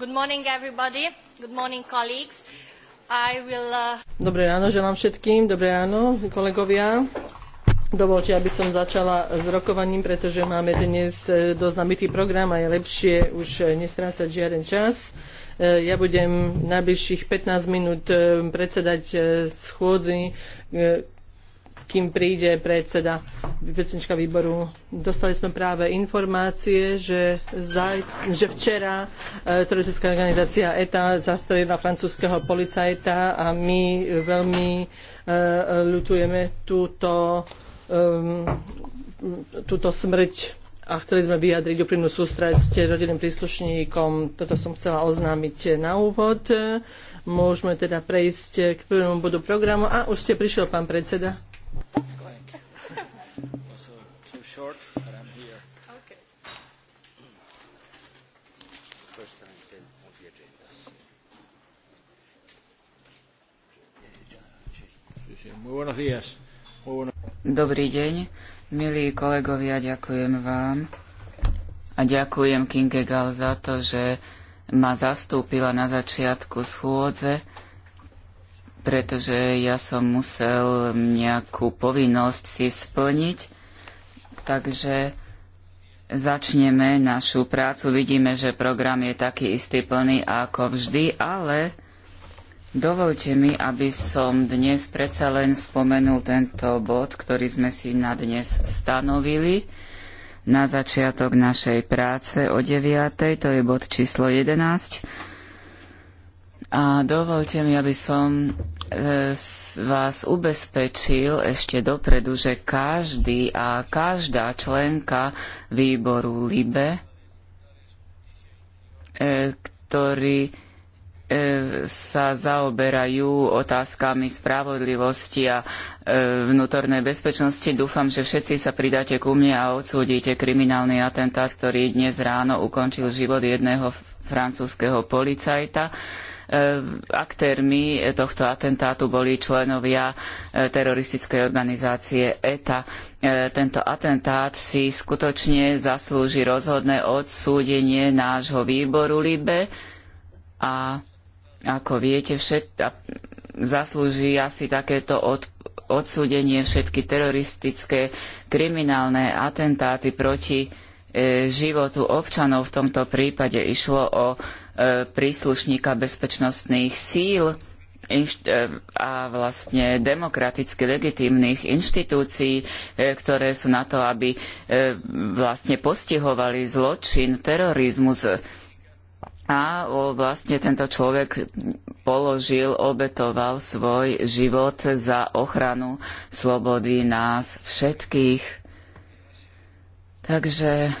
Good morning everybody. Good morning colleagues. I will, uh... Dobré ráno želám všetkým. Dobré ráno, kolegovia. Dovolte, aby som začala s rokovaním, pretože máme dnes e, dosť nabitý program a je lepšie už e, nestrácať žiaden čas. E, ja budem najbližších 15 minút predsedať schôdzi, kým príde predseda predsednička výboru. Dostali sme práve informácie, že, za, že včera e, teroristická organizácia ETA zastrelila francúzského policajta a my veľmi e, ľutujeme túto, e, túto smrť a chceli sme vyjadriť úprimnú sústrasť rodinným príslušníkom. Toto som chcela oznámiť na úvod. Môžeme teda prejsť k prvému bodu programu. A už ste prišiel, pán predseda. Dobrý deň, milí kolegovia, ďakujem vám a ďakujem Kinge Gal za to, že ma zastúpila na začiatku schôdze, pretože ja som musel nejakú povinnosť si splniť. Takže začneme našu prácu. Vidíme, že program je taký istý plný ako vždy, ale Dovolte mi, aby som dnes predsa len spomenul tento bod, ktorý sme si na dnes stanovili na začiatok našej práce o 9. To je bod číslo 11. A dovolte mi, aby som e, vás ubezpečil ešte dopredu, že každý a každá členka výboru LIBE, e, ktorý E, sa zaoberajú otázkami spravodlivosti a e, vnútornej bezpečnosti. Dúfam, že všetci sa pridáte ku mne a odsúdite kriminálny atentát, ktorý dnes ráno ukončil život jedného francúzskeho policajta. E, aktérmi tohto atentátu boli členovia teroristickej organizácie ETA. Tento atentát si skutočne zaslúži rozhodné odsúdenie nášho výboru LIBE a ako viete, všet, zaslúži asi takéto od, odsúdenie všetky teroristické kriminálne atentáty proti e, životu občanov. V tomto prípade išlo o e, príslušníka bezpečnostných síl e, a vlastne demokraticky legitímnych inštitúcií, e, ktoré sú na to, aby e, vlastne postihovali zločin, terorizmus a vlastne tento človek položil, obetoval svoj život za ochranu slobody nás všetkých. Takže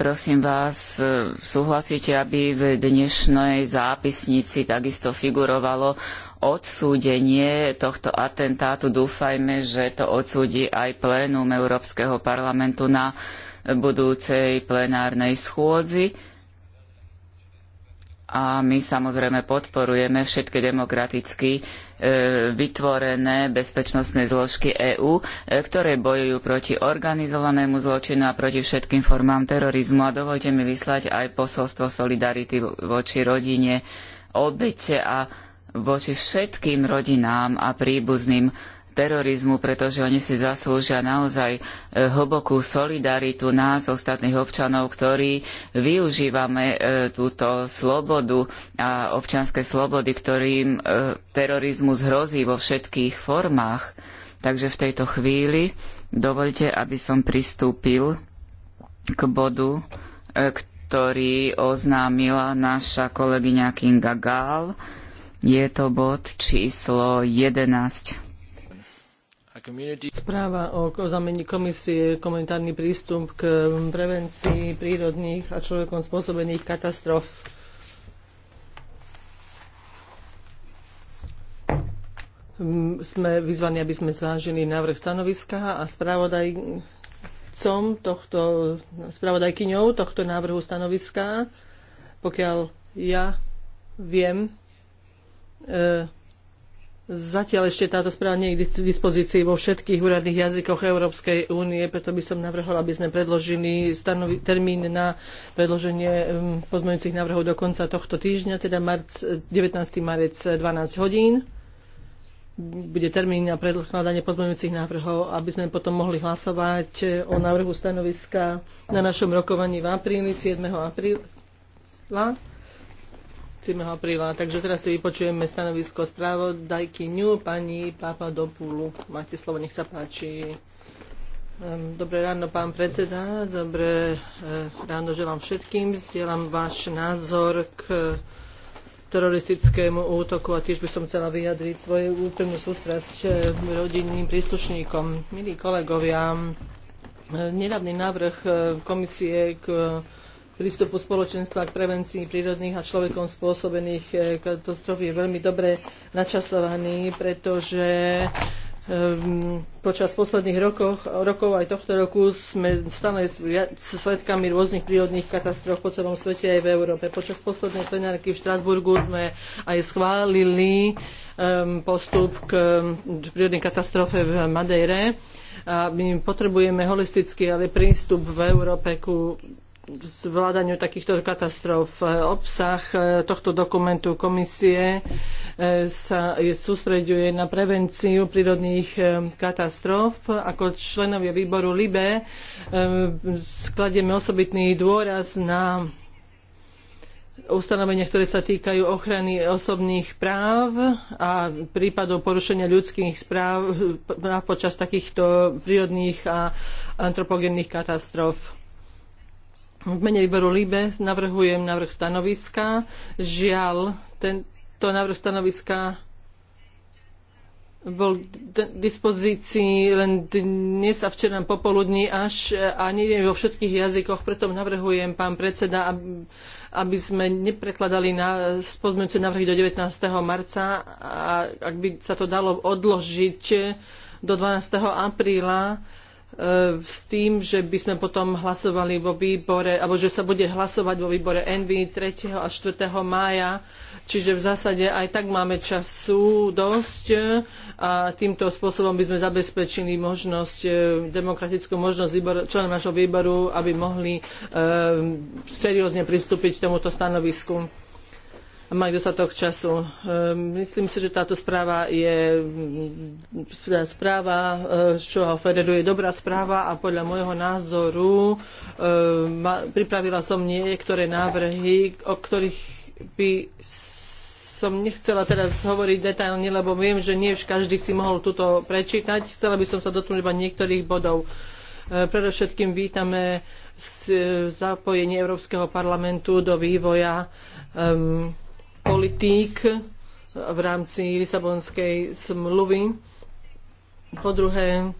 prosím vás, e, súhlasíte, aby v dnešnej zápisnici takisto figurovalo odsúdenie tohto atentátu. Dúfajme, že to odsúdi aj plénum Európskeho parlamentu na budúcej plenárnej schôdzi a my samozrejme podporujeme všetky demokraticky e, vytvorené bezpečnostné zložky EÚ, e, ktoré bojujú proti organizovanému zločinu a proti všetkým formám terorizmu. A dovolte mi vyslať aj posolstvo solidarity voči rodine, obete a voči všetkým rodinám a príbuzným terorizmu, pretože oni si zaslúžia naozaj e, hlbokú solidaritu nás, ostatných občanov, ktorí využívame e, túto slobodu a občianske slobody, ktorým e, terorizmus hrozí vo všetkých formách. Takže v tejto chvíli dovolte, aby som pristúpil k bodu, ktorý oznámila naša kolegyňa Kinga Gál. Je to bod číslo 11. Správa o oznámení komisie komentárny prístup k prevencii prírodných a človekom spôsobených katastrof. Sme vyzvaní, aby sme zvážili návrh stanoviska a spravodajcom tohto, spravodajkyňou tohto návrhu stanoviska, pokiaľ ja viem, e, Zatiaľ ešte táto správa nie je k dispozícii vo všetkých úradných jazykoch Európskej únie, preto by som navrhol, aby sme predložili stanovi- termín na predloženie um, pozmeňujúcich návrhov do konca tohto týždňa, teda marc, 19. marec 12 hodín. Bude termín na predkladanie pozmeňujúcich návrhov, aby sme potom mohli hlasovať eh, o návrhu stanoviska na našom rokovaní v apríli, 7. apríla 7. apríla. Takže teraz si vypočujeme stanovisko správodajky ňu, pani Dopulu. Máte slovo, nech sa páči. Dobré ráno, pán predseda. Dobré eh, ráno želám všetkým. Zdieľam váš názor k teroristickému útoku a tiež by som chcela vyjadriť svoju úplnú sústrasť eh, rodinným príslušníkom. Milí kolegovia, eh, nedávny návrh komisie k prístupu spoločenstva k prevencii prírodných a človekom spôsobených eh, katastrof je veľmi dobre načasovaný, pretože ehm, počas posledných rokov, rokov aj tohto roku sme stále svetkami rôznych prírodných katastrof po celom svete aj v Európe. Počas poslednej plenárky v Štrasburgu sme aj schválili ehm, postup k prírodnej katastrofe v Madejre. A my potrebujeme holistický ale prístup v Európe ku zvládaniu takýchto katastrof. Obsah e, tohto dokumentu komisie e, sa sústreďuje na prevenciu prírodných e, katastrof. Ako členovia výboru LIBE skladieme osobitný dôraz na ustanovenia, ktoré sa týkajú ochrany osobných práv a prípadov porušenia ľudských práv, práv počas takýchto prírodných a antropogenných katastrof v mene výboru Líbe navrhujem návrh stanoviska. Žiaľ, tento návrh stanoviska bol k dispozícii len dnes a včera popoludní až e, a nie vo všetkých jazykoch, preto navrhujem, pán predseda, aby sme neprekladali na spodmenujúce návrhy do 19. marca a ak by sa to dalo odložiť do 12. apríla, E, s tým, že by sme potom hlasovali vo výbore, alebo že sa bude hlasovať vo výbore NB 3. a 4. mája. Čiže v zásade aj tak máme času dosť a týmto spôsobom by sme zabezpečili možnosť, e, demokratickú možnosť členov členom našho výboru, aby mohli um, seriózne pristúpiť k tomuto stanovisku a mali dostatok času. Ehm, myslím si, že táto správa je mm, správa čo eh, ho je dobrá správa a podľa môjho názoru ehm, pripravila som niektoré návrhy, o ktorých by som nechcela teraz hovoriť detailne, lebo viem, že nie každý si mohol túto prečítať. Chcela by som sa dotknúť iba niektorých bodov. Eh, predovšetkým vítame eh, zapojenie Európskeho parlamentu do vývoja ehm, politík v rámci Lisabonskej smluvy. Po druhé,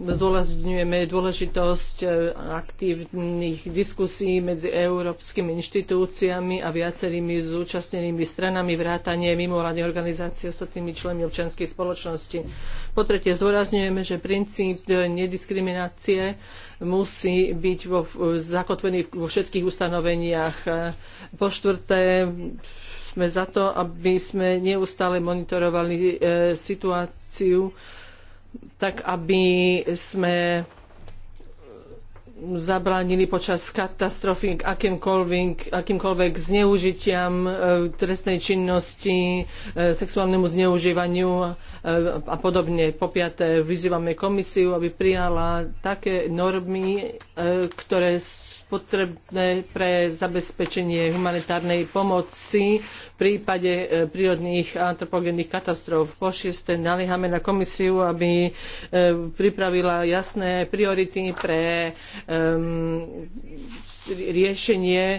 zdôrazňujeme dôležitosť e, aktívnych diskusí medzi európskymi inštitúciami a viacerými zúčastnenými stranami vrátanie mimovládnej organizácie ostatnými členmi občianskej spoločnosti. Po tretie, zdôrazňujeme, že princíp nediskriminácie musí byť vo, zakotvený vo všetkých ustanoveniach. E, po štvrté, sme za to, aby sme neustále monitorovali e, situáciu, tak aby sme zabránili počas katastrofy k akýmkoľvek, akýmkoľvek zneužitiam e, trestnej činnosti, e, sexuálnemu zneužívaniu a podobne. Po piaté, vyzývame komisiu, aby prijala také normy, ktoré sú potrebné pre zabezpečenie humanitárnej pomoci v prípade e, prírodných antropogénnych katastrof. Po šieste naliehame na komisiu, aby e, pripravila jasné priority pre riešenie e,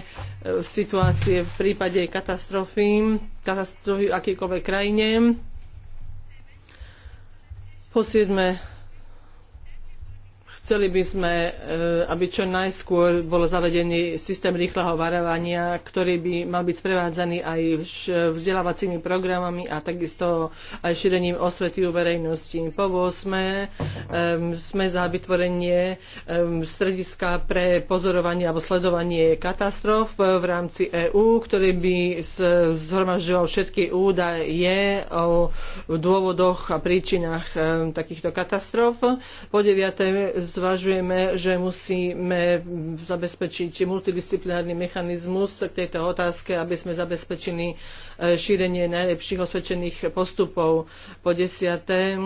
situácie v prípade katastrofy, katastrofy v akýkoľvek krajine. Po siedme, chceli by sme, e, aby čo najskôr bol zavedený systém rýchleho varovania, ktorý by mal byť sprevádzaný aj vzdelávacími programami a takisto aj šírením osvety u verejnosti. Po 8. sme za vytvorenie strediska pre pozorovanie alebo sledovanie katastrof v rámci EÚ, ktorý by zhromažďoval všetky údaje o dôvodoch a príčinách takýchto katastrof. Po 9 zvažujeme, že musíme zabezpečiť multidisciplinárny mechanizmus k tejto otázke, aby sme zabezpečili e, šírenie najlepších osvedčených postupov. Po desiaté, e,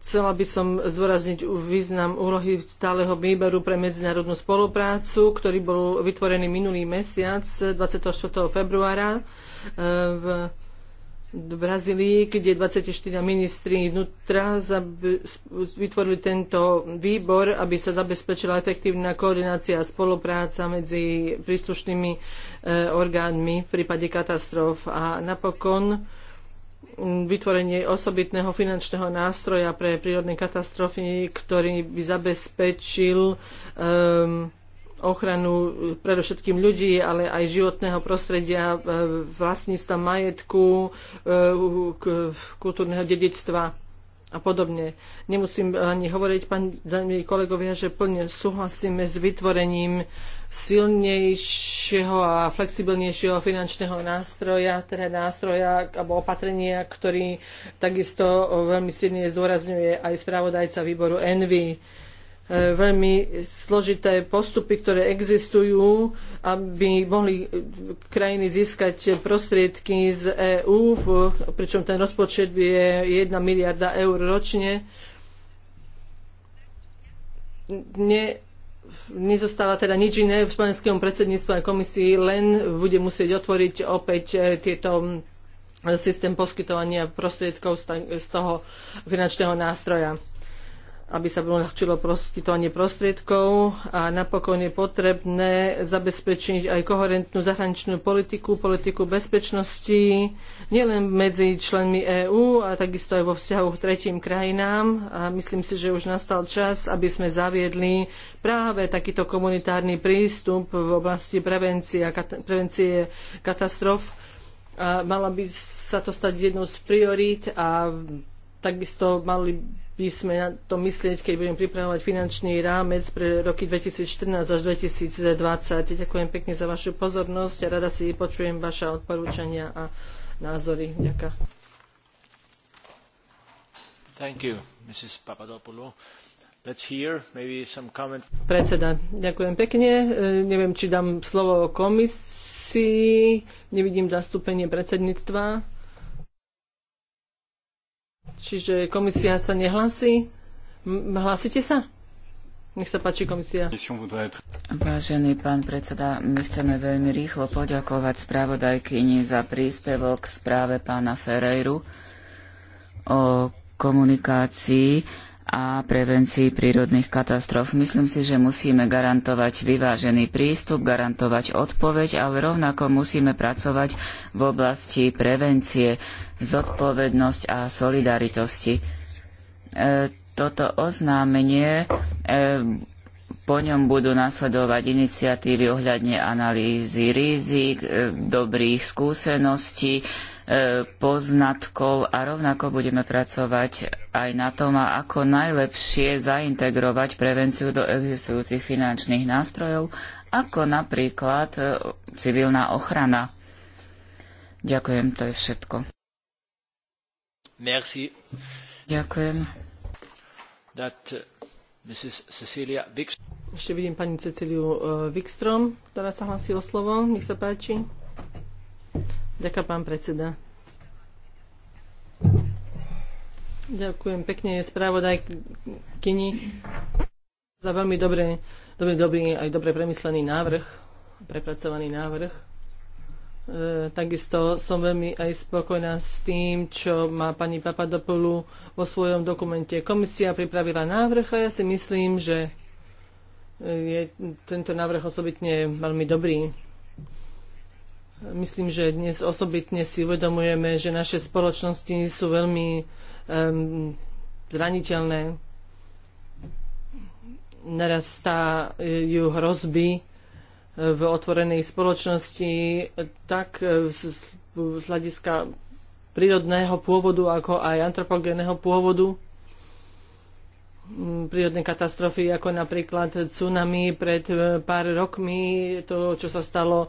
chcela by som zdôrazniť význam úlohy stáleho výberu pre medzinárodnú spoluprácu, ktorý bol vytvorený minulý mesiac 24. februára e, v v Brazílii, kde 24 ministri vnútra vytvorili tento výbor, aby sa zabezpečila efektívna koordinácia a spolupráca medzi príslušnými e, orgánmi v prípade katastrof. A napokon vytvorenie osobitného finančného nástroja pre prírodné katastrofy, ktorý by zabezpečil um, ochranu e, predovšetkým ľudí, ale aj životného prostredia, e, vlastníctva majetku, e, kultúrneho dedictva a podobne. Nemusím ani hovoriť, pani kolegovia, že plne súhlasíme s vytvorením silnejšieho a flexibilnejšieho finančného nástroja, teda nástroja alebo opatrenia, ktorý takisto veľmi silne zdôrazňuje aj spravodajca výboru Envy E, veľmi zložité postupy, ktoré existujú, aby mohli krajiny získať prostriedky z EÚ, pričom ten rozpočet je 1 miliarda eur ročne. Ne, nezostáva teda nič iné v slovenskému predsedníctvu a komisii, len bude musieť otvoriť opäť e, tieto e, systém poskytovania prostriedkov z toho finančného nástroja aby sa uľahčilo poskytovanie prostriedkov a napokon je potrebné zabezpečiť aj koherentnú zahraničnú politiku, politiku bezpečnosti, nielen medzi členmi EÚ a takisto aj vo vzťahu k tretím krajinám. A myslím si, že už nastal čas, aby sme zaviedli práve takýto komunitárny prístup v oblasti prevencie, kat- prevencie katastrof. A mala by sa to stať jednou z priorít a takisto mali sme na to myslieť, keď budem pripravovať finančný rámec pre roky 2014 až 2020. Ďakujem pekne za vašu pozornosť a rada si počujem vaše odporúčania a názory. Ďakujem. Thank you, Mrs. Papadopoulou. Let's hear maybe some comment. Predseda, ďakujem pekne. E, neviem, či dám slovo komisii. Nevidím zastúpenie predsedníctva. Čiže komisia sa nehlasí. Hlasíte sa? Nech sa páči komisia. Vážený pán predseda, my chceme veľmi rýchlo poďakovať spravodajkyni za príspevok k správe pána Ferreiru o komunikácii a prevencii prírodných katastrof. Myslím si, že musíme garantovať vyvážený prístup, garantovať odpoveď, ale rovnako musíme pracovať v oblasti prevencie, zodpovednosť a solidaritosti. E, toto oznámenie, e, po ňom budú nasledovať iniciatívy ohľadne analýzy rizik, e, dobrých skúseností, poznatkov a rovnako budeme pracovať aj na tom, ako najlepšie zaintegrovať prevenciu do existujúcich finančných nástrojov, ako napríklad e, civilná ochrana. Ďakujem, to je všetko. Merci. Ďakujem. That, uh, Ešte vidím pani Ceciliu uh, e, Wikstrom, ktorá sa hlasí o slovo. Nech sa páči. Ďakujem, pán predseda. Ďakujem pekne Kini za veľmi dobré, dobrý, dobrý, aj dobre premyslený návrh, prepracovaný návrh. E, takisto som veľmi aj spokojná s tým, čo má pani Papadopoulou vo svojom dokumente. Komisia pripravila návrh a ja si myslím, že je tento návrh osobitne veľmi dobrý. Myslím, že dnes osobitne si uvedomujeme, že naše spoločnosti sú veľmi um, zraniteľné. Narastajú hrozby eh, v otvorenej spoločnosti tak eh, z hľadiska prírodného pôvodu, ako aj antropogénneho pôvodu prírodné katastrofy, ako napríklad tsunami pred e, pár rokmi, to, čo sa stalo e,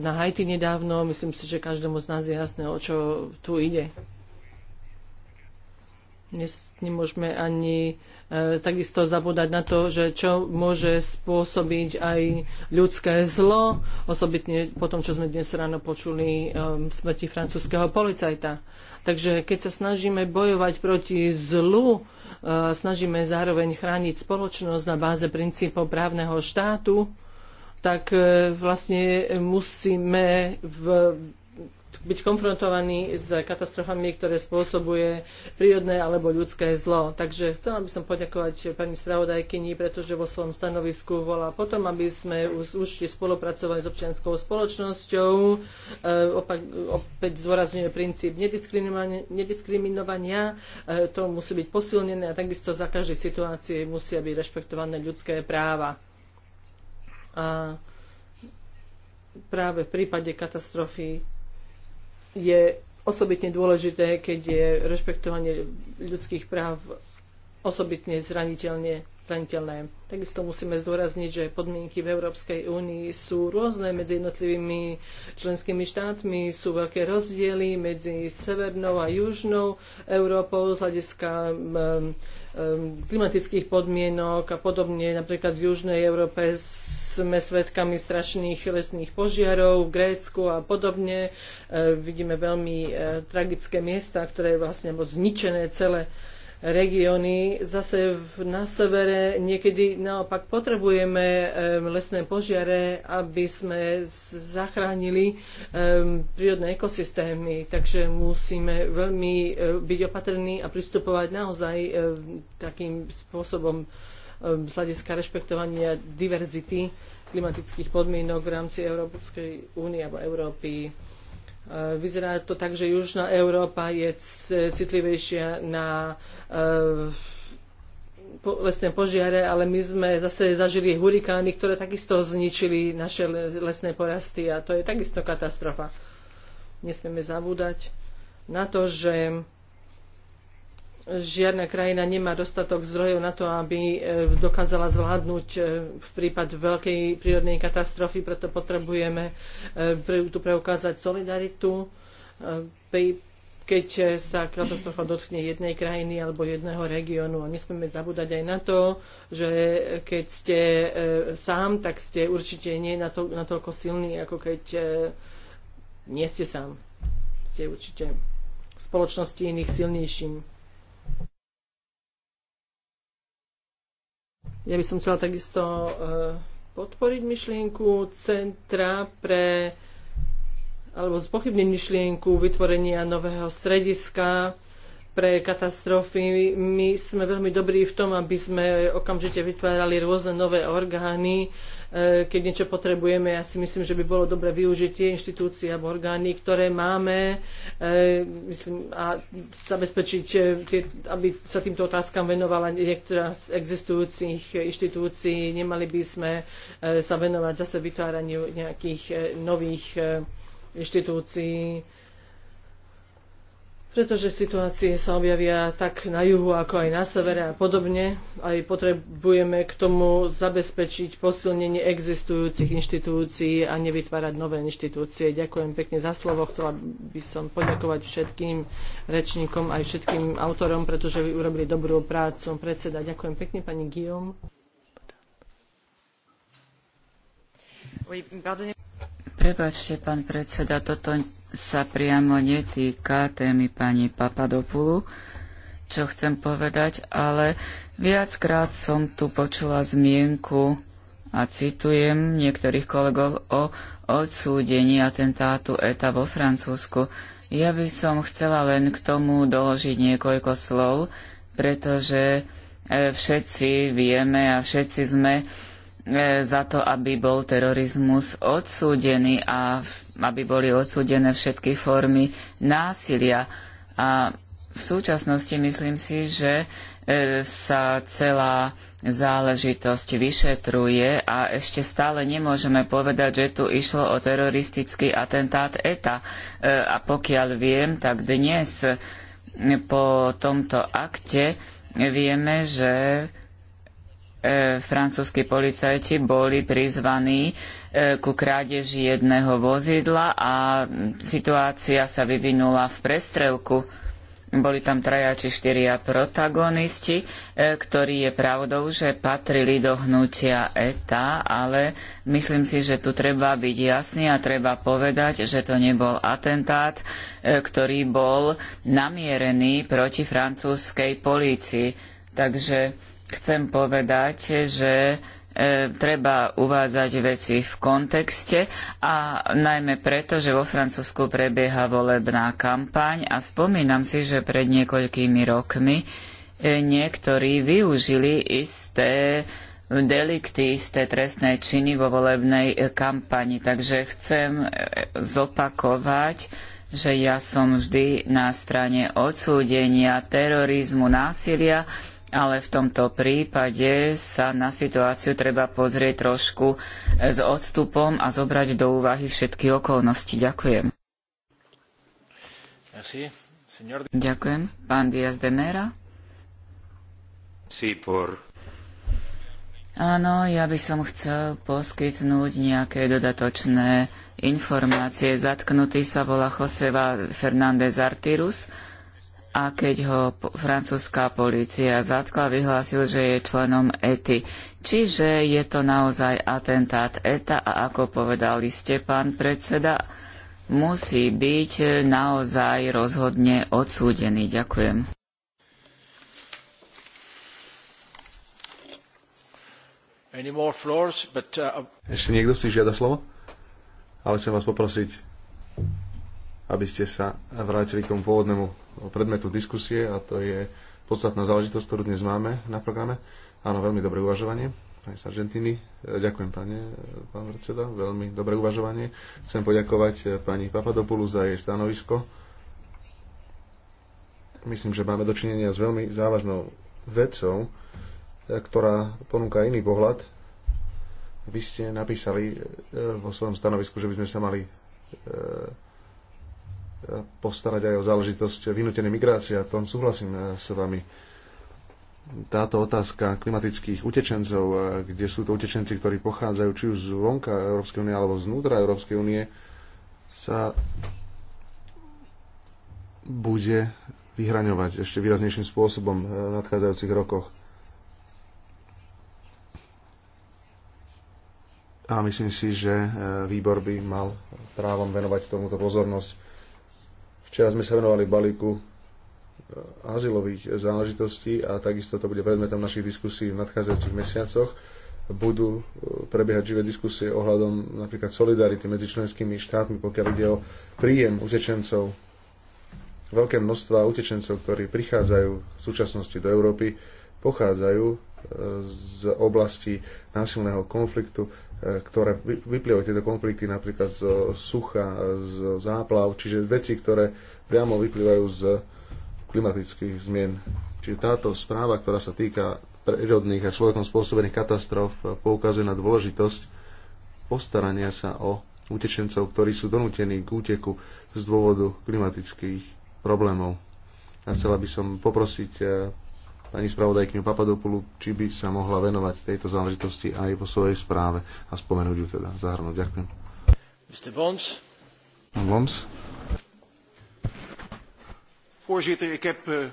na Haiti nedávno. Myslím si, že každému z nás je jasné, o čo tu ide. Dnes nemôžeme ani e, takisto zabúdať na to, že čo môže spôsobiť aj ľudské zlo, osobitne po tom, čo sme dnes ráno počuli v smrti francúzského policajta. Takže keď sa snažíme bojovať proti zlu, E, snažíme zároveň chrániť spoločnosť na báze princípov právneho štátu, tak e, vlastne musíme v byť konfrontovaní s katastrofami, ktoré spôsobuje prírodné alebo ľudské zlo. Takže chcela by som poďakovať pani spravodajkyni, pretože vo svojom stanovisku volá potom, aby sme už spolupracovali s občianskou spoločnosťou. E, opak, opäť zdôrazňuje princíp nediskriminovania. E, to musí byť posilnené a takisto za každej situácie musia byť rešpektované ľudské práva. A práve v prípade katastrofy je osobitne dôležité, keď je rešpektovanie ľudských práv osobitne zraniteľne, zraniteľné. Takisto musíme zdôrazniť, že podmienky v Európskej únii sú rôzne medzi jednotlivými členskými štátmi, sú veľké rozdiely medzi severnou a južnou Európou z hľadiska um, Um, klimatických podmienok a podobne. Napríklad v Južnej Európe sme svedkami strašných lesných požiarov, v Grécku a podobne. Uh, vidíme veľmi uh, tragické miesta, ktoré je vlastne zničené celé regióny. Zase na severe niekedy naopak potrebujeme lesné požiare, aby sme zachránili prírodné ekosystémy. Takže musíme veľmi e, byť opatrní a pristupovať naozaj e, takým spôsobom z hľadiska rešpektovania diverzity klimatických podmienok v rámci Európskej únie alebo Európy. E, vyzerá to tak, že Južná Európa je citlivejšia na e, lesné požiare, ale my sme zase zažili hurikány, ktoré takisto zničili naše lesné porasty a to je takisto katastrofa. Nesmieme zabúdať na to, že žiadna krajina nemá dostatok zdrojov na to, aby e, dokázala zvládnuť e, v prípad veľkej prírodnej katastrofy, preto potrebujeme e, tu preukázať solidaritu. Keď sa katastrofa dotkne jednej krajiny alebo jedného regiónu, a nesmieme zabúdať aj na to, že keď ste sám, tak ste určite nie natoľko silní, ako keď nie ste sám. Ste určite v spoločnosti iných silnejším. Ja by som chcela takisto eh, podporiť myšlienku centra pre alebo spochybniť myšlienku vytvorenia nového strediska pre katastrofy. My sme veľmi dobrí v tom, aby sme okamžite vytvárali rôzne nové orgány. E, keď niečo potrebujeme, ja si myslím, že by bolo dobre využiť tie inštitúcie alebo orgány, ktoré máme e, myslím, a zabezpečiť, e, aby sa týmto otázkam venovala niektorá z existujúcich inštitúcií. Nemali by sme sa venovať zase vytváraniu nejakých nových inštitúcií pretože situácie sa objavia tak na juhu, ako aj na severe a podobne. Aj potrebujeme k tomu zabezpečiť posilnenie existujúcich inštitúcií a nevytvárať nové inštitúcie. Ďakujem pekne za slovo. Chcela by som poďakovať všetkým rečníkom, aj všetkým autorom, pretože vy urobili dobrú prácu. Predseda, ďakujem pekne, pani Guillaume. Prepačte, pán predseda, toto sa priamo netýka témy pani Papadopulu, čo chcem povedať, ale viackrát som tu počula zmienku a citujem niektorých kolegov o odsúdení atentátu ETA vo Francúzsku. Ja by som chcela len k tomu doložiť niekoľko slov, pretože e, všetci vieme a všetci sme e, za to, aby bol terorizmus odsúdený a aby boli odsúdené všetky formy násilia. A v súčasnosti myslím si, že e, sa celá záležitosť vyšetruje a ešte stále nemôžeme povedať, že tu išlo o teroristický atentát ETA. E, a pokiaľ viem, tak dnes po tomto akte vieme, že E, francúzski policajti boli prizvaní e, ku krádeži jedného vozidla a situácia sa vyvinula v prestrelku. Boli tam traja či štyria protagonisti, e, ktorí je pravdou, že patrili do hnutia ETA, ale myslím si, že tu treba byť jasný a treba povedať, že to nebol atentát, ktorý bol namierený proti francúzskej polícii. Takže chcem povedať, že e, treba uvádzať veci v kontexte a najmä preto, že vo Francúzsku prebieha volebná kampaň a spomínam si, že pred niekoľkými rokmi e, niektorí využili isté delikty, isté trestné činy vo volebnej e, kampani. Takže chcem zopakovať, že ja som vždy na strane odsúdenia terorizmu, násilia ale v tomto prípade sa na situáciu treba pozrieť trošku e, s odstupom a zobrať do úvahy všetky okolnosti. Ďakujem. Ďakujem. Pán Diaz de Mera? Áno, ja by som chcel poskytnúť nejaké dodatočné informácie. Zatknutý sa volá Joseva Fernández Artirus a keď ho francúzska polícia zatkla, vyhlásil, že je členom ETI. Čiže je to naozaj atentát ETA a ako povedali ste, pán predseda, musí byť naozaj rozhodne odsúdený. Ďakujem. Floors, but, uh... Ešte niekto si žiada slovo? Ale chcem vás poprosiť, aby ste sa vrátili k tomu pôvodnému predmetu diskusie a to je podstatná záležitosť, ktorú dnes máme na programe. Áno, veľmi dobré uvažovanie. Pani Sargentini, ďakujem pane, pán predseda, veľmi dobré uvažovanie. Chcem poďakovať eh, pani Papadopulu za jej stanovisko. Myslím, že máme dočinenia s veľmi závažnou vecou, eh, ktorá ponúka iný pohľad. Vy ste napísali eh, vo svojom stanovisku, že by sme sa mali postarať aj o záležitosť vynútenej migrácie a tom súhlasím eh, s vami. Táto otázka klimatických utečencov, eh, kde sú to utečenci, ktorí pochádzajú či už z vonka Európskej únie alebo znútra Európskej únie, sa bude vyhraňovať ešte výraznejším spôsobom eh, v nadchádzajúcich rokoch. A myslím si, že výbor by mal právom venovať tomuto pozornosť Včera sme sa venovali balíku e, azylových záležitostí a takisto to bude predmetom našich diskusí v nadchádzajúcich mesiacoch. Budú e, prebiehať živé diskusie ohľadom napríklad solidarity medzi členskými štátmi, pokiaľ ide o príjem utečencov. Veľké množstva utečencov, ktorí prichádzajú v súčasnosti do Európy, pochádzajú e, z oblasti násilného konfliktu, ktoré vyplývajú tieto konflikty, napríklad z sucha, z záplav, čiže veci, ktoré priamo vyplývajú z klimatických zmien. Čiže táto správa, ktorá sa týka prírodných a človekom spôsobených katastrof, poukazuje na dôležitosť postarania sa o utečencov, ktorí sú donútení k úteku z dôvodu klimatických problémov. A chcela by som poprosiť eh, pani spravodajkyňu Papadopulu, či by sa mohla venovať tejto záležitosti aj po svojej správe a spomenúť ju teda, zahrnúť. Ďakujem. Mr. Bons. Bons. Voorzitter, ik heb uh,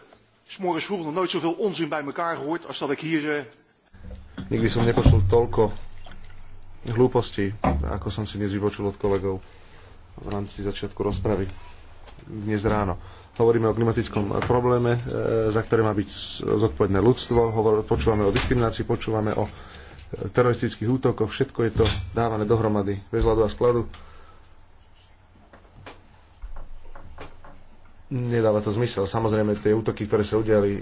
smorgens vroeg nog nooit zoveel onzin bij elkaar gehoord als dat ik hier... Uh... Nikdy som nepočul toľko hlúpostí, ako som si dnes vypočul od kolegov v rámci začiatku rozpravy dnes ráno hovoríme o klimatickom probléme, e, za ktoré má byť zodpovedné ľudstvo, počúvame o diskriminácii, počúvame o e, teroristických útokoch, všetko je to dávané dohromady bez hľadu a skladu. Nedáva to zmysel. Samozrejme, tie útoky, ktoré sa udiali e,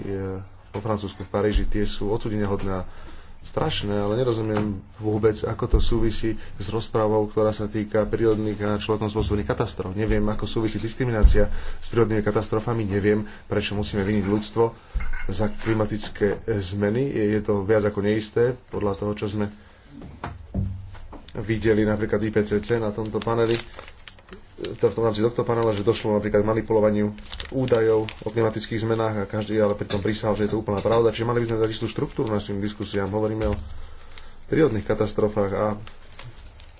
po Francúzsku v Paríži, tie sú odsudenehodné a strašné, ale nerozumiem vôbec, ako to súvisí s rozprávou, ktorá sa týka prírodných a človekom spôsobených katastrof. Neviem, ako súvisí diskriminácia s prírodnými katastrofami, neviem, prečo musíme viniť ľudstvo za klimatické zmeny. Je to viac ako neisté, podľa toho, čo sme videli napríklad IPCC na tomto paneli to v tom rámci tohto panela, že došlo napríklad k manipulovaniu údajov o klimatických zmenách a každý ale pritom prísahal, že je to úplná pravda. Čiže mali by sme dať istú štruktúru našim diskusiám. Hovoríme o prírodných katastrofách a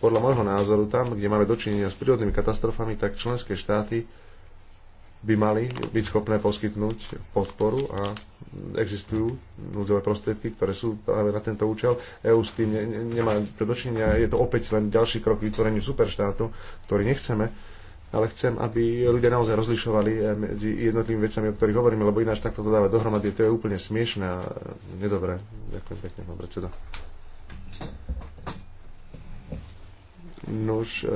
podľa môjho názoru tam, kde máme dočinenia s prírodnými katastrofami, tak členské štáty by mali byť schopné poskytnúť podporu a existujú núdzové prostriedky, ktoré sú práve na tento účel. EU s tým ne, ne, nemá predočenia, je to opäť len ďalší krok k vytvoreniu superštátu, ktorý nechceme, ale chcem, aby ľudia naozaj rozlišovali eh, medzi jednotlivými vecami, o ktorých hovoríme, lebo ináč takto to dávať dohromady, to je úplne smiešne a nedobré. Ďakujem pekne, pán predseda. Nož, eh,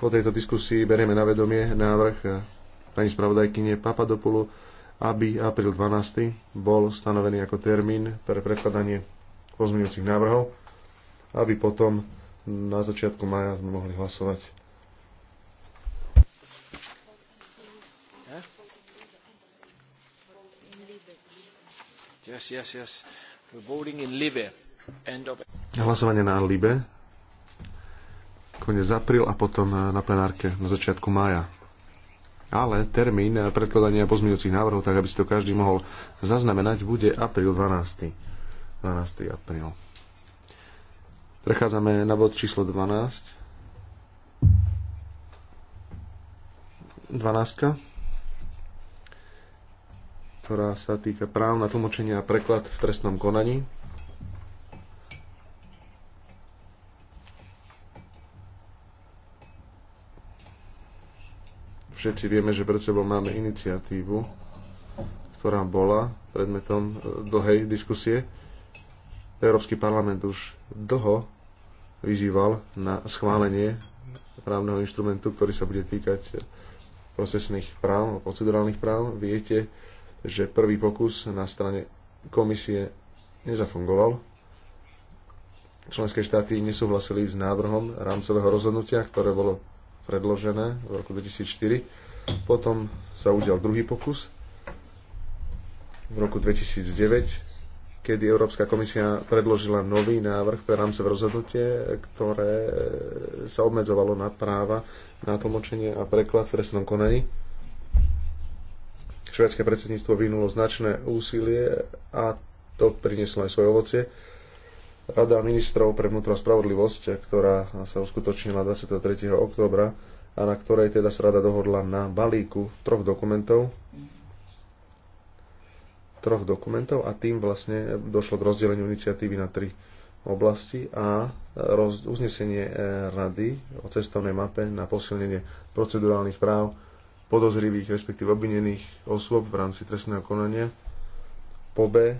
po tejto diskusii berieme na vedomie návrh eh, pani spravodajkyne Papadopulu aby apríl 12. bol stanovený ako termín pre predkladanie pozmeňujúcich návrhov, aby potom na začiatku maja sme mohli hlasovať. Yes, yes, yes. Of... Hlasovanie na Libe, konec apríl a potom na plenárke na začiatku mája ale termín predkladania pozmeňujúcich návrhov, tak aby si to každý mohol zaznamenať, bude apríl 12. 12. apríl. Prechádzame na bod číslo 12. 12, ktorá sa týka práv na tlmočenie a preklad v trestnom konaní. Všetci vieme, že pred sebou máme iniciatívu, ktorá bola predmetom e, dlhej diskusie. Európsky parlament už dlho vyzýval na schválenie právneho inštrumentu, ktorý sa bude týkať e, procesných práv, procedurálnych práv. Viete, že prvý pokus na strane komisie nezafungoval. Členské štáty nesúhlasili s návrhom rámcového rozhodnutia, ktoré bolo predložené v roku 2004. Potom sa udial druhý pokus v roku 2009, kedy Európska komisia predložila nový návrh pre v rozhodnutie, ktoré sa obmedzovalo na práva na tlmočenie a preklad v trestnom konaní. Švedské predsedníctvo vynulo značné úsilie a to prinieslo aj svoje ovocie Rada ministrov pre vnútra spravodlivosť, ktorá sa uskutočnila 23. októbra a na ktorej teda sa rada dohodla na balíku troch dokumentov, troch dokumentov a tým vlastne došlo k rozdeleniu iniciatívy na tri oblasti a roz, uznesenie e, rady o cestovnej mape na posilnenie procedurálnych práv podozrivých, respektíve obvinených osôb v rámci trestného konania. Po B,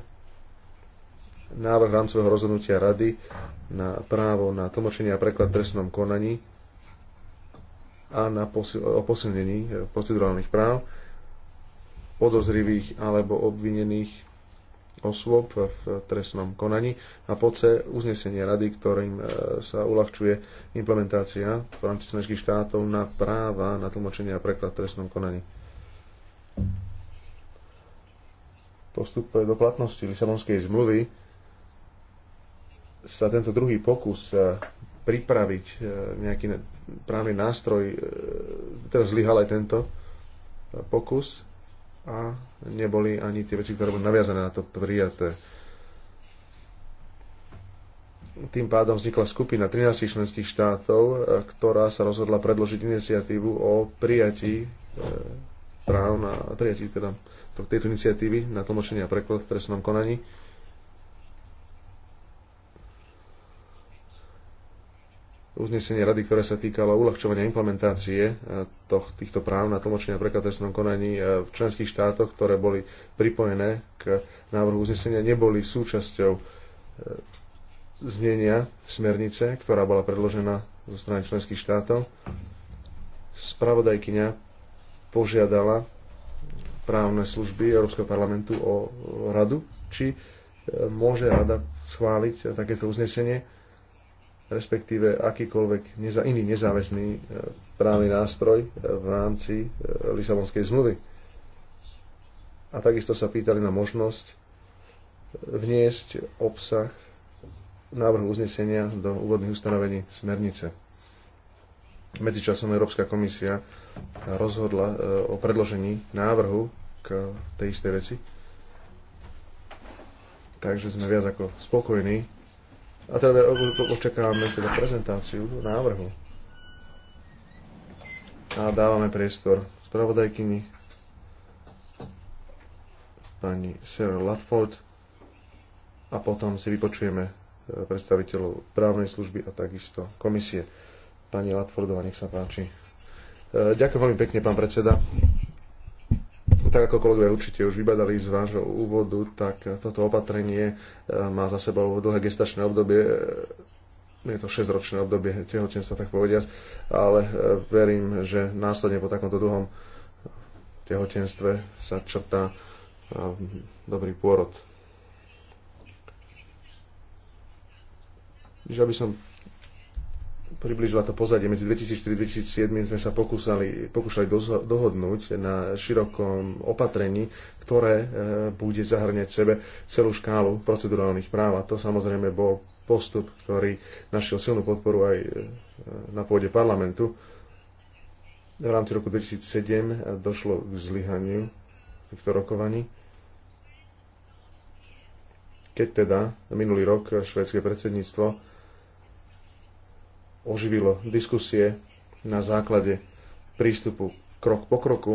návrh rámcového rozhodnutia Rady na právo na tlmočenie a preklad v trestnom konaní a na posil- o posilnení procedurálnych práv podozrivých alebo obvinených osôb v trestnom konaní a poce uznesenie rady, ktorým e, sa uľahčuje implementácia v rámci členských štátov na práva na tlmočenie a preklad v trestnom konaní Postup do platnosti Lisabonskej zmluvy sa tento druhý pokus eh, pripraviť eh, nejaký právny nástroj, eh, teraz zlyhal aj tento pokus a neboli ani tie veci, ktoré boli naviazané na to prijaté. Tým pádom vznikla skupina 13 členských štátov, ktorá sa rozhodla predložiť iniciatívu o prijatí práv na prijatí teda tejto iniciatívy na tlmočenie a preklad v trestnom konaní uznesenie rady, ktoré sa týkalo uľahčovania implementácie eh, týchto práv na tlmočenie a prekladacom konaní eh, v členských štátoch, ktoré boli pripojené k návrhu uznesenia, neboli súčasťou eh, znenia smernice, ktorá bola predložená zo strany členských štátov. Spravodajkyňa požiadala právne služby Európskeho parlamentu o radu, či môže rada schváliť takéto uznesenie respektíve akýkoľvek neza, iný nezáväzný e, právny nástroj e, v rámci e, Lisabonskej zmluvy. A takisto sa pýtali na možnosť vniesť obsah návrhu uznesenia do úvodných ustanovení smernice. Medzičasom Európska komisia rozhodla o predložení návrhu k tej istej veci. Takže sme viac ako spokojní a teda očakávame teda prezentáciu návrhu. A dávame priestor spravodajkyni pani Sarah Latford a potom si vypočujeme e, predstaviteľov právnej služby a takisto komisie. Pani Latfordova, nech sa páči. E, ďakujem veľmi pekne, pán predseda tak ako kolegovia určite už vybadali z vášho úvodu, tak toto opatrenie e, má za sebou dlhé gestačné obdobie, e, je to 6-ročné obdobie tehotenstva, tak povediať. ale e, verím, že následne po takomto dlhom tehotenstve sa črtá dobrý pôrod. Že by som približila to pozadie. Medzi 2004 a 2007 sme sa pokúsali, pokúšali dohodnúť na širokom opatrení, ktoré e, bude zahrňať sebe celú škálu procedurálnych práv. A to samozrejme bol postup, ktorý našiel silnú podporu aj e, na pôde parlamentu. V rámci roku 2007 došlo k zlyhaniu týchto rokovaní. Keď teda minulý rok švédske predsedníctvo oživilo diskusie na základe prístupu krok po kroku,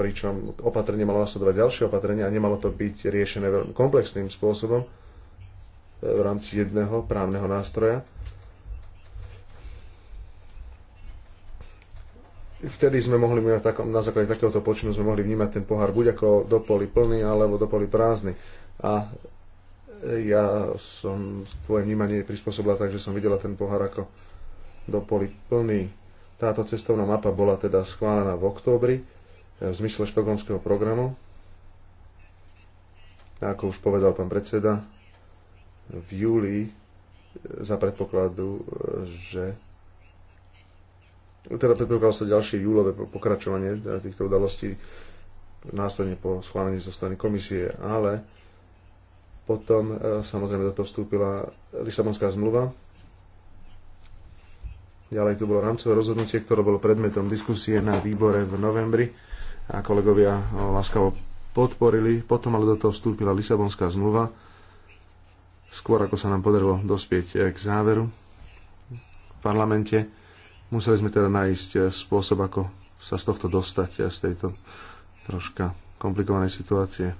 pričom opatrenie malo nasledovať ďalšie opatrenie a nemalo to byť riešené veľmi komplexným spôsobom e, v rámci jedného právneho nástroja. Vtedy sme mohli na, takom, na základe takéhoto počinu sme mohli vnímať ten pohár buď ako do poli plný alebo do poli prázdny. A ja som svoje vnímanie prispôsobila tak, že som videla ten pohár ako do poli plný. Táto cestovná mapa bola teda schválená v októbri e, v zmysle štokholmského programu. Ako už povedal pán predseda, v júli e, za predpokladu, e, že teda predpokladalo sa ďalšie júlové pokračovanie týchto udalostí následne po schválení zo strany komisie, ale potom samozrejme do toho vstúpila Lisabonská zmluva, Ďalej tu bolo rámcové rozhodnutie, ktoré bolo predmetom diskusie na výbore v novembri a kolegovia láskavo podporili. Potom ale do toho vstúpila Lisabonská zmluva, skôr ako sa nám podarilo dospieť eh, k záveru v parlamente. Museli sme teda nájsť eh, spôsob, ako sa z tohto dostať, eh, z tejto troška komplikovanej situácie.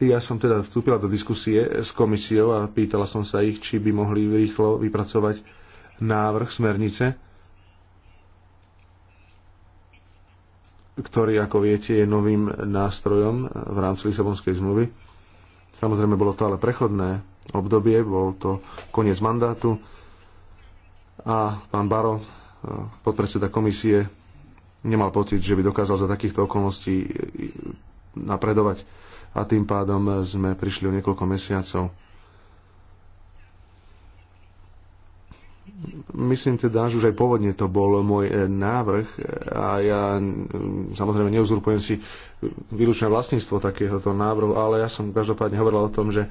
Ja som teda vstúpila do diskusie s komisiou a pýtala som sa ich, či by mohli rýchlo vypracovať návrh smernice, ktorý, ako viete, je novým nástrojom v rámci Lisabonskej zmluvy. Samozrejme, bolo to ale prechodné obdobie, bol to koniec mandátu a pán Baro, podpredseda komisie, nemal pocit, že by dokázal za takýchto okolností napredovať a tým pádom sme prišli o niekoľko mesiacov. Myslím teda, že už aj pôvodne to bol môj e, návrh a ja samozrejme neuzurpujem si výlučné vlastníctvo takéhoto návrhu, ale ja som každopádne hovoril o tom, že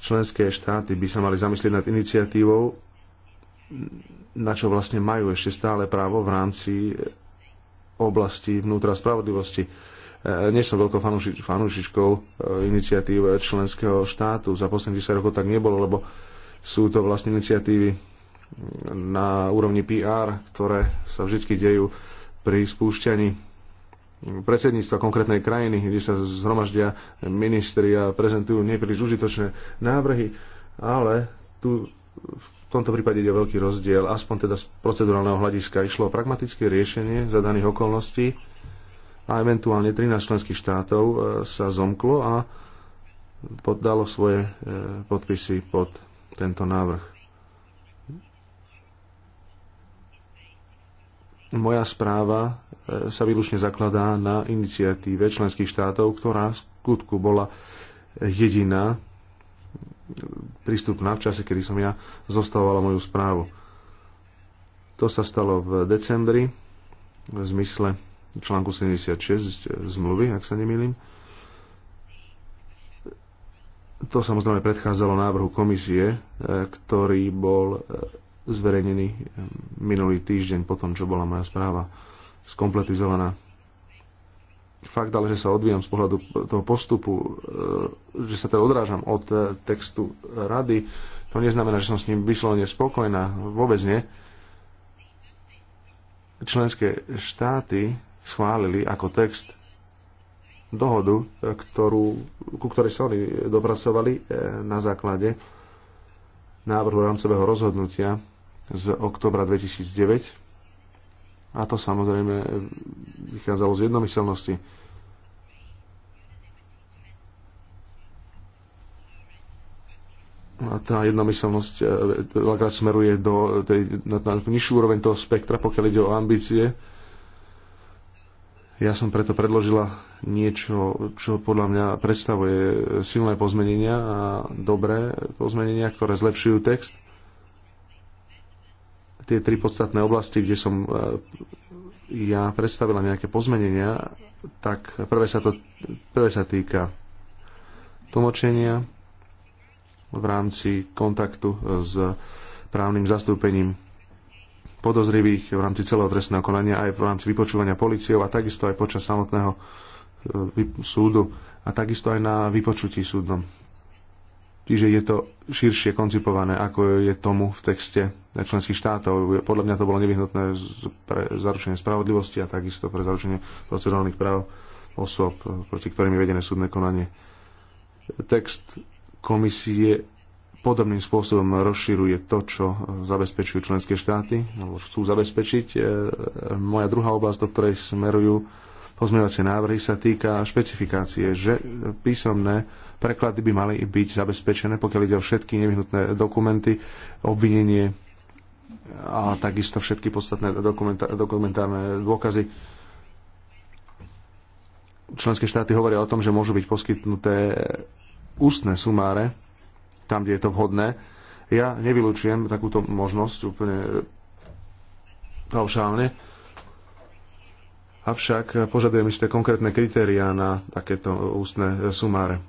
členské štáty by sa mali zamyslieť nad iniciatívou, na čo vlastne majú ešte stále právo v rámci oblasti vnútra spravodlivosti E, nie som veľkou fanúšičkou e, iniciatív e, členského štátu. Za posledných 10 rokov tak nebolo, lebo sú to vlastne iniciatívy na úrovni PR, ktoré sa vždy dejú pri spúšťaní predsedníctva konkrétnej krajiny, kde sa zhromaždia ministri a prezentujú nepríliš užitočné návrhy, ale tu v tomto prípade ide veľký rozdiel, aspoň teda z procedurálneho hľadiska išlo o pragmatické riešenie zadaných okolností, a eventuálne 13 členských štátov e, sa zomklo a poddalo svoje e, podpisy pod tento návrh. Moja správa e, sa výlučne zakladá na iniciatíve členských štátov, ktorá v skutku bola jediná prístupná v čase, kedy som ja zostavovala moju správu. To sa stalo v decembri v zmysle článku 76 zmluvy, ak sa nemýlim. To samozrejme predchádzalo návrhu komisie, e, ktorý bol e, zverejnený e, minulý týždeň po tom, čo bola moja správa skompletizovaná. Fakt ale, že sa odvíjam z pohľadu toho postupu, že sa teda odrážam od textu rady, to neznamená, že som s ním vyslovene spokojná, vôbec nie. Členské štáty schválili ako text dohodu, e, ktorú, ku ktorej sa oni dopracovali e, na základe návrhu rámcového rozhodnutia z oktobra 2009. A to samozrejme e, vychádzalo z jednomyselnosti. A tá jednomyselnosť veľakrát smeruje do tej, na, na nižšiu úroveň toho spektra, pokiaľ ide o ambície ja som preto predložila niečo, čo podľa mňa predstavuje silné pozmenenia a dobré pozmenenia, ktoré zlepšujú text. Tie tri podstatné oblasti, kde som e, ja predstavila nejaké pozmenenia, tak prvé sa, to, prvé sa týka tlmočenia v rámci kontaktu s právnym zastúpením podozrivých v rámci celého trestného konania, aj v rámci vypočúvania policiou a takisto aj počas samotného e, súdu a takisto aj na vypočutí súdnom. Čiže je to širšie koncipované, ako je tomu v texte členských štátov. Podľa mňa to bolo nevyhnutné pre zaručenie spravodlivosti a takisto pre zaručenie procedurálnych práv osôb, proti ktorým je vedené súdne konanie. Text komisie podobným spôsobom rozširuje to, čo e, zabezpečujú členské štáty, alebo chcú zabezpečiť. E, e, moja druhá oblasť, do ktorej smerujú pozmeňovacie návrhy, sa týka špecifikácie, že písomné preklady by mali byť zabezpečené, pokiaľ ide o všetky nevyhnutné dokumenty, obvinenie a takisto všetky podstatné dokumentárne dôkazy. Členské štáty hovoria o tom, že môžu byť poskytnuté ústne sumáre tam, kde je to vhodné. Ja nevylučujem takúto možnosť úplne e, paušálne. Avšak požadujem isté konkrétne kritériá na takéto ústne e, sumáre.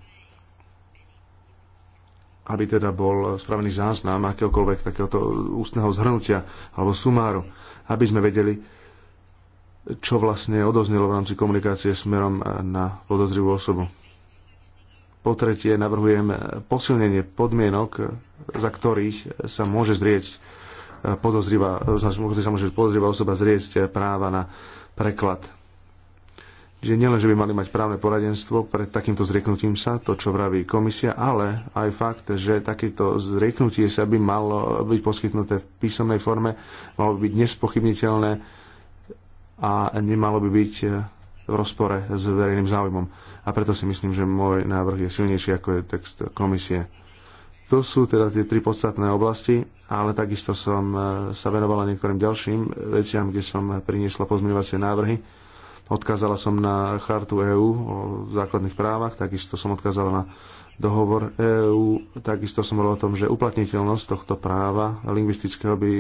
Aby teda bol spravený záznam akéhokoľvek takéhoto ústneho zhrnutia alebo sumáru, aby sme vedeli, čo vlastne odoznelo v rámci komunikácie smerom e, na podozrivú osobu. Po tretie, navrhujem posilnenie podmienok, za ktorých sa môže zrieť eh, podozriva, sa môže podozriva osoba zrieť eh, práva na preklad. Čiže nielen, že by mali mať právne poradenstvo pred takýmto zrieknutím sa, to čo vraví komisia, ale aj fakt, že takéto zrieknutie sa by malo byť poskytnuté v písomnej forme, malo by byť nespochybniteľné a nemalo by byť eh, v rozpore s verejným záujmom. A preto si myslím, že môj návrh je silnejší ako je text komisie. To sú teda tie tri podstatné oblasti, ale takisto som e, sa venovala niektorým ďalším veciam, kde som priniesla pozmeňovacie návrhy. Odkázala som na chartu EÚ o základných právach, takisto som odkázala na dohovor EÚ. Takisto som hovoril o tom, že uplatniteľnosť tohto práva lingvistického by,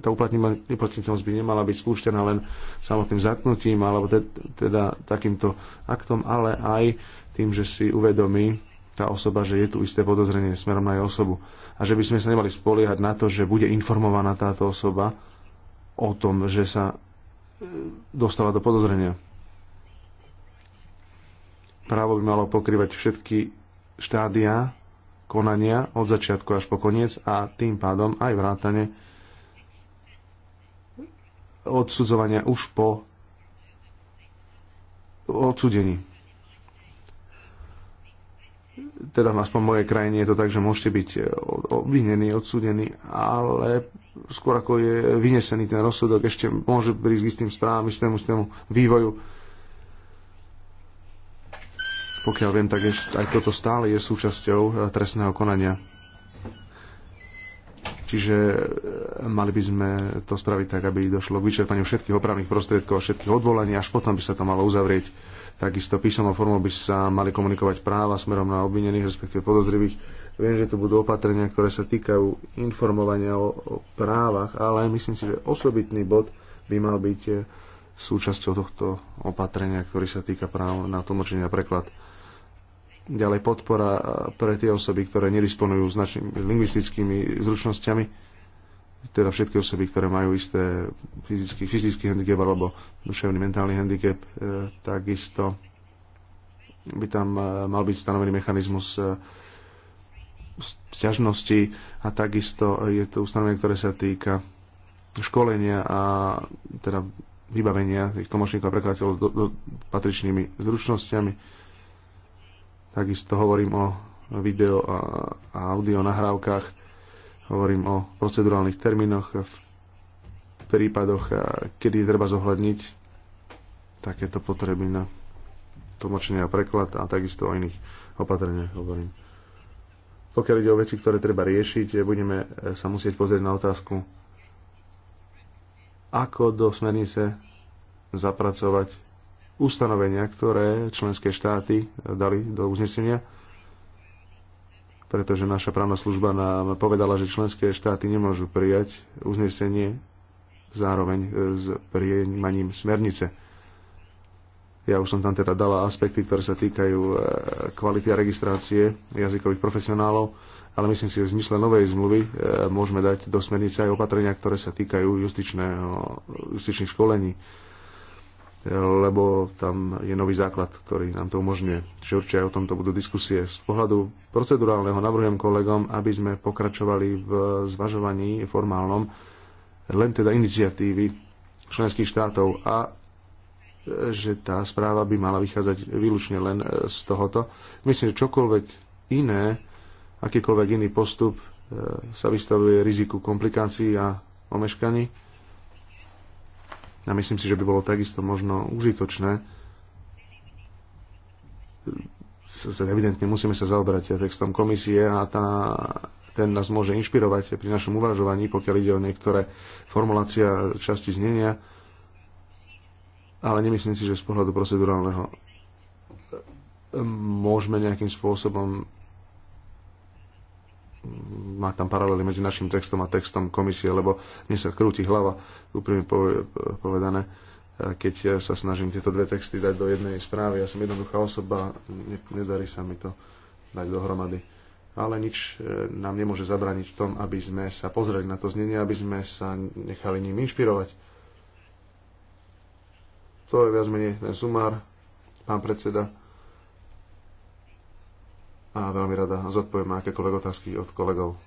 e, tá uplatniteľnosť by nemala byť spúštená len samotným zatknutím alebo teda takýmto aktom, ale aj tým, že si uvedomí tá osoba, že je tu isté podozrenie smerom na jej osobu. A že by sme sa nemali spoliehať na to, že bude informovaná táto osoba o tom, že sa e, dostala do podozrenia. Právo by malo pokrývať všetky štádia konania od začiatku až po koniec a tým pádom aj vrátane odsudzovania už po odsudení. Teda aspoň v mojej krajine je to tak, že môžete byť obvinení, odsudení, ale skôr ako je vynesený ten rozsudok, ešte môže prísť k istým správam, istému, istému vývoju pokiaľ viem, tak ešte, aj toto stále je súčasťou e, trestného konania. Čiže e, mali by sme to spraviť tak, aby došlo k vyčerpaniu všetkých opravných prostriedkov a všetkých odvolaní, až potom by sa to malo uzavrieť. Takisto písomnou formou by sa mali komunikovať práva smerom na obvinených, respektíve podozrivých. Viem, že to budú opatrenia, ktoré sa týkajú informovania o, o právach, ale myslím si, že osobitný bod by mal byť e, súčasťou tohto opatrenia, ktorý sa týka práv na tlmočenie a preklad ďalej podpora e, pre tie osoby, ktoré nedisponujú značnými lingvistickými zručnosťami, teda všetky osoby, ktoré majú isté fyzický, fyzický handicap alebo duševný mentálny handicap, e, takisto by tam e, mal byť stanovený mechanizmus sťažnosti a takisto je to ustanovenie, ktoré sa týka školenia a teda vybavenia tých tlmočníkov a prekladateľov do, do, patričnými zručnosťami Takisto hovorím o video a audio nahrávkach, hovorím o procedurálnych termínoch v prípadoch, kedy je treba zohľadniť takéto potreby na tlmočenie a preklad a takisto o iných opatreniach hovorím. Pokiaľ ide o veci, ktoré treba riešiť, budeme e, sa musieť pozrieť na otázku, ako do smernice zapracovať ustanovenia, ktoré členské štáty dali do uznesenia, pretože naša právna služba nám povedala, že členské štáty nemôžu prijať uznesenie zároveň e, s prijímaním smernice. Ja už som tam teda dala aspekty, ktoré sa týkajú e, kvality a registrácie jazykových profesionálov, ale myslím si, že v zmysle novej zmluvy e, môžeme dať do smernice aj opatrenia, ktoré sa týkajú justičného, justičných školení lebo tam je nový základ, ktorý nám to umožňuje. Čiže určite aj o tomto budú diskusie. Z pohľadu procedurálneho navrhujem kolegom, aby sme pokračovali v zvažovaní formálnom len teda iniciatívy členských štátov a že tá správa by mala vychádzať výlučne len e, z tohoto. Myslím, že čokoľvek iné, akýkoľvek iný postup e, sa vystavuje riziku komplikácií a omeškaní a myslím si, že by bolo takisto možno užitočné teda evidentne musíme sa zaoberať textom komisie a tá, ten nás môže inšpirovať pri našom uvažovaní, pokiaľ ide o niektoré formulácia časti znenia, ale nemyslím si, že z pohľadu procedurálneho e, môžeme nejakým spôsobom má tam paralely medzi našim textom a textom komisie, lebo mne sa krúti hlava, úprimne povedané, keď sa snažím tieto dve texty dať do jednej správy. Ja som jednoduchá osoba, nedarí sa mi to dať dohromady. Ale nič e, nám nemôže zabraniť v tom, aby sme sa pozreli na to znenie, aby sme sa nechali ním inšpirovať. To je viac menej ten sumár, pán predseda a veľmi rada zodpoviem na akékoľvek otázky od kolegov.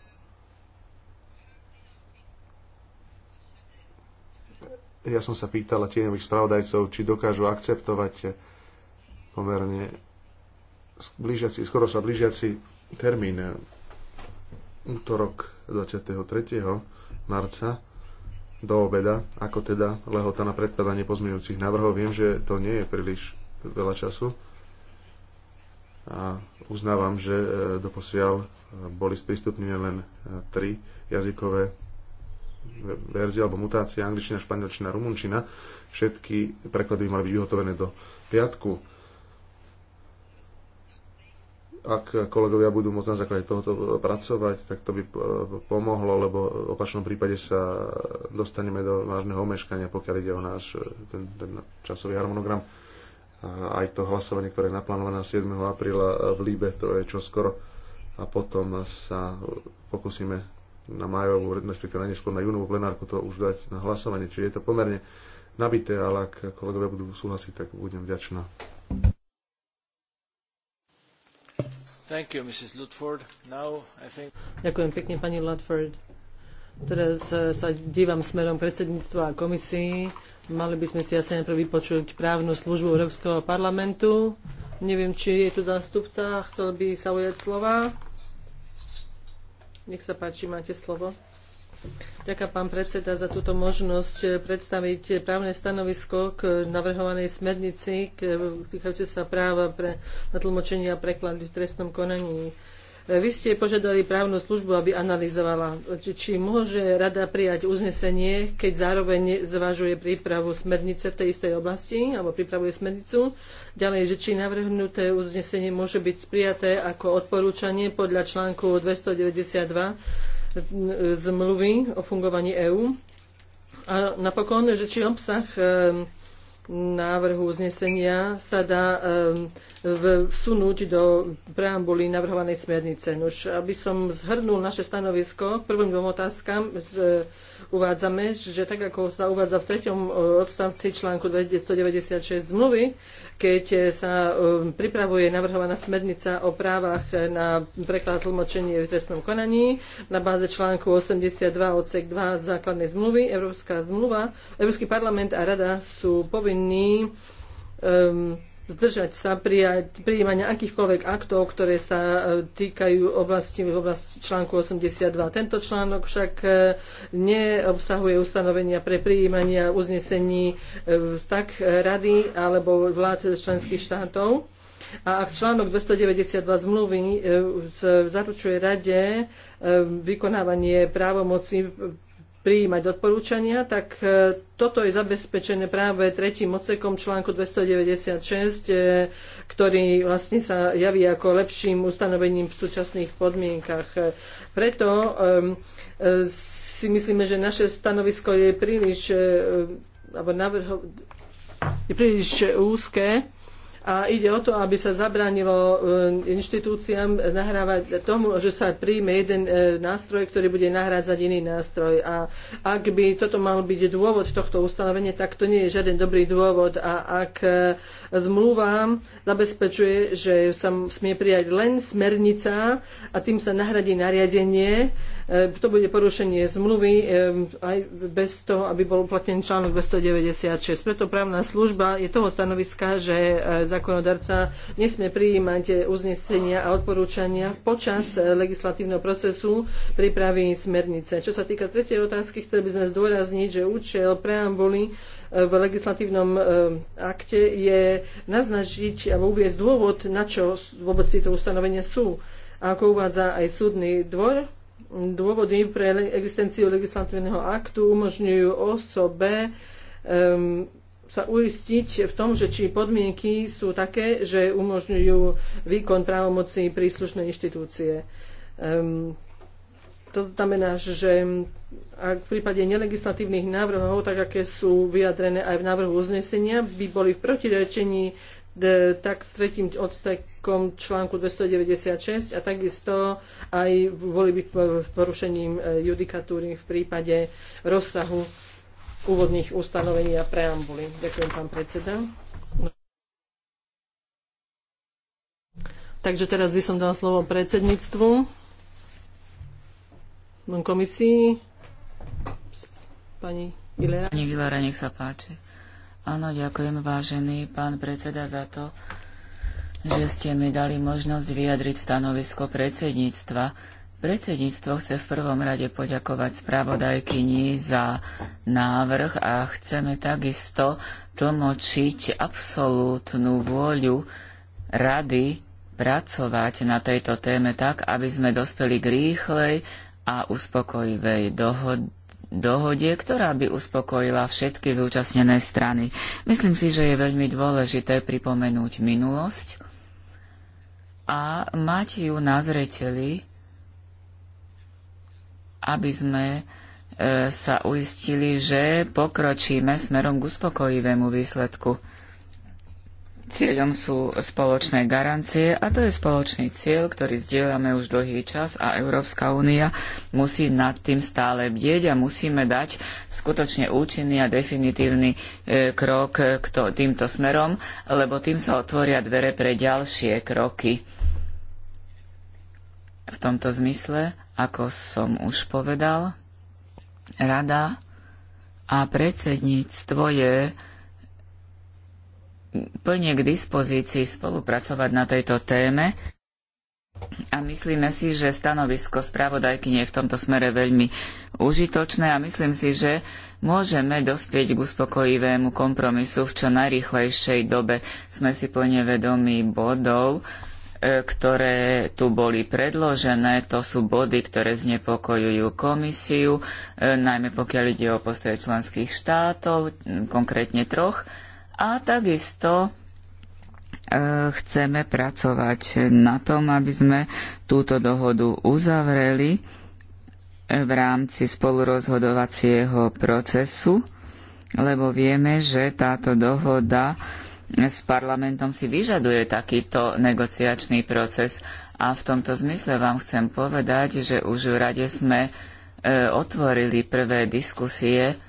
Ja som sa pýtal tieňových spravodajcov, či dokážu akceptovať pomerne blížiaci, skoro sa blížiaci termín útorok 23. marca do obeda, ako teda lehota na predkladanie pozmeňujúcich návrhov. Viem, že to nie je príliš veľa času a uznávam, že e, doposiaľ e, boli sprístupnené len e, tri jazykové verzie alebo mutácie, angličtina, španielčina, rumunčina. Všetky preklady by mali byť vyhotovené do piatku. Ak kolegovia budú môcť na základe tohoto pracovať, tak to by pomohlo, lebo v opačnom prípade sa dostaneme do vážneho omeškania, pokiaľ ide o náš ten, ten časový harmonogram aj to hlasovanie, ktoré je naplánované 7. apríla e, v Líbe, to je čo skoro. A potom sa pokúsime na majovú, respektíve neskôr na júnovú plenárku to už dať na hlasovanie. Čiže je to pomerne nabité, ale ak kolegovia budú súhlasiť, tak budem vďačná. Thank you, Mrs. Now, I think... Ďakujem pekne, pani Ludford. Teraz e, sa dívam smerom predsedníctva a komisii. Mali by sme si asi najprv vypočuť právnu službu Európskeho parlamentu. Neviem, či je tu zástupca, chcel by sa ujať slova. Nech sa páči, máte slovo. Ďakujem, pán predseda, za túto možnosť e, predstaviť právne stanovisko k navrhovanej smernici k e, týkajúce sa práva pre, na tlmočenie a preklad v trestnom konaní. Vy ste požiadali právnu službu, aby analyzovala, či môže rada prijať uznesenie, keď zároveň zvažuje prípravu smernice v tej istej oblasti, alebo pripravuje smernicu. Ďalej, že či navrhnuté uznesenie môže byť prijaté ako odporúčanie podľa článku 292 zmluvy o fungovaní EÚ. A napokon, že či obsah návrhu uznesenia sa dá ehm, vsunúť do preambuly navrhovanej smernice. Nož, aby som zhrnul naše stanovisko k prvým dvom otázkam z uvádzame, že tak ako sa uvádza v treťom e, odstavci článku 296 zmluvy, keď e, sa e, pripravuje navrhovaná smernica o právach na preklad tlmočenie v trestnom konaní na báze článku 82 odsek 2 základnej zmluvy Európska zmluva, Európsky parlament a rada sú povinní um, zdržať sa pri prijímania akýchkoľvek aktov, ktoré sa e, týkajú oblasti, v oblasti článku 82. Tento článok však e, neobsahuje ustanovenia pre prijímania uznesení e, tak rady alebo vlád členských štátov. A ak článok 292 zmluvy zaručuje rade vykonávanie právomoci prijímať odporúčania, tak e, toto je zabezpečené práve tretím odsekom článku 296, e, ktorý vlastne sa javí ako lepším ustanovením v súčasných podmienkach. Preto e, si myslíme, že naše stanovisko je príliš, alebo navrho, je príliš úzke a ide o to, aby sa zabránilo e, inštitúciám nahrávať tomu, že sa príjme jeden e, nástroj, ktorý bude nahrádzať iný nástroj. A ak by toto mal byť dôvod tohto ustanovenia, tak to nie je žiaden dobrý dôvod. A ak e, zmluva zabezpečuje, že sa smie prijať len smernica a tým sa nahradí nariadenie, E, to bude porušenie zmluvy e, aj bez toho, aby bol uplatnený článok 296. Preto právna služba je toho stanoviska, že e, zákonodarca nesmie prijímať uznesenia a odporúčania počas legislatívneho procesu prípravy smernice. Čo sa týka tretej otázky, chceli by sme zdôrazniť, že účel preambuly v legislatívnom akte je naznačiť alebo uviezť dôvod, na čo vôbec tieto ustanovenia sú. A ako uvádza aj súdny dvor, Dôvody pre existenciu legislatívneho aktu umožňujú osobe um, sa uistiť v tom, že či podmienky sú také, že umožňujú výkon právomocí príslušnej inštitúcie. Um, to znamená, že ak v prípade nelegislatívnych návrhov, tak aké sú vyjadrené aj v návrhu uznesenia, by boli v protirečení E, tak s tretím odsekom článku 296 a takisto aj boli by porušením e, judikatúry v prípade rozsahu úvodných ustanovení a preambuly. Ďakujem, pán predseda. Takže teraz by som dal slovo predsedníctvu komisii. Pani Vilera. Pani Vilera, nech sa páči. Áno, ďakujem vážený pán predseda za to, že ste mi dali možnosť vyjadriť stanovisko predsedníctva. Predsedníctvo chce v prvom rade poďakovať spravodajkyni za návrh a chceme takisto tlmočiť absolútnu vôľu rady pracovať na tejto téme tak, aby sme dospeli k rýchlej a uspokojivej dohode dohode, ktorá by uspokojila všetky zúčastnené strany. Myslím si, že je veľmi dôležité pripomenúť minulosť a mať ju na zreteli, aby sme e, sa uistili, že pokročíme smerom k uspokojivému výsledku. Cieľom sú spoločné garancie a to je spoločný cieľ, ktorý zdieľame už dlhý čas a Európska únia musí nad tým stále bdieť a musíme dať skutočne účinný a definitívny e, krok k to, týmto smerom, lebo tým sa otvoria dvere pre ďalšie kroky. V tomto zmysle, ako som už povedal, rada a predsedníctvo je plne k dispozícii spolupracovať na tejto téme a myslíme si, že stanovisko spravodajkyne je v tomto smere veľmi užitočné a myslím si, že môžeme dospieť k uspokojivému kompromisu v čo najrýchlejšej dobe. Sme si plne vedomí bodov, e, ktoré tu boli predložené. To sú body, ktoré znepokojujú komisiu, e, najmä pokiaľ ide o postoje členských štátov, konkrétne troch. A takisto e, chceme pracovať na tom, aby sme túto dohodu uzavreli e, v rámci spolurozhodovacieho procesu, lebo vieme, že táto dohoda s parlamentom si vyžaduje takýto negociačný proces. A v tomto zmysle vám chcem povedať, že už v rade sme e, otvorili prvé diskusie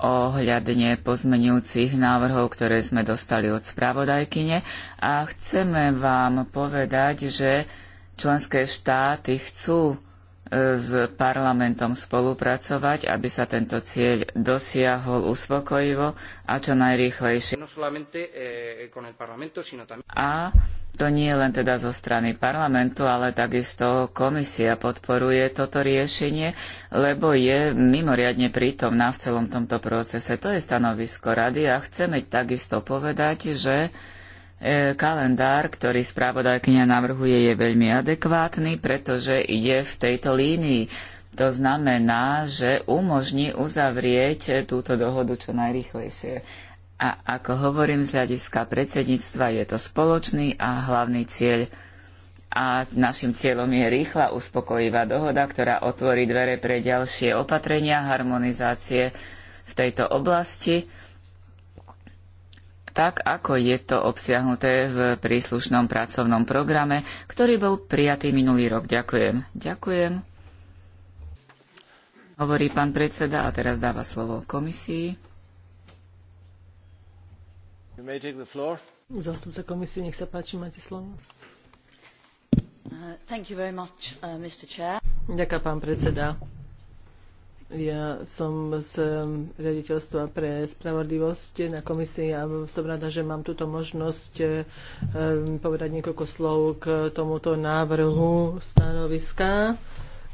ohľadne pozmenujúcich návrhov, ktoré sme dostali od spravodajkyne a chceme vám povedať, že členské štáty chcú e, s parlamentom spolupracovať, aby sa tento cieľ dosiahol uspokojivo a čo najrýchlejšie. No eh, a to nie len teda zo strany parlamentu, ale takisto komisia podporuje toto riešenie, lebo je mimoriadne prítomná v celom tomto procese. To je stanovisko rady a chceme takisto povedať, že e, kalendár, ktorý správodajkňa navrhuje, je veľmi adekvátny, pretože ide v tejto línii. To znamená, že umožní uzavrieť túto dohodu čo najrychlejšie. A ako hovorím, z hľadiska predsedníctva je to spoločný a hlavný cieľ. A našim cieľom je rýchla, uspokojivá dohoda, ktorá otvorí dvere pre ďalšie opatrenia, harmonizácie v tejto oblasti, tak ako je to obsiahnuté v príslušnom pracovnom programe, ktorý bol prijatý minulý rok. Ďakujem. Ďakujem. Hovorí pán predseda a teraz dáva slovo komisii. Zástupca komisie, nech sa páči, máte slovo. Uh, uh, Ďakujem, pán predseda. Ja som z um, riaditeľstva pre spravodlivosť na komisii a som rada, že mám túto možnosť uh, um, povedať niekoľko slov k tomuto návrhu stanoviska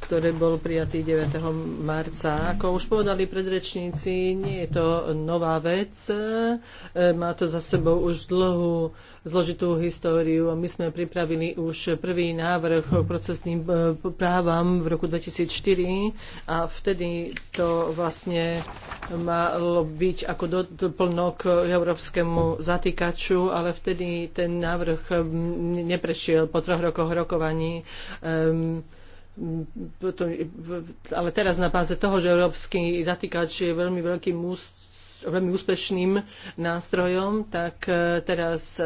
ktorý bol prijatý 9. marca. Ako už povedali predrečníci, nie je to nová vec. E, má to za sebou už dlhú, zložitú históriu my sme pripravili už prvý návrh o procesným e, právam v roku 2004 a vtedy to vlastne malo byť ako doplnok európskemu zatýkaču, ale vtedy ten návrh neprešiel po troch rokoch rokovaní. Um, ale teraz na báze toho, že európsky zatýkač je veľmi veľkým veľmi úspešným nástrojom, tak e, teraz e,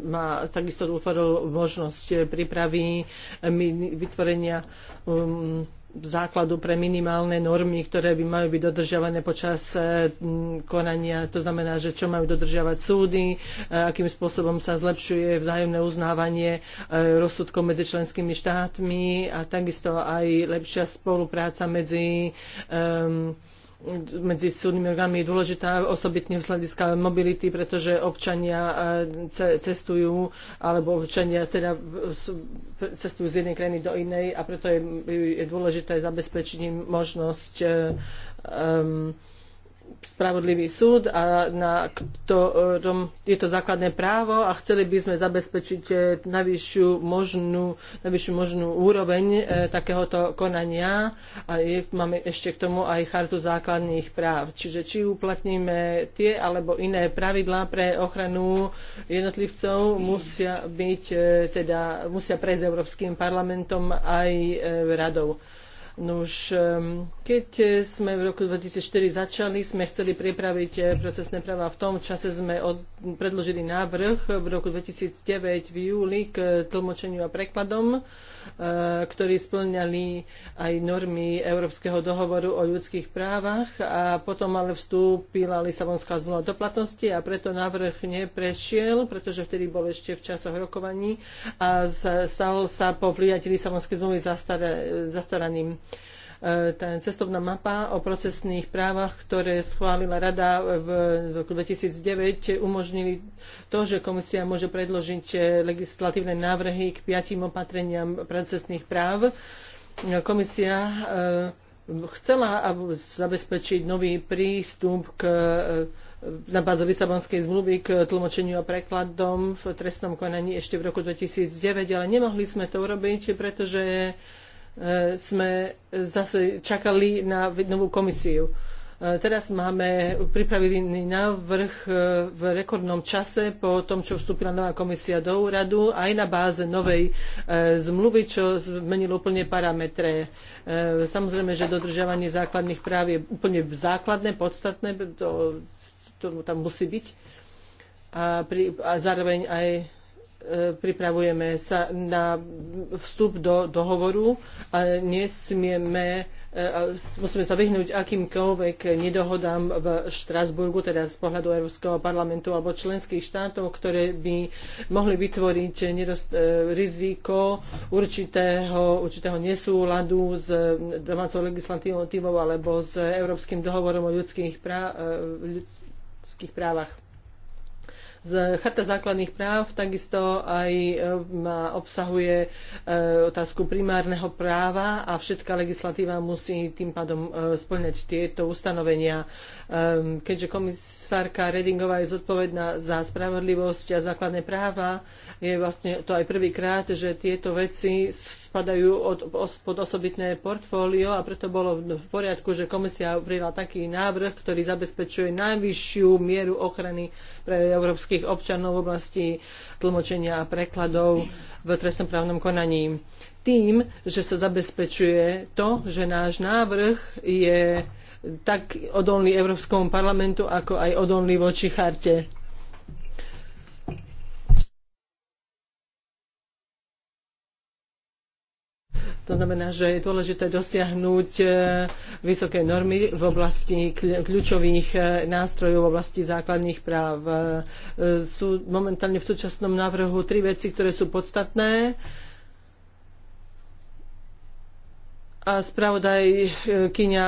má takisto utvoril možnosť prípravy e, vytvorenia um, základu pre minimálne normy, ktoré by majú byť dodržiavané počas e, konania. To znamená, že čo majú dodržiavať súdy, e, akým spôsobom sa zlepšuje vzájomné uznávanie e, rozsudkov medzi členskými štátmi a takisto aj lepšia spolupráca medzi um, medzi súdnymi orgánmi je dôležitá osobitne z hľadiska mobility, pretože občania e, cestujú, alebo občania teda cestujú z jednej krajiny do inej a preto je, je dôležité zabezpečiť im možnosť um, spravodlivý súd, a na ktorom je to základné právo a chceli by sme zabezpečiť eh, najvyššiu možnú, najvyššiu možnú úroveň eh, takéhoto konania a je, máme ešte k tomu aj chartu základných práv. Čiže či uplatníme tie alebo iné pravidlá pre ochranu jednotlivcov musia byť eh, teda musia prejsť Európskym parlamentom aj radou. Nuž, keď sme v roku 2004 začali, sme chceli pripraviť eh, procesné práva. V tom čase sme od, predložili návrh v roku 2009 v júli k tlmočeniu a prekladom, eh, ktorí splňali aj normy Európskeho dohovoru o ľudských právach a potom ale vstúpila Lisabonská zmluva do platnosti a preto návrh neprešiel, pretože vtedy bol ešte v časoch rokovaní a stal sa po prijatí Lisabonskej zmluvy zastar eh, zastaraným. E, tá cestovná mapa o procesných právach, ktoré schválila Rada v roku 2009, umožnili to, že komisia môže predložiť e, legislatívne návrhy k piatim opatreniam procesných práv. Komisia e, chcela zabezpečiť nový prístup k, na báze Lisabonskej zmluvy k tlmočeniu a prekladom v trestnom konaní ešte v roku 2009, ale nemohli sme to urobiť, pretože E, sme zase čakali na novú komisiu. E, teraz máme pripravený návrh e, v rekordnom čase po tom, čo vstúpila nová komisia do úradu, aj na báze novej zmluvy, čo zmenilo úplne parametre. Samozrejme, že dodržiavanie základných práv je úplne základné, podstatné, to, to tam musí byť. A, pri, a zároveň aj pripravujeme sa na vstup do dohovoru a nesmieme e, musíme sa vyhnúť akýmkoľvek nedohodám v Štrasburgu, teda z pohľadu Európskeho parlamentu alebo členských štátov, ktoré by mohli vytvoriť nedost, e, riziko určitého, určitého nesúladu s domácou legislatívou alebo s Európskym dohovorom o ľudských, prá- e, ľudských právach. Z Charta základných práv takisto aj e, obsahuje e, otázku primárneho práva a všetká legislatíva musí tým pádom e, splňať tieto ustanovenia. Keďže komisárka Redingová je zodpovedná za spravodlivosť a základné práva, je vlastne to aj prvýkrát, že tieto veci spadajú od, pod osobitné portfólio a preto bolo v poriadku, že komisia prijala taký návrh, ktorý zabezpečuje najvyššiu mieru ochrany pre európskych občanov v oblasti tlmočenia a prekladov v trestnom právnom konaní. Tým, že sa zabezpečuje to, že náš návrh je tak odolný Európskomu parlamentu, ako aj odolný voči charte. To znamená, že je dôležité dosiahnuť e, vysoké normy v oblasti kľúčových e, nástrojov, v oblasti základných práv. E, sú momentálne v súčasnom návrhu tri veci, ktoré sú podstatné a spravodajkyňa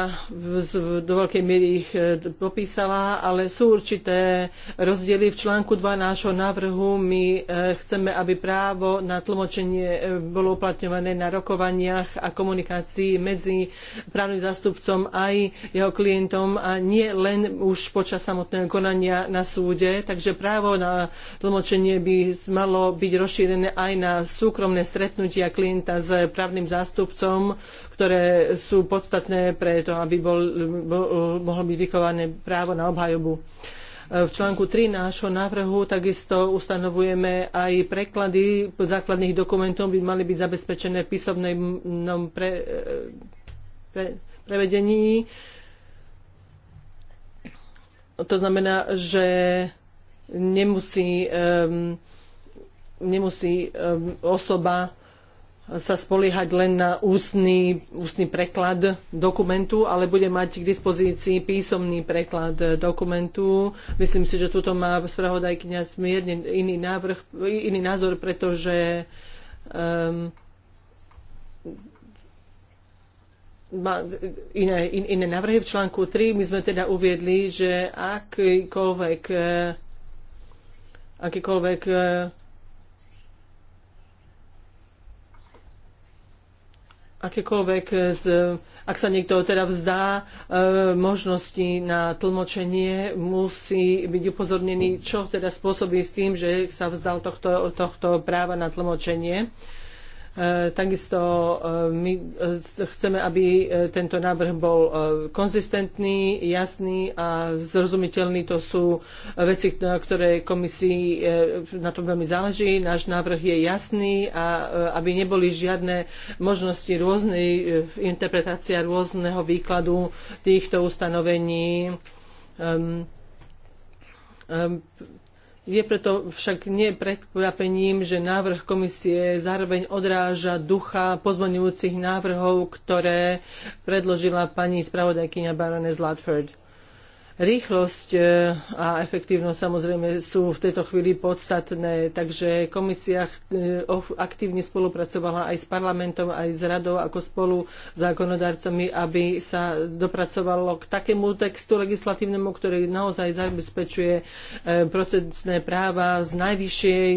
do veľkej miery ich e, popísala, ale sú určité rozdiely. V článku 2 nášho návrhu my e, chceme, aby právo na tlmočenie e, bolo uplatňované na rokovaniach a komunikácii medzi právnym zástupcom aj jeho klientom a nie len už počas samotného konania na súde. Takže právo na tlmočenie by malo byť rozšírené aj na súkromné stretnutia klienta s právnym zástupcom, ktoré sú podstatné pre to, aby bol, bol, mohlo byť vychované právo na obhajobu. V článku 3 nášho návrhu takisto ustanovujeme aj preklady základných dokumentov by mali byť zabezpečené v písomnom pre, pre, prevedení. To znamená, že nemusí, um, nemusí um, osoba sa spoliehať len na ústny, ústny preklad dokumentu, ale bude mať k dispozícii písomný preklad dokumentu. Myslím si, že tuto má spravodajkňa smierne iný, návrh, iný názor, pretože um, má iné, in, iné návrhy v článku 3. My sme teda uviedli, že akýkoľvek akýkoľvek akékoľvek, z, ak sa niekto teda vzdá e, možnosti na tlmočenie, musí byť upozornený, čo teda spôsobí s tým, že sa vzdal tohto, tohto práva na tlmočenie. E, E, takisto e, my e, chceme, aby tento návrh bol konzistentný, jasný a zrozumiteľný. To sú veci, na ktoré komisii na tom veľmi záleží. Náš návrh je jasný a aby neboli žiadne možnosti rôznej interpretácie rôzneho výkladu týchto ustanovení. Um, um, je preto však nie predkvapením, že návrh komisie zároveň odráža ducha pozmaňujúcich návrhov, ktoré predložila pani spravodajkyňa Baroness Ladford. Rýchlosť e, a efektívnosť samozrejme sú v tejto chvíli podstatné, takže komisia e, aktívne spolupracovala aj s parlamentom, aj s radou ako spolu zákonodarcami, aby sa dopracovalo k takému textu legislatívnemu, ktorý naozaj zabezpečuje e, procesné práva z najvyššej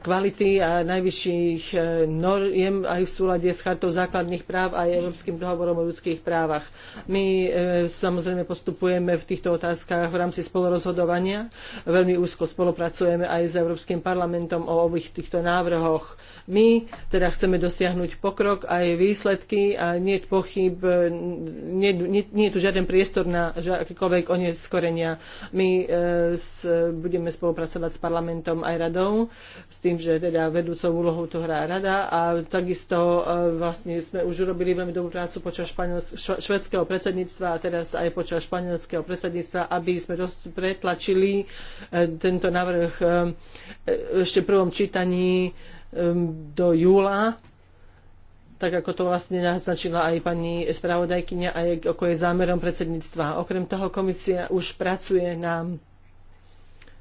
kvality a najvyšších noriem aj v súlade s chartou základných práv a Európskym dohovorom o ľudských právach. My samozrejme postupujeme v týchto otázkach otázkach v rámci spolurozhodovania. Veľmi úzko spolupracujeme aj s Európskym parlamentom o obých týchto návrhoch. My teda chceme dosiahnuť pokrok aj výsledky a nie je pochyb, nie, nie, nie je tu žiaden priestor na akékoľvek oneskorenia. My e, s, budeme spolupracovať s parlamentom aj radou, s tým, že teda vedúcou úlohou to hrá rada a takisto e, vlastne sme už urobili veľmi dobrú prácu počas švedského predsedníctva a teraz aj počas španielského predsedníctva sa, aby sme pretlačili e, tento návrh e, e, ešte v prvom čítaní do júla, tak ako to vlastne naznačila aj pani spravodajkyňa, aj ako je zámerom predsedníctva. Okrem toho komisia už pracuje na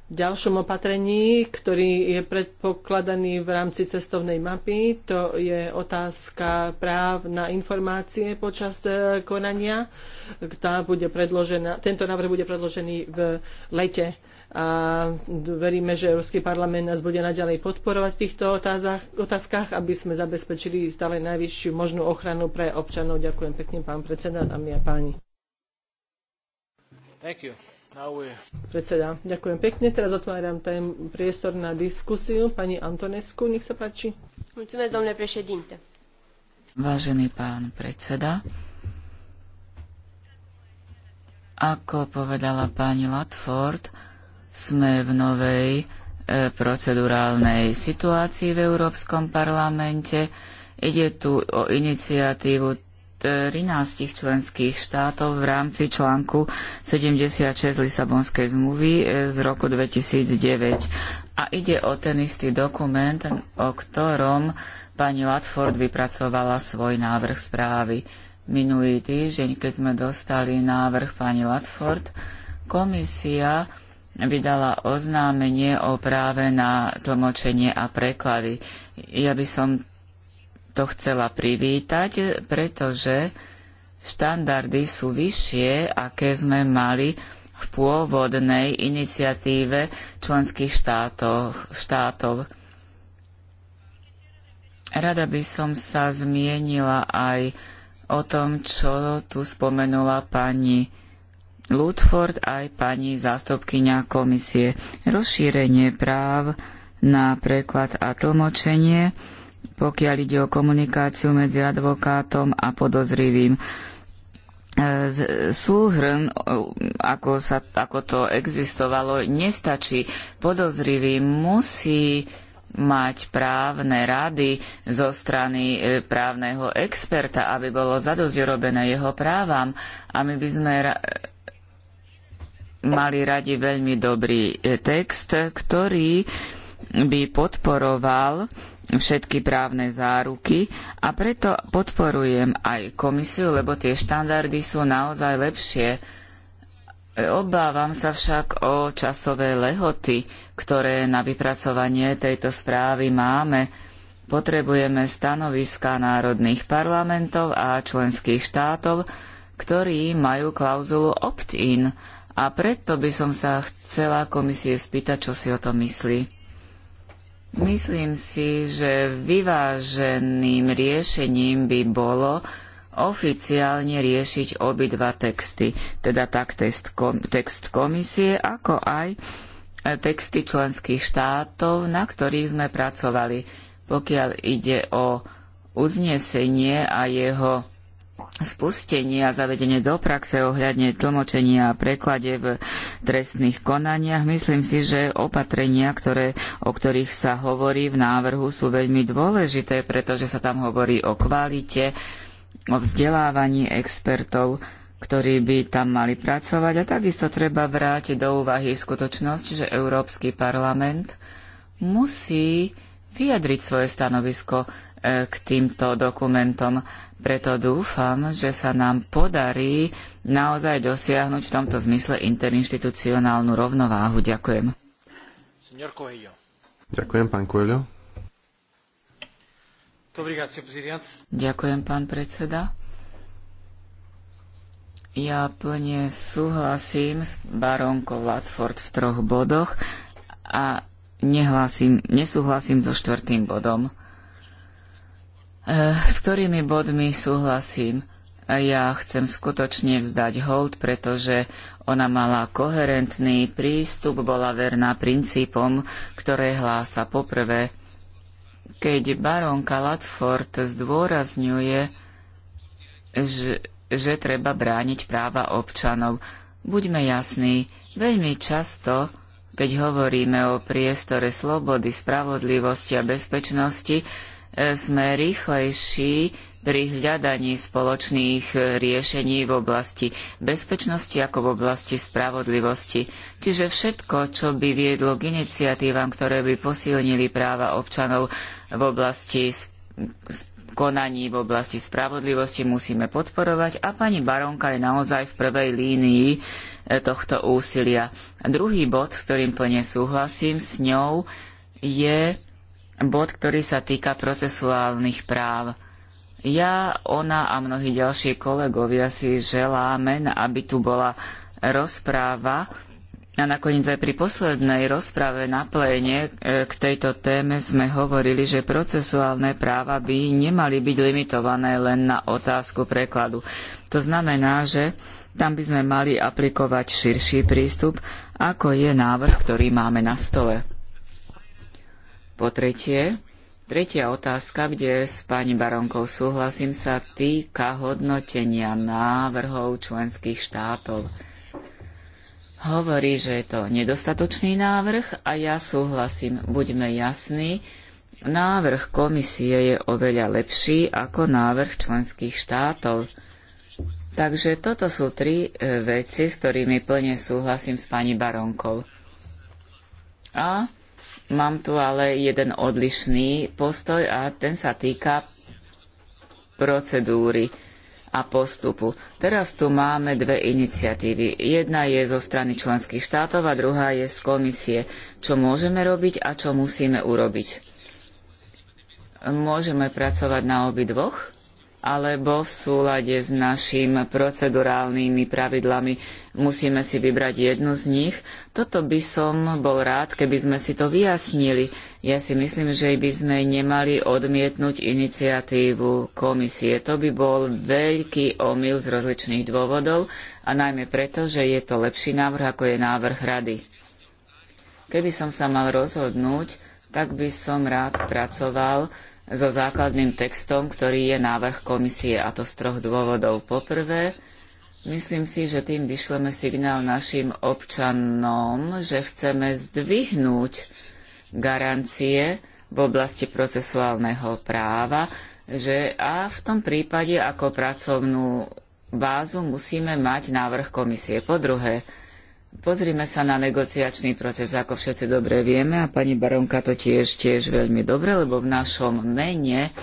ďalšom opatrení, ktorý je predpokladaný v rámci cestovnej mapy. To je otázka práv na informácie počas e, konania. Tá bude predložená, tento návrh bude predložený v lete a veríme, že Európsky parlament nás bude naďalej podporovať v týchto otázkach, aby sme zabezpečili stále najvyššiu možnú ochranu pre občanov. Ďakujem pekne, pán predseda, dámy a páni. Thank you. Predseda, ďakujem pekne. Teraz otváram ten priestor na diskusiu. Pani Antonescu, nech sa páči. Mulțumesc, domnule președinte. Vážený pán predseda, ako povedala pani Latford, sme v novej e, procedurálnej situácii v Európskom parlamente. Ide tu o iniciatívu 13 členských štátov v rámci článku 76 Lisabonskej zmluvy e, z roku 2009. A ide o ten istý dokument, o ktorom pani Latford vypracovala svoj návrh správy. Minulý týždeň, keď sme dostali návrh pani Latford, komisia vydala oznámenie o práve na tlmočenie a preklady. Ja by som to chcela privítať, pretože štandardy sú vyššie, aké sme mali v pôvodnej iniciatíve členských štátov. štátov. Rada by som sa zmienila aj o tom, čo tu spomenula pani Ludford aj pani zástupkyňa komisie. Rozšírenie práv na preklad a tlmočenie pokiaľ ide o komunikáciu medzi advokátom a podozrivým. E, súhrn, ako, sa, ako to existovalo, nestačí. Podozrivý musí mať právne rady zo strany e, právneho experta, aby bolo zadosť jeho právam. A my by sme mali radi veľmi dobrý e, text, ktorý by podporoval všetky právne záruky a preto podporujem aj komisiu, lebo tie štandardy sú naozaj lepšie. Obávam sa však o časové lehoty, ktoré na vypracovanie tejto správy máme. Potrebujeme stanoviska národných parlamentov a členských štátov, ktorí majú klauzulu opt-in a preto by som sa chcela komisie spýtať, čo si o tom myslí. Myslím si, že vyváženým riešením by bolo oficiálne riešiť obidva texty, teda tak text komisie, ako aj e, texty členských štátov, na ktorých sme pracovali. Pokiaľ ide o uznesenie a jeho spustenie a zavedenie do praxe ohľadne tlmočenia a preklade v trestných konaniach. Myslím si, že opatrenia, ktoré, o ktorých sa hovorí v návrhu, sú veľmi dôležité, pretože sa tam hovorí o kvalite, o vzdelávaní expertov, ktorí by tam mali pracovať. A takisto treba vrátiť do úvahy skutočnosť, že Európsky parlament musí vyjadriť svoje stanovisko eh, k týmto dokumentom preto dúfam, že sa nám podarí naozaj dosiahnuť v tomto zmysle interinštitucionálnu rovnováhu. Ďakujem. Ďakujem, pán Coelho. Ďakujem, pán predseda. Ja plne súhlasím s barónkou Latford v troch bodoch a nesúhlasím so štvrtým bodom. Eh, s ktorými bodmi súhlasím? Ja chcem skutočne vzdať hold, pretože ona mala koherentný prístup, bola verná princípom, ktoré hlása poprvé. Keď baronka Latford zdôrazňuje, že, že treba brániť práva občanov, buďme jasní, veľmi často keď hovoríme o priestore slobody, spravodlivosti a bezpečnosti, E, sme rýchlejší pri hľadaní spoločných e, riešení v oblasti bezpečnosti ako v oblasti spravodlivosti. Čiže všetko, čo by viedlo k iniciatívam, ktoré by posilnili práva občanov v oblasti konaní v oblasti spravodlivosti musíme podporovať a pani Baronka je naozaj v prvej línii e, tohto úsilia. Druhý bod, s ktorým plne súhlasím s ňou, je bod, ktorý sa týka procesuálnych práv. Ja, ona a mnohí ďalší kolegovia si želáme, aby tu bola rozpráva a nakoniec aj pri poslednej rozprave na pléne e, k tejto téme sme hovorili, že procesuálne práva by nemali byť limitované len na otázku prekladu. To znamená, že tam by sme mali aplikovať širší prístup, ako je návrh, ktorý máme na stole. Po tretie, tretia otázka, kde s pani Baronkou súhlasím, sa týka hodnotenia návrhov členských štátov. Hovorí, že je to nedostatočný návrh a ja súhlasím, buďme jasní, návrh komisie je oveľa lepší ako návrh členských štátov. Takže toto sú tri e, veci, s ktorými plne súhlasím s pani Baronkou. A Mám tu ale jeden odlišný postoj a ten sa týka procedúry a postupu. Teraz tu máme dve iniciatívy. Jedna je zo strany členských štátov a druhá je z komisie. Čo môžeme robiť a čo musíme urobiť? Môžeme pracovať na obidvoch? alebo v súlade s našimi procedurálnymi pravidlami musíme si vybrať jednu z nich. Toto by som bol rád, keby sme si to vyjasnili. Ja si myslím, že by sme nemali odmietnúť iniciatívu komisie. To by bol veľký omyl z rozličných dôvodov a najmä preto, že je to lepší návrh, ako je návrh rady. Keby som sa mal rozhodnúť, tak by som rád pracoval so základným textom, ktorý je návrh komisie, a to z troch dôvodov. Poprvé, myslím si, že tým vyšleme signál našim občanom, že chceme zdvihnúť garancie v oblasti procesuálneho práva, že a v tom prípade ako pracovnú bázu musíme mať návrh komisie. Po druhé, Pozrime sa na negociačný proces, ako všetci dobre vieme, a pani Baronka to tiež, tiež veľmi dobre, lebo v našom mene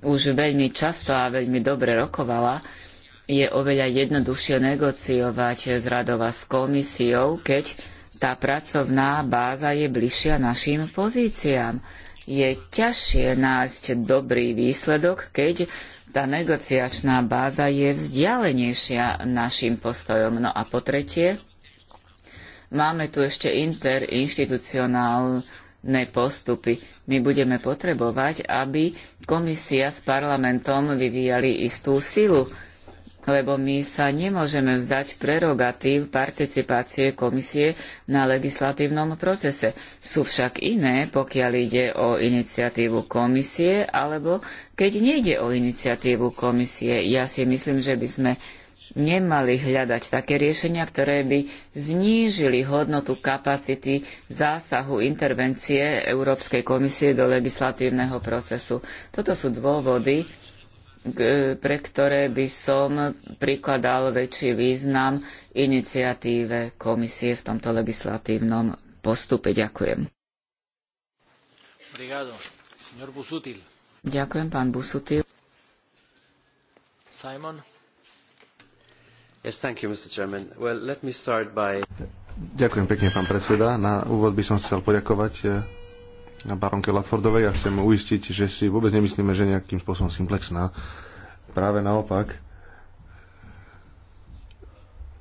už veľmi často a veľmi dobre rokovala, je oveľa jednoduchšie negociovať z radova s komisiou, keď tá pracovná báza je bližšia našim pozíciám. Je ťažšie nájsť dobrý výsledok, keď tá negociačná báza je vzdialenejšia našim postojom. No a po tretie, Máme tu ešte interinštitucionálne postupy. My budeme potrebovať, aby komisia s parlamentom vyvíjali istú silu, lebo my sa nemôžeme vzdať prerogatív participácie komisie na legislatívnom procese. Sú však iné, pokiaľ ide o iniciatívu komisie, alebo keď nejde o iniciatívu komisie. Ja si myslím, že by sme nemali hľadať také riešenia, ktoré by znížili hodnotu kapacity zásahu intervencie Európskej komisie do legislatívneho procesu. Toto sú dôvody, pre ktoré by som prikladal väčší význam iniciatíve komisie v tomto legislatívnom postupe. Ďakujem. Ďakujem, pán Busutil. Simon. Ďakujem pekne, pán predseda. Na úvod by som chcel poďakovať eh, baronke Latfordovej a chcem uistiť, že si vôbec nemyslíme, že nejakým spôsobom simplexná. Práve naopak.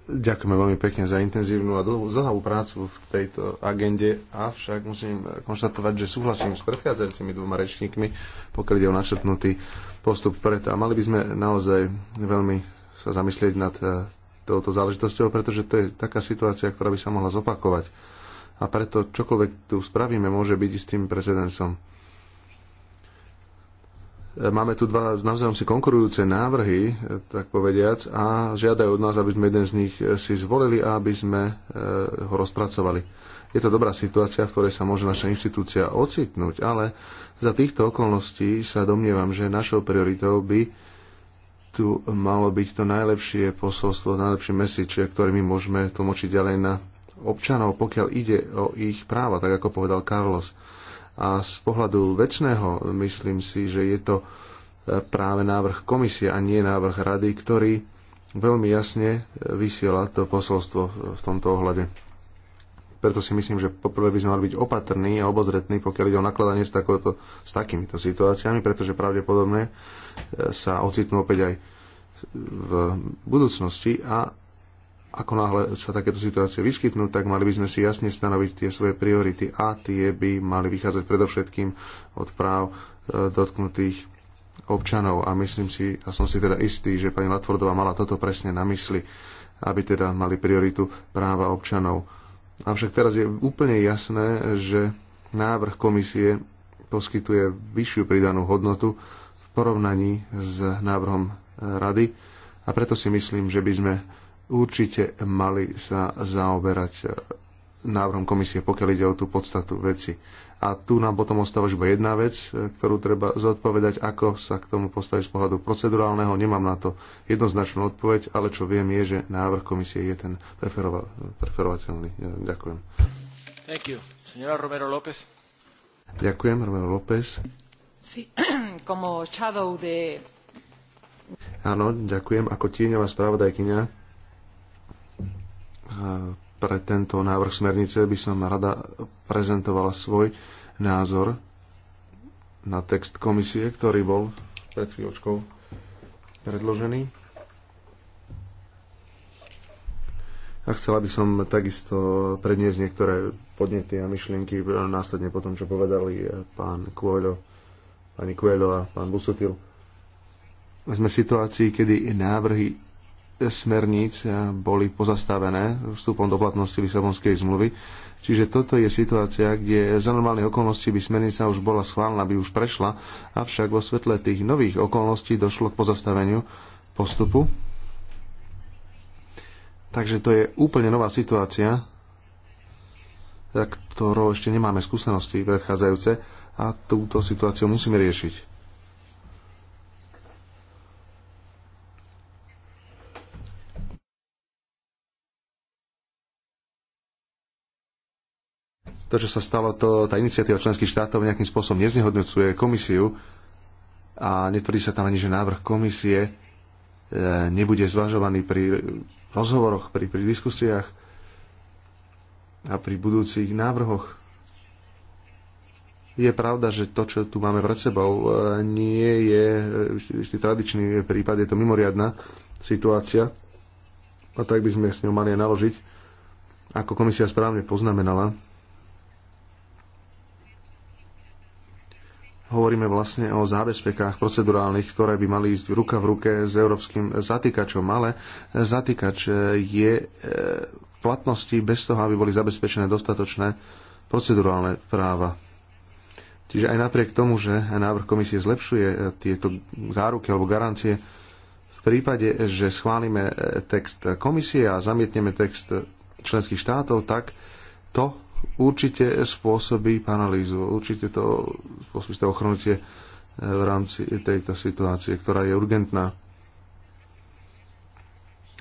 Ďakujeme veľmi pekne za intenzívnu a dlhú prácu v tejto agende, avšak musím konštatovať, že súhlasím s predchádzajúcimi dvoma rečníkmi, pokiaľ ide o načrtnutý postup vpred. A mali by sme naozaj veľmi sa zamyslieť nad e, touto záležitosťou, pretože to je taká situácia, ktorá by sa mohla zopakovať. A preto čokoľvek tu spravíme, môže byť istým precedensom. E, máme tu dva navzájom si konkurujúce návrhy, e, tak povediac, a žiadajú od nás, aby sme jeden z nich si zvolili a aby sme ho rozpracovali. Je to dobrá situácia, v ktorej sa môže naša inštitúcia ocitnúť, ale za týchto okolností sa domnievam, že našou prioritou by tu malo byť to najlepšie posolstvo, najlepšie message, ktoré my môžeme tlmočiť ďalej na občanov, pokiaľ ide o ich práva, tak ako povedal Carlos. A z pohľadu väčšného myslím si, že je to e, práve návrh komisie a nie návrh rady, ktorý veľmi jasne e, vysiela to posolstvo v tomto ohľade. Preto si myslím, že poprvé by sme mali byť opatrní a obozretní, pokiaľ ide o nakladanie s, takouto, s takýmito situáciami, pretože pravdepodobne e, sa ocitnú opäť aj v budúcnosti a ako náhle sa takéto situácie vyskytnú, tak mali by sme si jasne stanoviť tie svoje priority a tie by mali vychádzať predovšetkým od práv e, dotknutých občanov a myslím si, a som si teda istý, že pani Latvordová mala toto presne na mysli, aby teda mali prioritu práva občanov Avšak teraz je úplne jasné, že návrh komisie poskytuje vyššiu pridanú hodnotu v porovnaní s návrhom rady a preto si myslím, že by sme určite mali sa zaoberať návrhom komisie, pokiaľ ide o tú podstatu veci. A tu nám potom ostáva iba jedna vec, e, ktorú treba zodpovedať, ako sa k tomu postaviť z pohľadu procedurálneho. Nemám na to jednoznačnú odpoveď, ale čo viem je, že návrh komisie je ten preferova- preferovateľný. Ďakujem. Thank you. Señora Romero López. Ďakujem, Romero López. Sí, como shadow de... Áno, ďakujem. Ako tieňová spravodajkynia pre tento návrh smernice by som rada prezentovala svoj názor na text komisie, ktorý bol pred chvíľočkou predložený. A chcela by som takisto predniesť niektoré podnety a myšlienky následne po tom, čo povedali pán Kuoľo, pani Kuoľo a pán Busotil. Sme v situácii, kedy návrhy smerníc boli pozastavené vstupom do platnosti Lisabonskej zmluvy. Čiže toto je situácia, kde za normálnych okolností by smernica už bola schválená, by už prešla, avšak vo svetle tých nových okolností došlo k pozastaveniu postupu. Takže to je úplne nová situácia, za ktorou ešte nemáme skúsenosti predchádzajúce a túto situáciu musíme riešiť. to, čo sa stalo, to, tá iniciatíva členských štátov nejakým spôsobom neznehodnocuje komisiu a netvrdí sa tam ani, že návrh komisie e, nebude zvažovaný pri rozhovoroch, pri, pri diskusiách a pri budúcich návrhoch. Je pravda, že to, čo tu máme pred sebou, e, nie je e, istý tradičný prípad, je to mimoriadná situácia a tak by sme s ňou mali aj naložiť. Ako komisia správne poznamenala, hovoríme vlastne o zábezpekách procedurálnych, ktoré by mali ísť ruka v ruke s európskym zatýkačom, ale zatýkač je e, v platnosti bez toho, aby boli zabezpečené dostatočné procedurálne práva. Čiže aj napriek tomu, že návrh komisie zlepšuje e, tieto záruky alebo garancie, v prípade, že schválime e, text komisie a zamietneme text členských štátov, tak to určite spôsobí analýzu, určite to spôsobí to ochrnutie eh, v rámci tejto situácie, ktorá je urgentná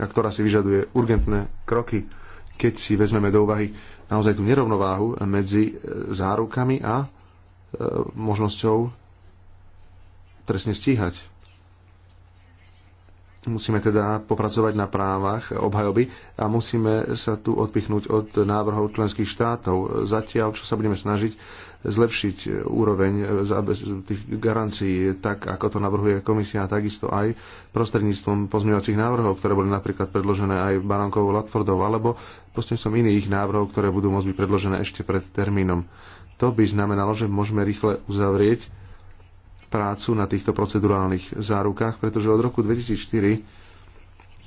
a ktorá si vyžaduje urgentné kroky, keď si vezmeme do úvahy naozaj tú nerovnováhu medzi eh, zárukami a eh, možnosťou trestne stíhať Musíme teda popracovať na právach obhajoby a musíme sa tu odpichnúť od návrhov členských štátov. Zatiaľ, čo sa budeme snažiť zlepšiť úroveň e, tých garancií, tak ako to navrhuje komisia, takisto aj prostredníctvom pozmeňovacích návrhov, ktoré boli napríklad predložené aj Barankovou Latfordov, alebo prostredníctvom iných návrhov, ktoré budú môcť byť predložené ešte pred termínom. To by znamenalo, že môžeme rýchle uzavrieť prácu na týchto procedurálnych zárukách, pretože od roku 2004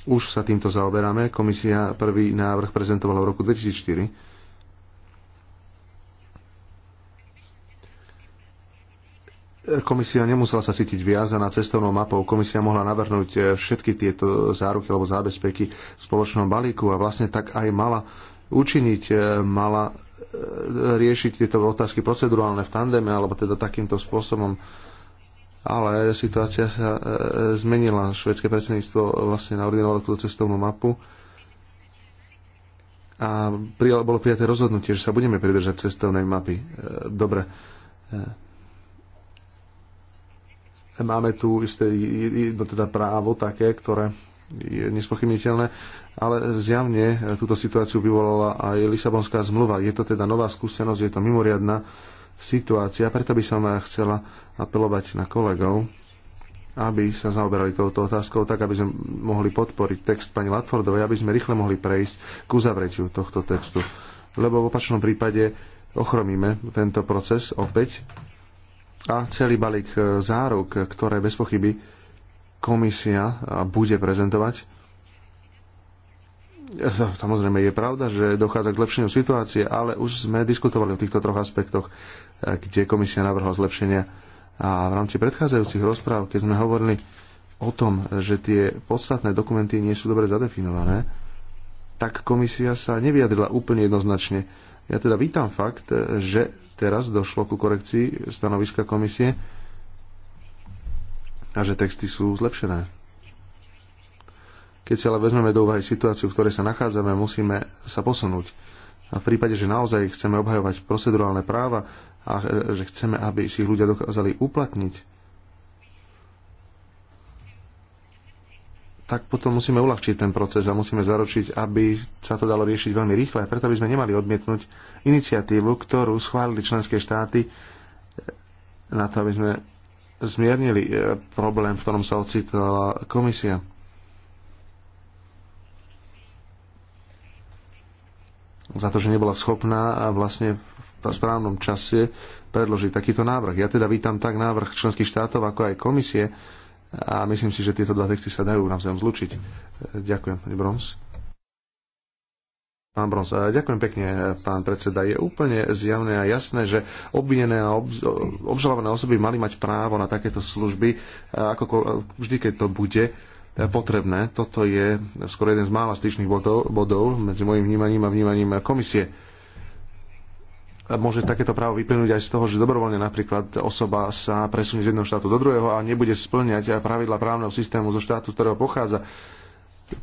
už sa týmto zaoberáme. Komisia prvý návrh prezentovala v roku 2004. Komisia nemusela sa cítiť viazaná cestovnou mapou. Komisia mohla navrhnúť eh, všetky tieto záruky alebo zábezpeky v spoločnom balíku a vlastne tak aj mala učiniť, eh, mala eh, riešiť tieto otázky procedurálne v tandeme alebo teda takýmto spôsobom ale situácia sa e, zmenila. Švedské predsedníctvo vlastne naordinovalo túto cestovnú mapu a prijal, bolo prijaté rozhodnutie, že sa budeme pridržať cestovnej mapy. E, dobre. E, máme tu isté jedno teda právo také, ktoré je nespochybniteľné, ale zjavne túto situáciu vyvolala aj Lisabonská zmluva. Je to teda nová skúsenosť, je to mimoriadná situácia. Preto by som chcela apelovať na kolegov, aby sa zaoberali touto otázkou, tak aby sme mohli podporiť text pani Latfordovej, aby sme rýchle mohli prejsť k uzavretiu tohto textu. Lebo v opačnom prípade ochromíme tento proces opäť a celý balík záruk, ktoré bez pochyby komisia bude prezentovať, Samozrejme je pravda, že dochádza k lepšeniu situácie, ale už sme diskutovali o týchto troch aspektoch, eh, kde komisia navrhla zlepšenia. A v rámci predchádzajúcich rozpráv, keď sme hovorili o tom, že tie podstatné dokumenty nie sú dobre zadefinované, tak komisia sa nevyjadrila úplne jednoznačne. Ja teda vítam fakt, eh, že teraz došlo ku korekcii stanoviska komisie a že texty sú zlepšené. Keď si ale vezmeme do úvahy situáciu, v ktorej sa nachádzame, musíme sa posunúť. A v prípade, že naozaj chceme obhajovať procedurálne práva a že chceme, aby si ich ľudia dokázali uplatniť, tak potom musíme uľahčiť ten proces a musíme zaručiť, aby sa to dalo riešiť veľmi rýchle. Preto by sme nemali odmietnúť iniciatívu, ktorú schválili členské štáty eh, na to, aby sme zmiernili eh, problém, v ktorom sa ocitala komisia. za to, že nebola schopná vlastne v správnom čase predložiť takýto návrh. Ja teda vítam tak návrh členských štátov, ako aj komisie a myslím si, že tieto dva texty sa dajú navzájom zlučiť. Ďakujem, pani Brons. Pán Brons, ďakujem pekne, pán predseda. Je úplne zjavné a jasné, že obvinené a obz, obžalované osoby mali mať právo na takéto služby, ako vždy, keď to bude E, potrebné. Toto je skoro jeden z mála styčných bodov, bodov medzi môjim vnímaním a vnímaním komisie. A môže takéto právo vyplynúť aj z toho, že dobrovoľne napríklad osoba sa presunie z jedného štátu do druhého a nebude splňať pravidla právneho systému zo štátu, z ktorého pochádza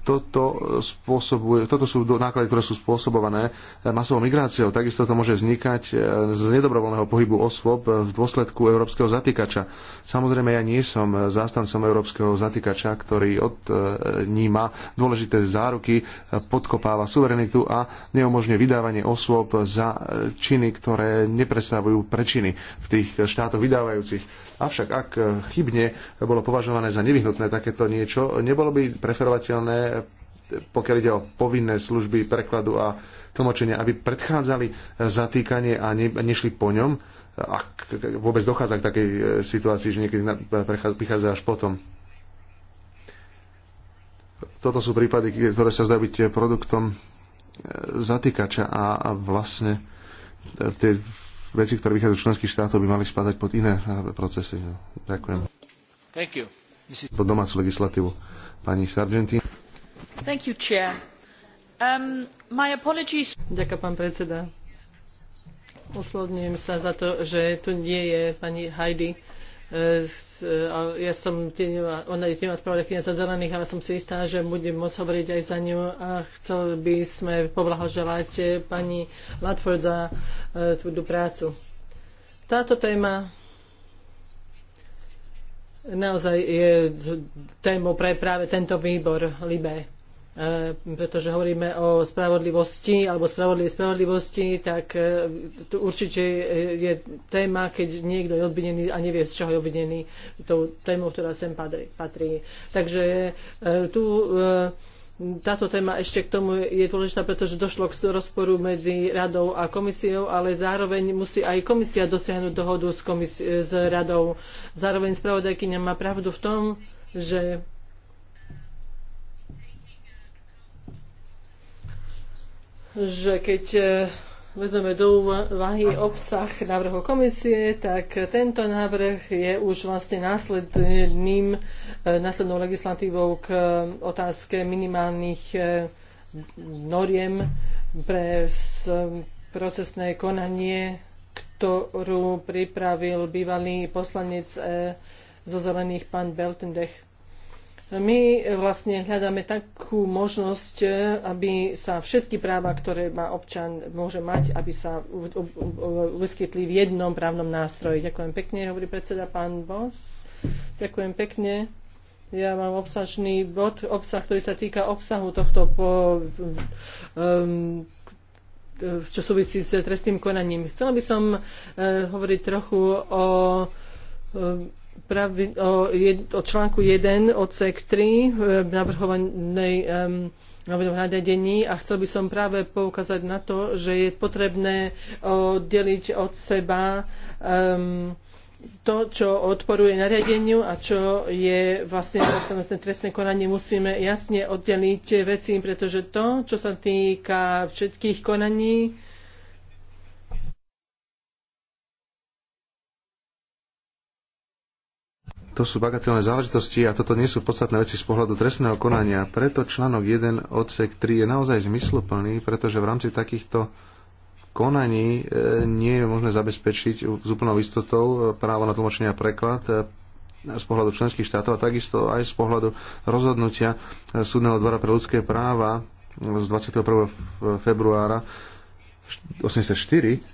toto, spôsobuje, toto sú náklady, ktoré sú spôsobované eh, masovou migráciou. Takisto to môže vznikať eh, z nedobrovoľného pohybu osôb eh, v dôsledku európskeho zatýkača. Samozrejme, ja nie som zástancom európskeho zatýkača, ktorý odníma dôležité záruky, podkopáva suverenitu a neumožňuje vydávanie osôb za činy, ktoré neprestávajú prečiny v tých štátoch vydávajúcich. Avšak ak chybne bolo považované za nevyhnutné takéto niečo, nebolo by preferovateľné vypracované, pokiaľ ide o povinné služby prekladu a tlmočenia, aby predchádzali zatýkanie a ne, nešli po ňom, ak vôbec dochádza k takej e, situácii, že niekedy prichádza až potom. Toto sú prípady, ktoré sa zdajú byť produktom e, zatýkača a, vlastne e, tie veci, ktoré vychádzajú z členských štátov, by mali spadať pod iné procesy. Ďakujem. Thank you. Pod domácu legislatívu. Pani Sargentini ospravedlňujem Ďakujem, pán predseda. sa za to, že tu nie je pani Heidi e, ja som ona je tieňová spravodajkyňa za zelených, ale som si istá, že budem môcť hovoriť aj za ňu a chcel by sme poblahoželať pani Latford za e, tvrdú prácu. Táto téma naozaj je témou pre práve tento výbor libe. E, pretože hovoríme o spravodlivosti alebo spravodlivej spravodlivosti, tak e, tu určite je téma, keď niekto je obvinený a nevie, z čoho je obvinený, tou témou, ktorá sem patrí. Takže e, tu táto téma ešte k tomu je dôležitá, pretože došlo k rozporu medzi radou a komisiou, ale zároveň musí aj komisia dosiahnuť dohodu s, s radou. Zároveň spravodajkyňa má pravdu v tom, že že keď e, vezmeme do úvahy obsah návrhu komisie, tak tento návrh je už vlastne následným, e, následnou legislatívou k e, otázke minimálnych noriem pre procesné konanie, ktorú pripravil bývalý poslanec zo zelených pán Beltendech. My eh, vlastne hľadáme takú možnosť, eh, aby sa všetky práva, ktoré má občan, môže mať, aby sa vyskytli v jednom právnom nástroji. Ďakujem pekne, hovorí predseda pán Bos. Ďakujem pekne. Ja mám obsažný bod, obsah, ktorý sa týka obsahu tohto po, um, čo súvisí s trestným konaním. Chcela by som uh, hovoriť trochu o um, pravi, o, jed, o článku 1 odsek 3 v e, navrhovanej um, nariadení a chcel by som práve poukázať na to, že je potrebné oddeliť od seba um, to, čo odporuje nariadeniu a čo je vlastne trestné konanie, musíme jasne oddeliť veci, pretože to, čo sa týka všetkých konaní, to sú bagatelné záležitosti a toto nie sú podstatné veci z pohľadu trestného konania. Preto článok 1 odsek 3 je naozaj zmysluplný, pretože v rámci takýchto konaní e, nie je možné zabezpečiť s úplnou istotou e, právo na tlmočenie a preklad e, z pohľadu členských štátov a takisto aj z pohľadu rozhodnutia Súdneho dvora pre ľudské práva z 21. februára 1984,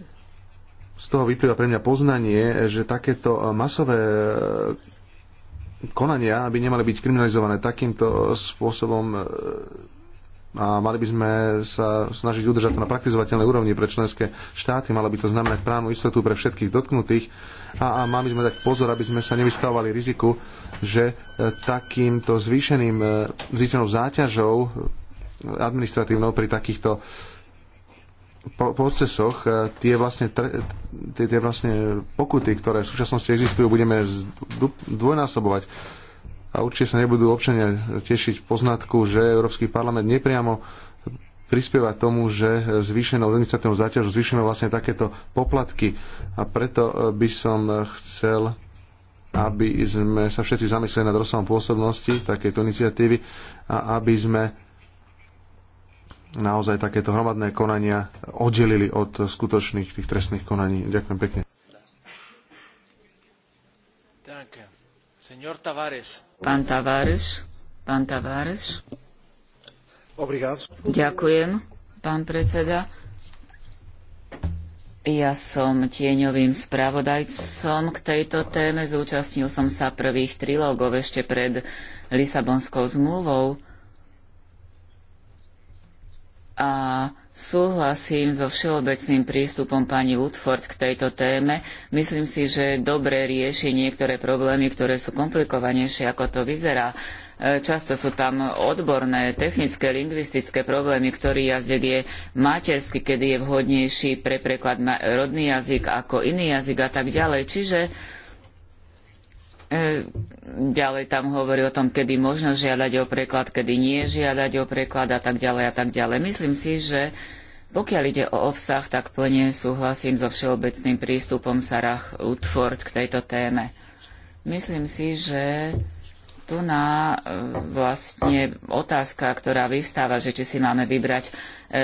z toho vyplýva pre mňa poznanie, že takéto masové konania by nemali byť kriminalizované takýmto spôsobom e, a mali by sme sa snažiť udržať to na praktizovateľnej úrovni pre členské štáty, malo by to znamenať právnu istotu pre všetkých dotknutých a, a mali by sme dať pozor, aby sme sa nevystavovali riziku, že e, takýmto zvýšeným, e, zvýšenou záťažou administratívnou pri takýchto procesoch e, tie vlastne, tie, tie vlastne pokuty, ktoré v súčasnosti existujú, budeme dvojnásobovať. A určite sa nebudú občania tešiť poznatku, že Európsky parlament nepriamo prispieva tomu, že zvýšenou administratívnou záťažou zvýšenou vlastne takéto poplatky. A preto e, by som chcel, aby sme sa všetci zamysleli nad rozsahom pôsobnosti takéto iniciatívy a aby sme naozaj takéto hromadné konania oddelili od skutočných tých trestných konaní. Ďakujem pekne. Pán Tavares. Pán Tavares. Ďakujem, pán predseda. Ja som tieňovým spravodajcom k tejto téme. Zúčastnil som sa prvých trilógov ešte pred Lisabonskou zmluvou a súhlasím so všeobecným prístupom pani Woodford k tejto téme. Myslím si, že dobre rieši niektoré problémy, ktoré sú komplikovanejšie, ako to vyzerá. E, často sú tam odborné, technické, lingvistické problémy, ktorý jazyk je materský, kedy je vhodnejší pre preklad rodný jazyk ako iný jazyk a tak ďalej. Čiže E, ďalej tam hovorí o tom, kedy možno žiadať o preklad, kedy nie žiadať o preklad a tak ďalej a tak ďalej. Myslím si, že pokiaľ ide o obsah, tak plne súhlasím so všeobecným prístupom Sarah Utford k tejto téme. Myslím si, že tu na e, vlastne otázka, ktorá vyvstáva, že či si máme vybrať e,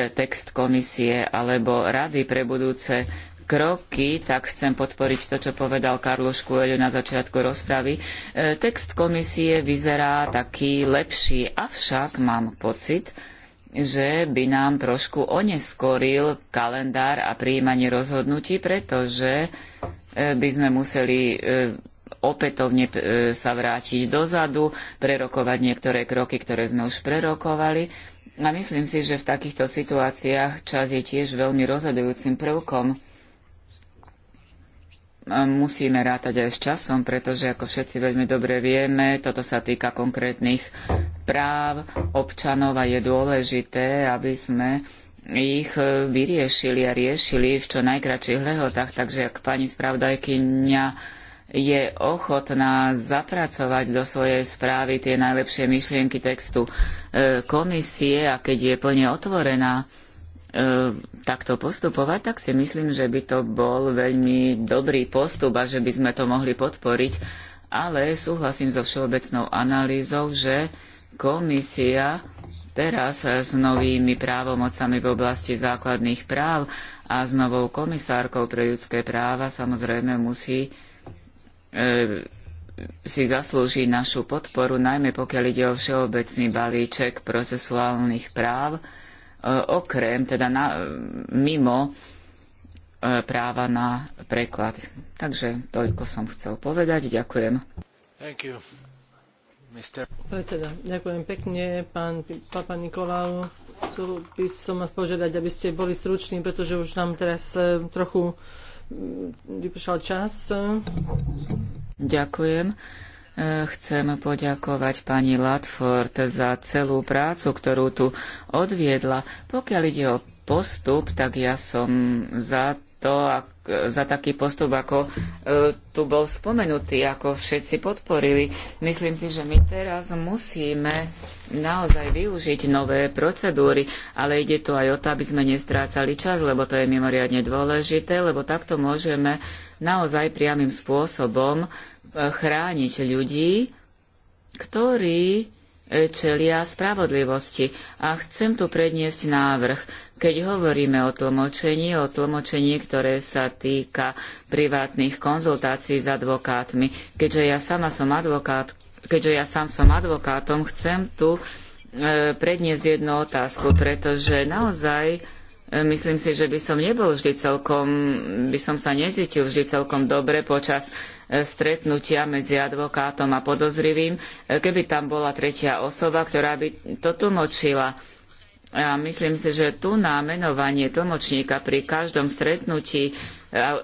text komisie alebo rady pre budúce kroky, tak chcem podporiť to, čo povedal Karloš Kueľo na začiatku rozpravy. E, text komisie vyzerá taký lepší, avšak mám pocit, že by nám trošku oneskoril kalendár a príjmanie rozhodnutí, pretože e, by sme museli e, opätovne sa vrátiť dozadu, prerokovať niektoré kroky, ktoré sme už prerokovali. A myslím si, že v takýchto situáciách čas je tiež veľmi rozhodujúcim prvkom musíme rátať aj s časom, pretože ako všetci veľmi dobre vieme, toto sa týka konkrétnych práv občanov a je dôležité, aby sme ich e, vyriešili a riešili v čo najkračších lehotách. Takže ak pani spravodajkyňa je ochotná zapracovať do svojej správy tie najlepšie myšlienky textu e, komisie a keď je plne otvorená E, takto postupovať, tak si myslím, že by to bol veľmi dobrý postup a že by sme to mohli podporiť. Ale súhlasím so všeobecnou analýzou, že komisia teraz s novými právomocami v oblasti základných práv a s novou komisárkou pre ľudské práva samozrejme musí e, si zaslúži našu podporu, najmä pokiaľ ide o všeobecný balíček procesuálnych práv, E, okrem, teda na, e, mimo e, práva na preklad. Takže toľko som chcel povedať. Ďakujem. Thank you. Mr. Predseda, ďakujem pekne, pán Papa Nikolau. Chcel by som vás požiadať, aby ste boli struční, pretože už nám teraz trochu mm, vypršal čas. Ďakujem. Chcem poďakovať pani Latford za celú prácu, ktorú tu odviedla. Pokiaľ ide o postup, tak ja som za to, za taký postup, ako e, tu bol spomenutý, ako všetci podporili. Myslím si, že my teraz musíme naozaj využiť nové procedúry, ale ide tu aj o to, aby sme nestrácali čas, lebo to je mimoriadne dôležité, lebo takto môžeme naozaj priamym spôsobom chrániť ľudí, ktorí e, čelia spravodlivosti. A chcem tu predniesť návrh. Keď hovoríme o tlmočení, o tlmočení, ktoré sa týka privátnych konzultácií s advokátmi, keďže ja sama som advokát, keďže ja sám som advokátom, chcem tu e, predniesť jednu otázku, pretože naozaj Myslím si, že by som nebol vždy celkom, by som sa necítil vždy celkom dobre počas e, stretnutia medzi advokátom a podozrivým, e, keby tam bola tretia osoba, ktorá by to tlmočila. A myslím si, že tu na menovanie tlmočníka pri každom stretnutí e,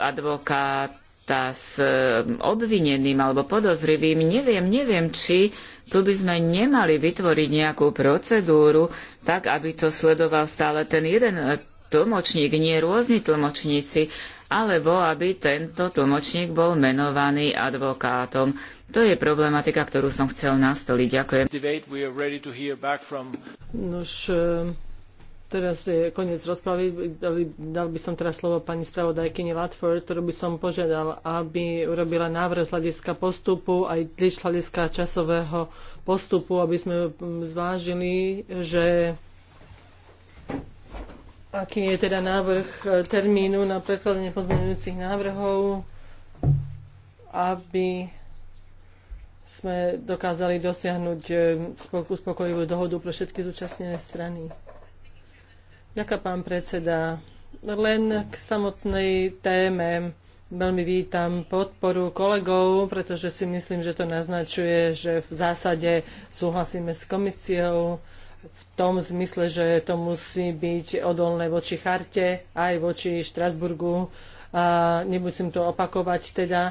advokát kontakta s um, obvineným alebo podozrivým, neviem, neviem, či tu by sme nemali vytvoriť nejakú procedúru, tak aby to sledoval stále ten jeden uh, tlmočník, nie rôzni tlmočníci, alebo aby tento tlmočník bol menovaný advokátom. To je problematika, ktorú som chcel nastoliť. Ďakujem. Nož, Teraz je koniec rozpravy. Dal by som teraz slovo pani spravodajkyni Latford, ktorú by som požiadal, aby urobila návrh z hľadiska postupu, aj tiež z hľadiska časového postupu, aby sme mm, zvážili, že aký je teda návrh e, termínu na predkladanie pozmeňujúcich návrhov, aby sme dokázali dosiahnuť e, spokojivú dohodu pre všetky zúčastnené strany. Ďakujem, pán predseda. Len k samotnej téme. Veľmi vítam podporu kolegov, pretože si myslím, že to naznačuje, že v zásade súhlasíme s komisiou v tom zmysle, že to musí byť odolné voči charte, aj voči Štrasburgu. A nebudem to opakovať teda,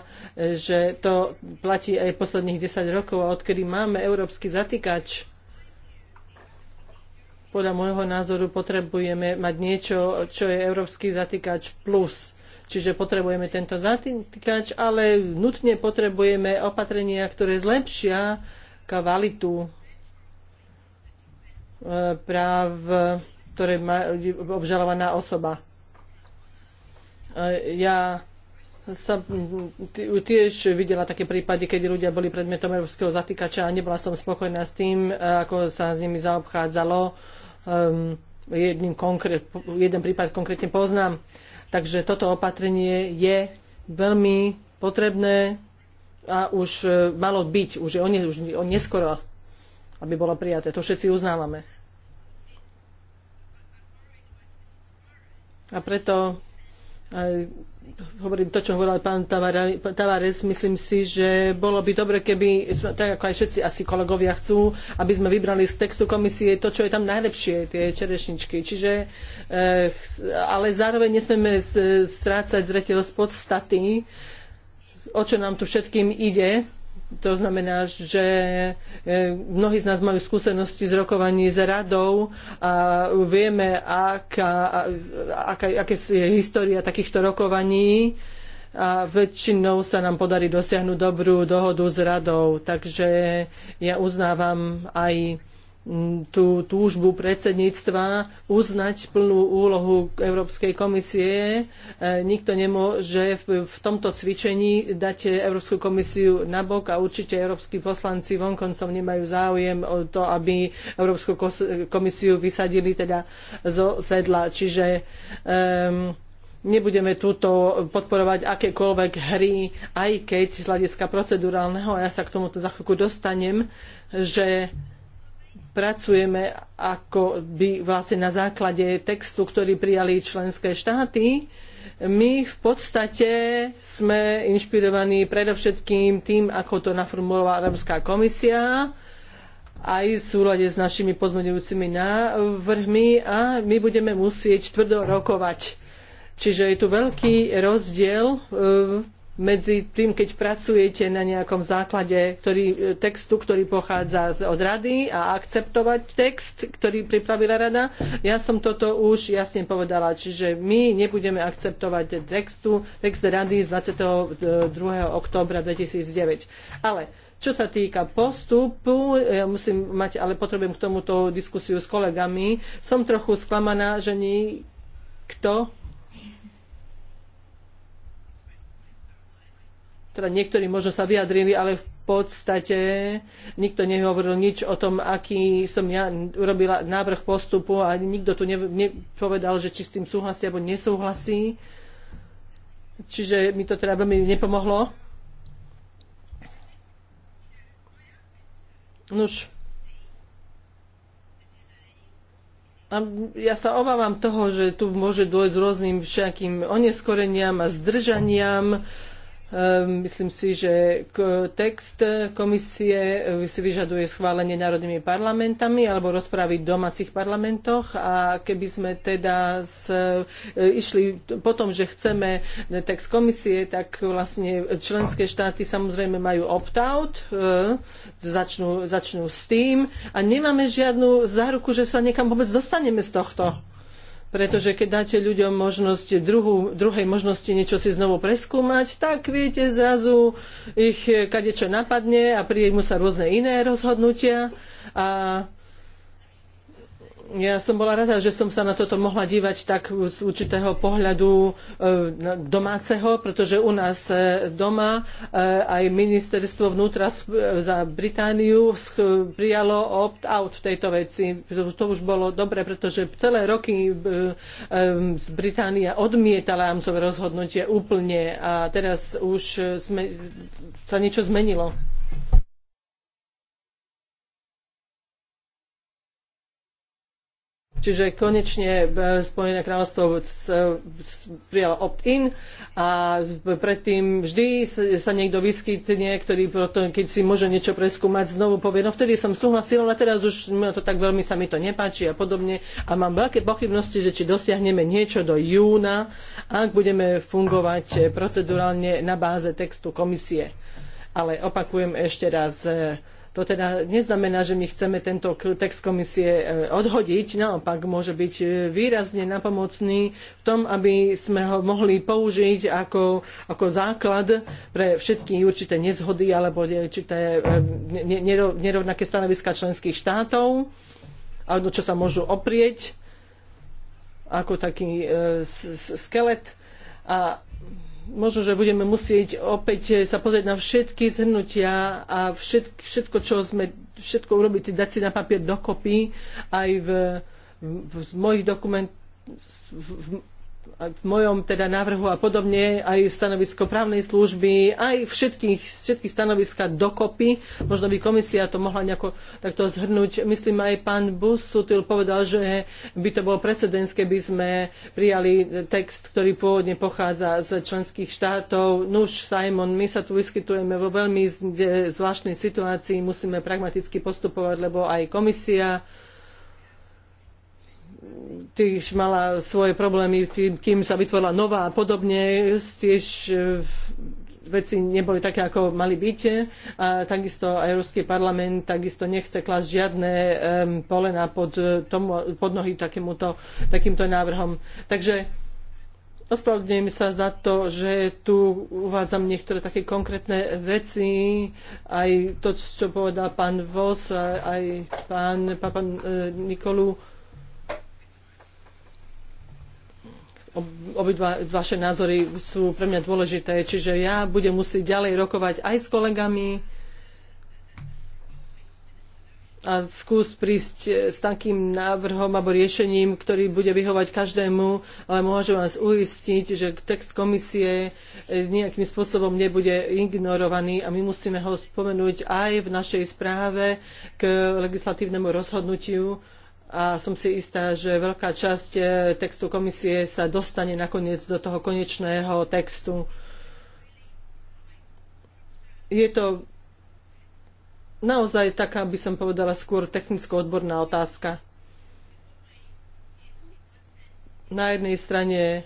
že to platí aj posledných 10 rokov, a odkedy máme európsky zatýkač podľa môjho názoru potrebujeme mať niečo, čo je európsky zatýkač plus. Čiže potrebujeme tento zatýkač, ale nutne potrebujeme opatrenia, ktoré zlepšia kvalitu e, práv, ktoré má obžalovaná osoba. E, ja som tiež videla také prípady, keď ľudia boli predmetom európskeho zatýkača a nebola som spokojná s tým, e, ako sa s nimi zaobchádzalo. Um, jedným konkrét, jeden prípad konkrétne poznám. Takže toto opatrenie je veľmi potrebné a už e, malo byť, už je on, už neskoro, aby bolo prijaté. To všetci uznávame. A preto e, hovorím to, čo hovoril pán Tavares, myslím si, že bolo by dobre, keby, tak ako aj všetci asi kolegovia chcú, aby sme vybrali z textu komisie to, čo je tam najlepšie, tie čerešničky. Čiže, eh, ale zároveň nesmieme strácať zreteľ z podstaty, o čo nám tu všetkým ide to znamená, že e, mnohí z nás majú skúsenosti z rokovaní s radou a vieme, aká, aká, aká je história takýchto rokovaní a väčšinou sa nám podarí dosiahnuť dobrú dohodu s radou. Takže ja uznávam aj tú túžbu predsedníctva uznať plnú úlohu Európskej komisie. E, nikto nemôže v tomto cvičení dať Európsku komisiu nabok a určite európsky poslanci vonkoncom nemajú záujem o to, aby Európsku komisiu vysadili teda zo sedla. Čiže um, nebudeme túto podporovať akékoľvek hry, aj keď z hľadiska procedurálneho, a ja sa k tomuto za chvíľku dostanem, že pracujeme ako by vlastne na základe textu, ktorý prijali členské štáty, my v podstate sme inšpirovaní predovšetkým tým, ako to naformulovala Európska komisia, aj v súlade s našimi pozmeňujúcimi návrhmi a my budeme musieť tvrdo rokovať. Čiže je tu veľký rozdiel e, medzi tým, keď pracujete na nejakom základe ktorý, e, textu, ktorý pochádza z, od rady a akceptovať text, ktorý pripravila rada. Ja som toto už jasne povedala, čiže my nebudeme akceptovať textu, text rady z 22. E, októbra 2009. Ale čo sa týka postupu, e, ja musím mať, ale potrebujem k tomuto diskusiu s kolegami, som trochu sklamaná, že nikto teda niektorí možno sa vyjadrili, ale v podstate nikto nehovoril nič o tom, aký som ja urobila návrh postupu a nikto tu nepovedal, že či s tým súhlasí alebo nesúhlasí. Čiže mi to teda veľmi nepomohlo. Nuž. A ja sa obávam toho, že tu môže dôjsť rôznym všakým oneskoreniam a zdržaniam. Ehm, myslím si, že text komisie eh, si vyžaduje schválenie národnými parlamentami alebo rozprávy v domácich parlamentoch a keby sme teda s, eh, išli po tom, že chceme text komisie, tak vlastne členské štáty samozrejme majú opt-out, eh, začnú, začnú s tým a nemáme žiadnu záruku, že sa niekam vôbec dostaneme z tohto pretože keď dáte ľuďom možnosť druhú, druhej možnosti niečo si znovu preskúmať, tak viete, zrazu ich kadečo napadne a príjmu sa rôzne iné rozhodnutia a ja som bola rada, že som sa na toto mohla dívať tak z určitého pohľadu e, domáceho, pretože u nás e, doma e, aj ministerstvo vnútra za Britániu prijalo opt-out v tejto veci. To už bolo dobre, pretože celé roky Británia odmietala rámcové rozhodnutie úplne a teraz už sme, sa niečo zmenilo. Čiže konečne e, Spojené kráľovstvo prijalo opt-in a predtým vždy sa niekto vyskytne, ktorý potom, keď si môže niečo preskúmať, znovu povie, no vtedy som súhlasil, ale teraz už to tak veľmi sa mi to nepáči a podobne. A mám veľké pochybnosti, že či dosiahneme niečo do júna, ak budeme fungovať e, procedurálne na báze textu komisie. Ale opakujem ešte raz, e, to teda neznamená, že my chceme tento text komisie e, odhodiť, naopak môže byť e, výrazne napomocný v tom, aby sme ho mohli použiť ako, ako základ pre všetky určité nezhody alebo určité e, nerovnaké stanoviska členských štátov, alebo čo sa môžu oprieť ako taký skelet. A možno, že budeme musieť opäť eh, sa pozrieť na všetky zhrnutia a všetko, všetko čo sme, všetko urobiť, dať si na papier dokopy aj v, v, v mojich dokumentoch v, v, v mojom teda návrhu a podobne aj stanovisko právnej služby, aj všetkých, všetky stanoviska dokopy. Možno by komisia to mohla nejako takto zhrnúť. Myslím aj pán Busutil povedal, že by to bolo precedens, keby sme prijali text, ktorý pôvodne pochádza z členských štátov. Nuž, Simon, my sa tu vyskytujeme vo veľmi zvláštnej situácii, musíme pragmaticky postupovať, lebo aj komisia tiež mala svoje problémy, tým, kým sa vytvorila nová a podobne, tiež e, veci neboli také, ako mali byť. E, a takisto Európsky parlament takisto nechce klasť žiadne um, polena pod, e, tomu, pod nohy takémuto, takýmto návrhom. Takže ospravedlňujem sa za to, že tu uvádzam niektoré také konkrétne veci. Aj to, čo povedal pán Vos, aj pán, pán, pán Nikolu obidva vaše názory sú pre mňa dôležité, čiže ja budem musieť ďalej rokovať aj s kolegami a skús prísť eh, s takým návrhom alebo riešením, ktorý bude vyhovať každému, ale môžem vás uistiť, že text komisie eh, nejakým spôsobom nebude ignorovaný a my musíme ho spomenúť aj v našej správe k legislatívnemu rozhodnutiu, a som si istá, že veľká časť e, textu komisie sa dostane nakoniec do toho konečného textu. Je to naozaj taká, by som povedala, skôr technicko-odborná otázka. Na jednej strane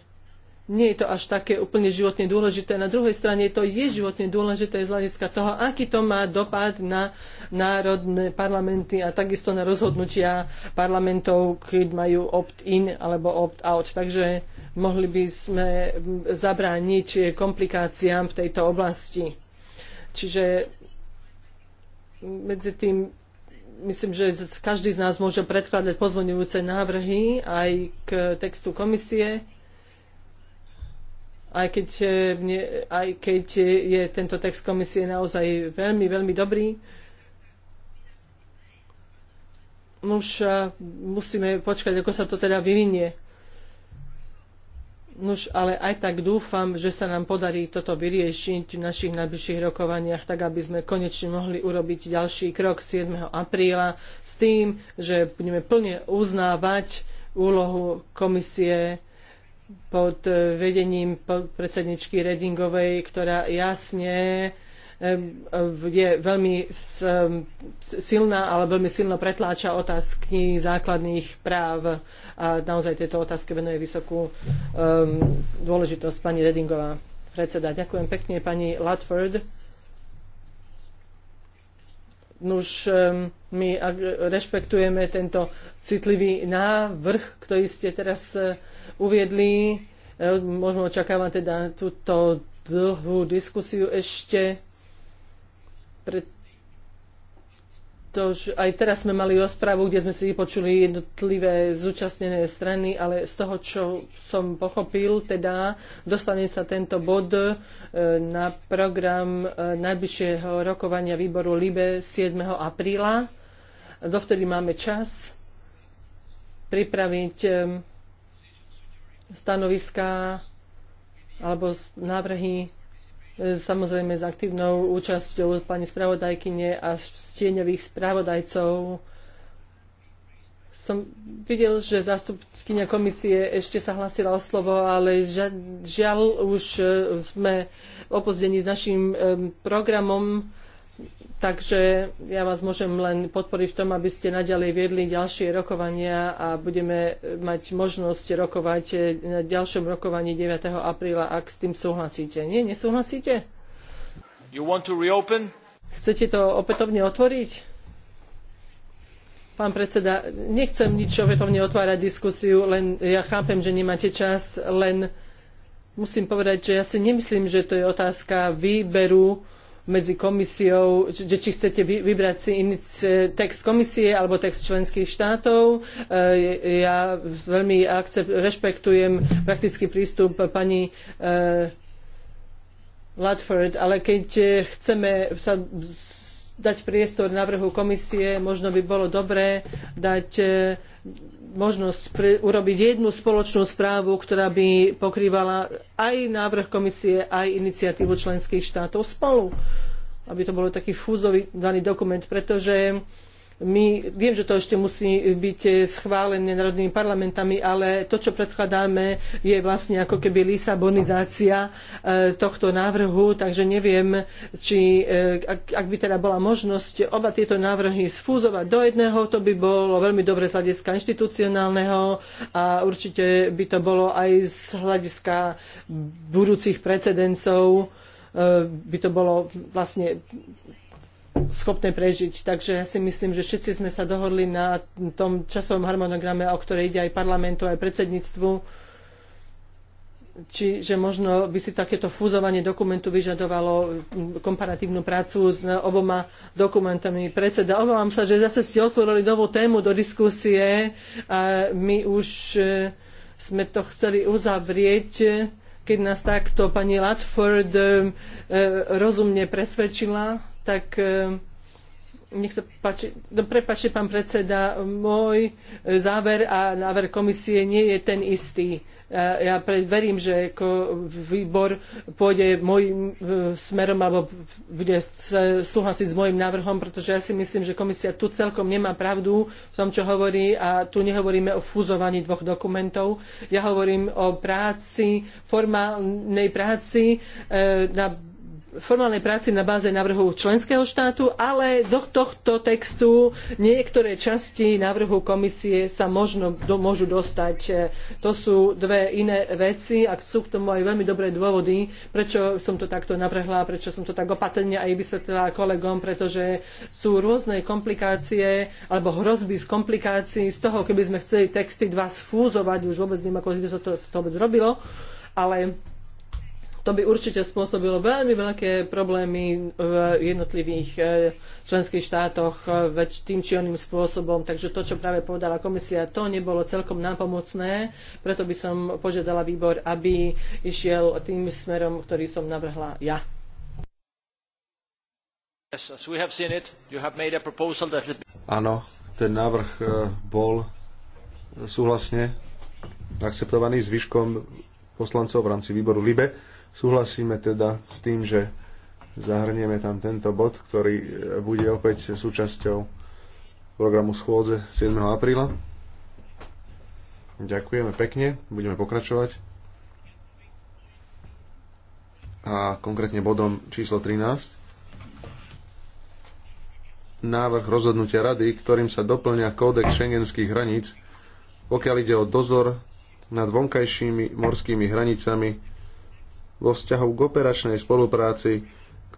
nie je to až také úplne životne dôležité. Na druhej strane to je životne dôležité z hľadiska toho, aký to má dopad na národné parlamenty a takisto na rozhodnutia parlamentov, keď majú opt-in alebo opt-out. Takže mohli by sme zabrániť komplikáciám v tejto oblasti. Čiže medzi tým myslím, že každý z nás môže predkladať pozvoňujúce návrhy aj k textu komisie aj keď, e, aj keď je tento text komisie naozaj veľmi, veľmi dobrý. Už musíme počkať, ako sa to teda vyvinie. Nuž, ale aj tak dúfam, že sa nám podarí toto vyriešiť v našich najbližších rokovaniach, tak aby sme konečne mohli urobiť ďalší krok 7. apríla s tým, že budeme plne uznávať úlohu komisie pod eh, vedením predsedničky Redingovej, ktorá jasne eh, je veľmi silná, ale veľmi silno pretláča otázky základných práv a naozaj tejto otázky venuje vysokú dôležitosť pani Redingová, predseda. Ďakujem pekne pani Latford. Už my rešpektujeme tento citlivý návrh, ktorý ste teraz e, uviedli. E, môžeme očakávať teda túto dlhú diskusiu ešte, pretože to, aj teraz sme mali rozprávu, kde sme si vypočuli jednotlivé zúčastnené strany, ale z toho, čo som pochopil, teda dostane sa tento bod e, na program e, najbližšieho rokovania výboru LIBE 7. apríla. Dovtedy máme čas pripraviť e, stanoviská alebo návrhy samozrejme s aktívnou účasťou pani spravodajkyne a stieňových spravodajcov. Som videl, že zástupkynia komisie ešte sa hlasila o slovo, ale žiaľ už e, sme opozdení s našim e, programom Takže ja vás môžem len podporiť v tom, aby ste naďalej viedli ďalšie rokovania a budeme mať možnosť rokovať na ďalšom rokovaní 9. apríla, ak s tým súhlasíte. Nie, nesúhlasíte? You want to reopen? Chcete to opätovne otvoriť? Pán predseda, nechcem nič opätovne otvárať diskusiu, len ja chápem, že nemáte čas, len musím povedať, že ja si nemyslím, že to je otázka výberu medzi komisiou, že či, či chcete vybrať si e, text komisie alebo text členských štátov. E, ja veľmi akcept, rešpektujem praktický prístup pani e, Latford, ale keď chceme sa dať priestor návrhu komisie, možno by bolo dobré dať možnosť pre, urobiť jednu spoločnú správu, ktorá by pokrývala aj návrh komisie, aj iniciatívu členských štátov spolu. Aby to bolo taký fúzový daný dokument, pretože my, viem, že to ešte musí byť eh, schválené národnými parlamentami, ale to, čo predkladáme, je vlastne ako keby lisabonizácia eh, tohto návrhu, takže neviem, či eh, ak, ak by teda bola možnosť oba tieto návrhy sfúzovať do jedného, to by bolo veľmi dobre z hľadiska inštitucionálneho a určite by to bolo aj z hľadiska budúcich precedencov, by to bolo vlastne schopné prežiť. Takže ja si myslím, že všetci sme sa dohodli na tom časovom harmonograme, o ktoré ide aj parlamentu, aj predsedníctvu. Čiže možno by si takéto fúzovanie dokumentu vyžadovalo komparatívnu prácu s oboma dokumentami predseda. Obávam sa, že zase ste otvorili novú tému do diskusie a my už e, sme to chceli uzavrieť, keď nás takto pani Latford e, e, rozumne presvedčila tak e, nech sa páči, no prepáčte, pán predseda, môj e, záver a záver komisie nie je ten istý. E, ja, ja verím, že ako výbor pôjde môjim smerom alebo bude súhlasiť s môjim návrhom, pretože ja si myslím, že komisia tu celkom nemá pravdu v tom, čo hovorí a tu nehovoríme o fúzovaní dvoch dokumentov. Ja hovorím o práci, formálnej práci na formálnej práci na báze návrhu členského štátu, ale do tohto textu niektoré časti návrhu komisie sa možno do, môžu dostať. To sú dve iné veci a sú k tomu aj veľmi dobré dôvody, prečo som to takto navrhla, prečo som to tak opatrne aj vysvetlila kolegom, pretože sú rôzne komplikácie alebo hrozby z komplikácií z toho, keby sme chceli texty dva sfúzovať, už vôbec neviem, ako by sa to, to vôbec robilo, ale to by určite spôsobilo veľmi veľké problémy v jednotlivých e, členských štátoch e, veď tým či oným spôsobom. Takže to, čo práve povedala komisia, to nebolo celkom nápomocné, preto by som požiadala výbor, aby išiel tým smerom, ktorý som navrhla ja. Áno, ten návrh e, bol súhlasne akceptovaný zvyškom poslancov v rámci výboru LIBE. Súhlasíme teda s tým, že zahrnieme tam tento bod, ktorý e, bude opäť súčasťou programu schôdze 7. apríla. Ďakujeme pekne, budeme pokračovať. A konkrétne bodom číslo 13. Návrh rozhodnutia rady, ktorým sa doplňa kódex šengenských hraníc, pokiaľ ide o dozor nad vonkajšími morskými hranicami vo vzťahu k operačnej spolupráci,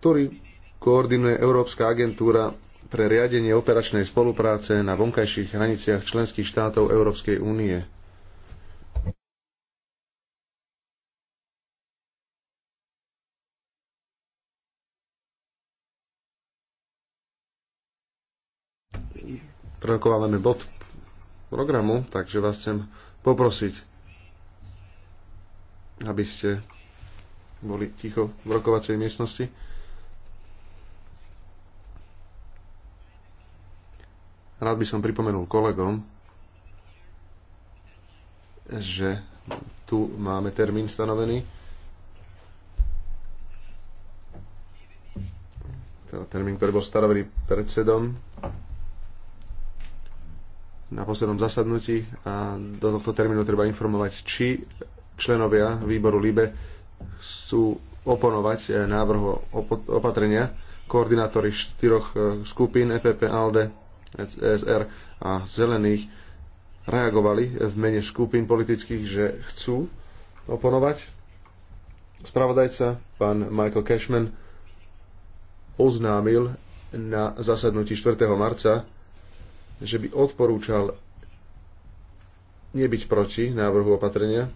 ktorý koordinuje Európska agentúra pre riadenie operačnej spolupráce na vonkajších hraniciach členských štátov Európskej únie. prerokovávame bod programu, takže vás chcem poprosiť, aby ste boli ticho v rokovacej miestnosti. Rád by som pripomenul kolegom, že tu máme termín stanovený. Teda termín, ktorý bol stanovený predsedom na poslednom zasadnutí a do tohto termínu treba informovať, či členovia výboru LIBE chcú oponovať eh, návrhu opatrenia koordinátori štyroch eh, skupín EPP, ALDE, SR a Zelených reagovali eh, v mene skupín politických, že chcú oponovať. Spravodajca, pán Michael Cashman, oznámil na zasadnutí 4. marca, že by odporúčal nebyť proti návrhu opatrenia,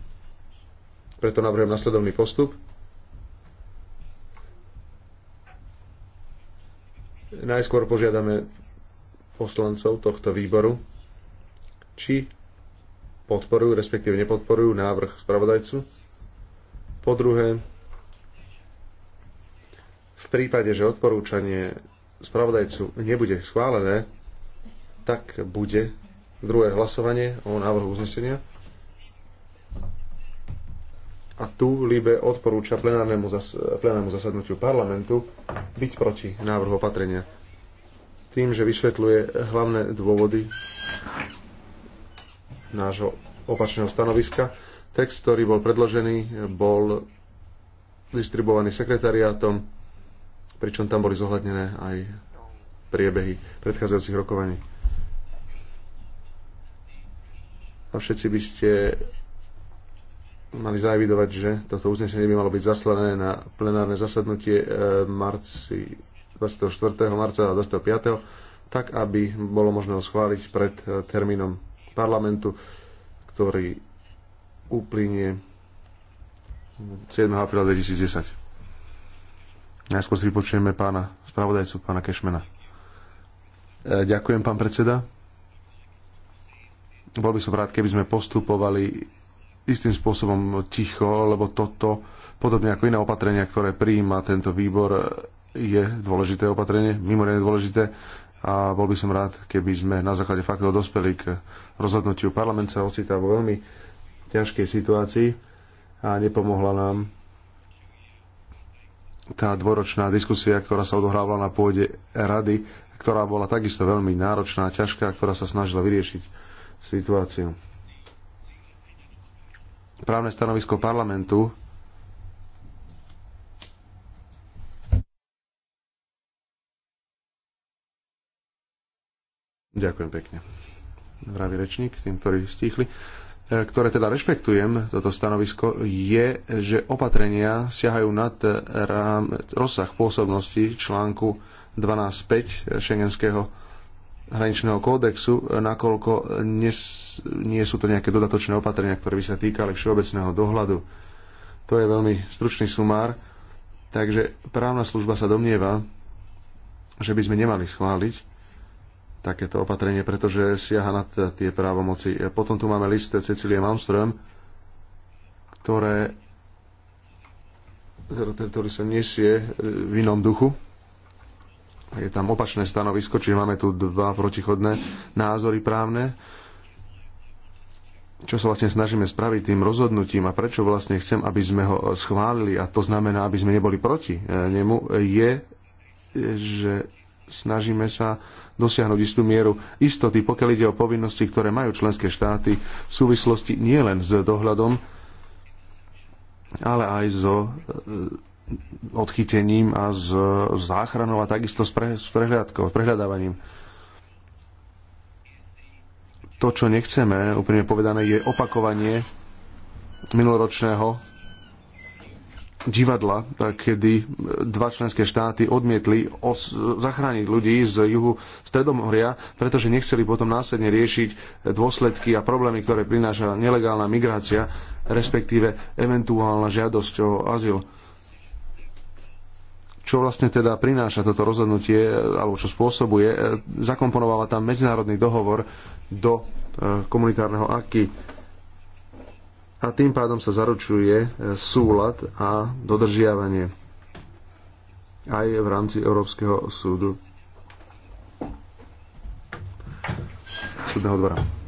preto navrhujem nasledovný postup. Najskôr požiadame poslancov tohto výboru, či podporujú, respektíve nepodporujú návrh spravodajcu. Po druhé, v prípade, že odporúčanie spravodajcu nebude schválené, tak bude druhé hlasovanie o návrhu uznesenia a tu Libe odporúča plenárnemu, zas, plenárnemu zasadnutiu parlamentu byť proti návrhu opatrenia. Tým, že vysvetľuje hlavné dôvody nášho opačného stanoviska, text, ktorý bol predložený, bol distribuovaný sekretariátom, pričom tam boli zohľadnené aj priebehy predchádzajúcich rokovaní. A všetci by ste mali zaevidovať, že toto uznesenie by malo byť zaslané na plenárne zasadnutie eh, marci, 24. marca a 25. tak, aby bolo možné ho schváliť pred eh, termínom parlamentu, ktorý uplynie 7. apríla 2010. Najskôr si vypočujeme pána spravodajcu, pána Kešmena. Eh, ďakujem, pán predseda. Bol by som rád, keby sme postupovali istým spôsobom ticho, lebo toto, podobne ako iné opatrenia, ktoré prijíma tento výbor, je dôležité opatrenie, mimoriadne dôležité a bol by som rád, keby sme na základe faktov dospeli k rozhodnutiu. Parlament sa ocitá vo veľmi ťažkej situácii a nepomohla nám tá dvoročná diskusia, ktorá sa odohrávala na pôde rady, ktorá bola takisto veľmi náročná a ťažká, ktorá sa snažila vyriešiť situáciu právne stanovisko parlamentu Ďakujem pekne. Vravý rečník, tým, ktorí stichli e, ktoré teda rešpektujem, toto stanovisko, je, že opatrenia siahajú nad rám, rozsah pôsobnosti článku 12.5 šengenského hraničného kódexu, e, nakoľko nie, nie sú to nejaké dodatočné opatrenia, ktoré by sa týkali všeobecného dohľadu. To je veľmi stručný sumár. Takže právna služba sa domnieva, že by sme nemali schváliť takéto opatrenie, pretože siaha nad tie právomoci. E, potom tu máme list Cecilie Malmström, ktoré, ktorý sa nesie e, v inom duchu je tam opačné stanovisko, čiže máme tu dva protichodné názory právne. Čo sa vlastne snažíme spraviť tým rozhodnutím a prečo vlastne chcem, aby sme ho schválili a to znamená, aby sme neboli proti e, nemu, je, že snažíme sa dosiahnuť istú mieru istoty, pokiaľ ide o povinnosti, ktoré majú členské štáty v súvislosti nielen s dohľadom, ale aj so e, odchytením a s záchranou a takisto s, pre, s prehľadkou, s prehľadávaním. To, čo nechceme, úprimne povedané, je opakovanie minuloročného divadla, kedy dva členské štáty odmietli os- zachrániť ľudí z juhu Stredomoria, pretože nechceli potom následne riešiť dôsledky a problémy, ktoré prináša nelegálna migrácia, respektíve eventuálna žiadosť o azyl čo vlastne teda prináša toto rozhodnutie, e, alebo čo spôsobuje, e, zakomponovala tam medzinárodný dohovor do e, komunitárneho aky. A tým pádom sa zaručuje súlad a dodržiavanie aj v rámci Európskeho súdu. Súdneho dvora.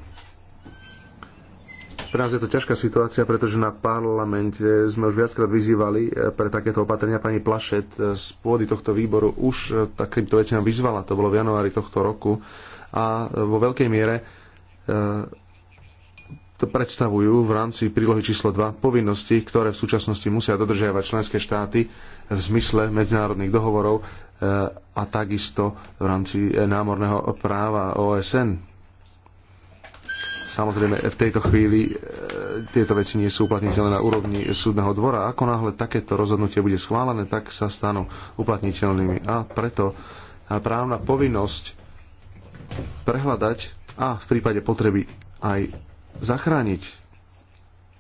Pre nás je to ťažká situácia, pretože na parlamente sme už viackrát vyzývali eh, pre takéto opatrenia. Pani Plašet eh, z pôdy tohto výboru už eh, takýmto veciam vyzvala, to bolo v januári tohto roku. A vo veľkej miere to predstavujú v rámci prílohy číslo 2 povinnosti, ktoré v súčasnosti musia dodržiavať členské štáty v zmysle medzinárodných dohovorov a takisto v rámci námorného práva OSN Samozrejme, v tejto chvíli e, tieto veci nie sú uplatniteľné na úrovni súdneho dvora. Ako náhle takéto rozhodnutie bude schválené, tak sa stanú uplatniteľnými. A preto právna povinnosť prehľadať a v prípade potreby aj zachrániť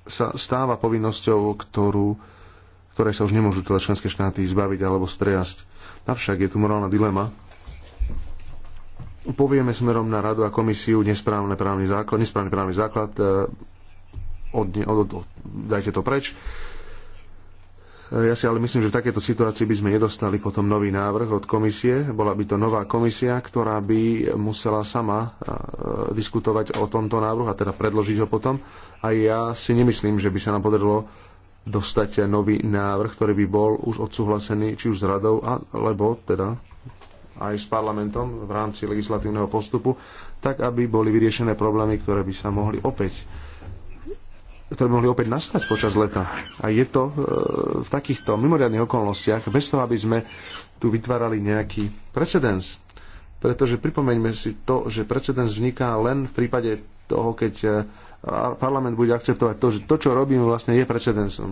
sa stáva povinnosťou, ktorú, ktoré sa už nemôžu teda členské štáty zbaviť alebo striasť. Avšak je tu morálna dilema, povieme smerom na radu a komisiu nesprávny právny základ, nesprávny právny základ, e, od, od, od, dajte to preč. E, ja si ale myslím, že v takejto situácii by sme nedostali potom nový návrh od komisie. Bola by to nová komisia, ktorá by musela sama e, diskutovať o tomto návrhu a teda predložiť ho potom. A ja si nemyslím, že by sa nám podarilo dostať nový návrh, ktorý by bol už odsúhlasený či už s radou, alebo teda aj s parlamentom v rámci legislatívneho postupu, tak aby boli vyriešené problémy, ktoré by sa mohli opäť ktoré by mohli opäť nastať počas leta. A je to e, v takýchto mimoriadných okolnostiach, bez toho, aby sme tu vytvárali nejaký precedens. Pretože pripomeňme si to, že precedens vzniká len v prípade toho, keď e, parlament bude akceptovať to, že to, čo robíme, vlastne je precedensom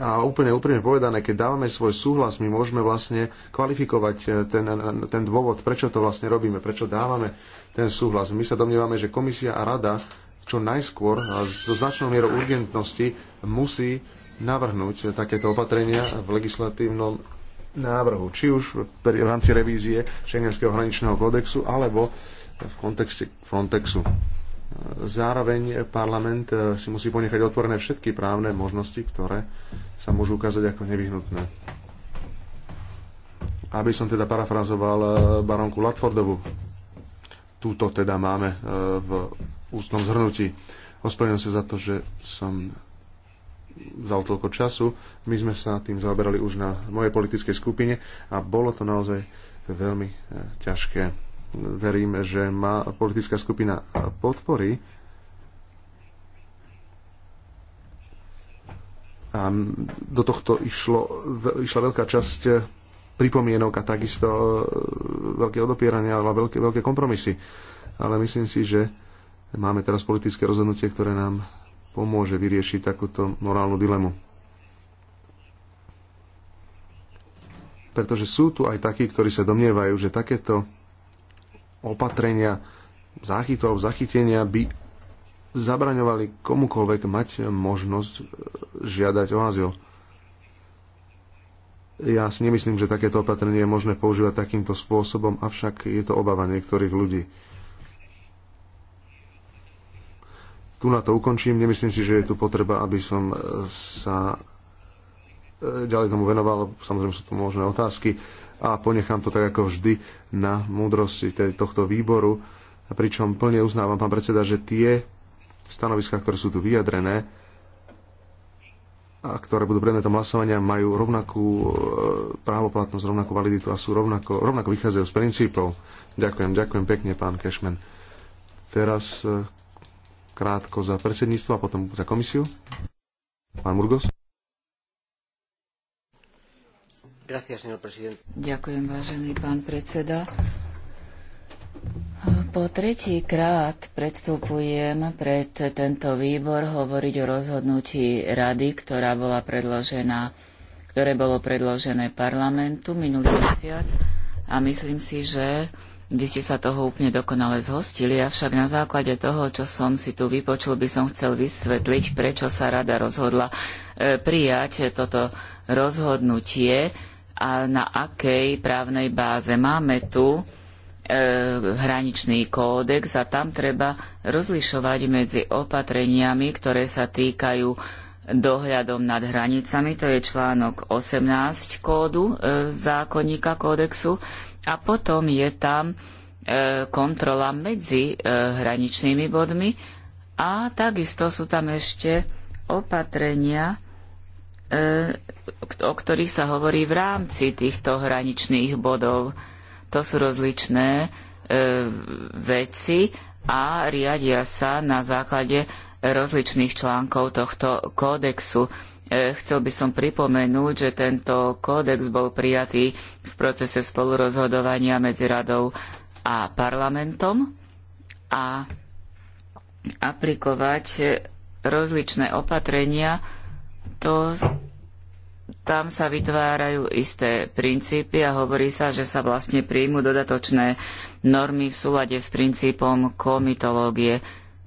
a úplne úprimne povedané, keď dávame svoj súhlas, my môžeme vlastne kvalifikovať e, ten, e, ten dôvod, prečo to vlastne robíme, prečo dávame ten súhlas. My sa domnievame, že komisia a rada čo najskôr a so značnou mierou urgentnosti musí navrhnúť takéto opatrenia v legislatívnom návrhu, či už v rámci revízie Schengenského hraničného kódexu alebo v kontexte Frontexu. Zároveň parlament eh, si musí ponechať otvorené všetky právne možnosti, ktoré sa môžu ukázať ako nevyhnutné. Aby som teda parafrazoval eh, baronku Latfordovu, túto teda máme eh, v ústnom zhrnutí. Ospravedlňujem sa za to, že som vzal toľko času. My sme sa tým zaoberali už na mojej politickej skupine a bolo to naozaj veľmi ťažké verím, že má politická skupina podpory. A do tohto išlo, išla veľká časť pripomienok a takisto e, veľké odopierania alebo veľké, veľké kompromisy. Ale myslím si, že máme teraz politické rozhodnutie, ktoré nám pomôže vyriešiť takúto morálnu dilemu. Pretože sú tu aj takí, ktorí sa domnievajú, že takéto opatrenia záchytov, zachytenia by zabraňovali komukoľvek mať možnosť e, žiadať o azyl. Ja si nemyslím, že takéto opatrenie je možné používať takýmto spôsobom, avšak je to obava niektorých ľudí. Tu na to ukončím. Nemyslím si, že je tu potreba, aby som e, sa e, ďalej tomu venoval. Samozrejme sú tu možné otázky a ponechám to tak ako vždy na múdrosti tohto výboru, pričom plne uznávam, pán predseda, že tie stanoviská, ktoré sú tu vyjadrené a ktoré budú predmetom hlasovania, majú rovnakú e, právoplatnosť, rovnakú validitu a sú rovnako, rovnako vychádzajú z princípov. Ďakujem, ďakujem pekne, pán Kešmen. Teraz e, krátko za predsedníctvo a potom za komisiu. Pán Murgos. Ďakujem, vážený pán predseda. Po tretí krát predstupujem pred tento výbor hovoriť o rozhodnutí rady, ktorá bola predložená, ktoré bolo predložené parlamentu minulý mesiac a myslím si, že by ste sa toho úplne dokonale zhostili, avšak na základe toho, čo som si tu vypočul, by som chcel vysvetliť, prečo sa rada rozhodla e, prijať toto rozhodnutie, a na akej právnej báze. Máme tu e, hraničný kódex a tam treba rozlišovať medzi opatreniami, ktoré sa týkajú dohľadom nad hranicami, to je článok 18 kódu e, zákonníka kódexu a potom je tam e, kontrola medzi e, hraničnými bodmi a takisto sú tam ešte opatrenia, E, o ktorých sa hovorí v rámci týchto hraničných bodov. To sú rozličné e, veci a riadia sa na základe rozličných článkov tohto kódexu. E, chcel by som pripomenúť, že tento kódex bol prijatý v procese spolurozhodovania medzi radou a parlamentom a aplikovať rozličné opatrenia, to, tam sa vytvárajú isté princípy a hovorí sa, že sa vlastne príjmu dodatočné normy v súlade s princípom komitológie.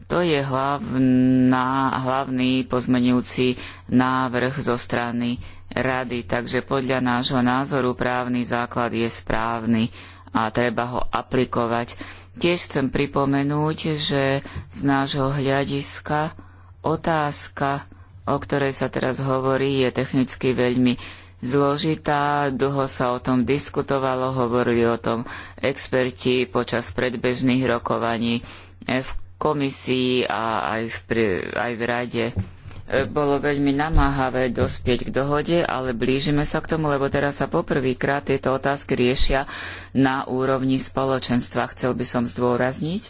To je hlavná, hlavný pozmenujúci návrh zo strany rady, takže podľa nášho názoru právny základ je správny a treba ho aplikovať. Tiež chcem pripomenúť, že z nášho hľadiska otázka o ktorej sa teraz hovorí, je technicky veľmi zložitá, dlho sa o tom diskutovalo, hovorili o tom experti počas predbežných rokovaní v komisii a aj v, aj v rade. E, bolo veľmi namáhavé dospieť k dohode, ale blížime sa k tomu, lebo teraz sa poprvýkrát tieto otázky riešia na úrovni spoločenstva. Chcel by som zdôrazniť,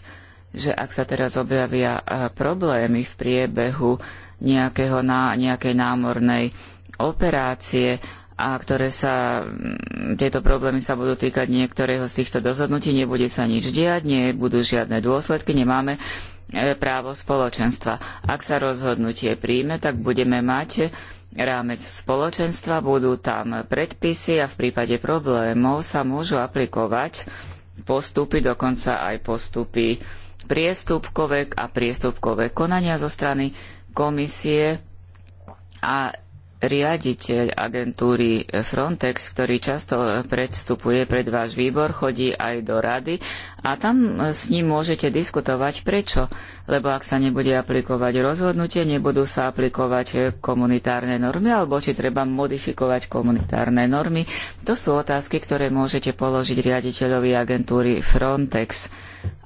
že ak sa teraz objavia e, problémy v priebehu nejakého, nejakej námornej operácie a ktoré sa, mm, tieto problémy sa budú týkať niektorého z týchto dozhodnutí, nebude sa nič diať, nebudú žiadne dôsledky, nemáme e, právo spoločenstva. Ak sa rozhodnutie príjme, tak budeme mať rámec spoločenstva, budú tam predpisy a v prípade problémov sa môžu aplikovať postupy, dokonca aj postupy priestupkové a priestupkové konania zo strany komisie a riaditeľ agentúry Frontex, ktorý často predstupuje pred váš výbor, chodí aj do rady a tam s ním môžete diskutovať prečo. Lebo ak sa nebude aplikovať rozhodnutie, nebudú sa aplikovať komunitárne normy alebo či treba modifikovať komunitárne normy. To sú otázky, ktoré môžete položiť riaditeľovi agentúry Frontex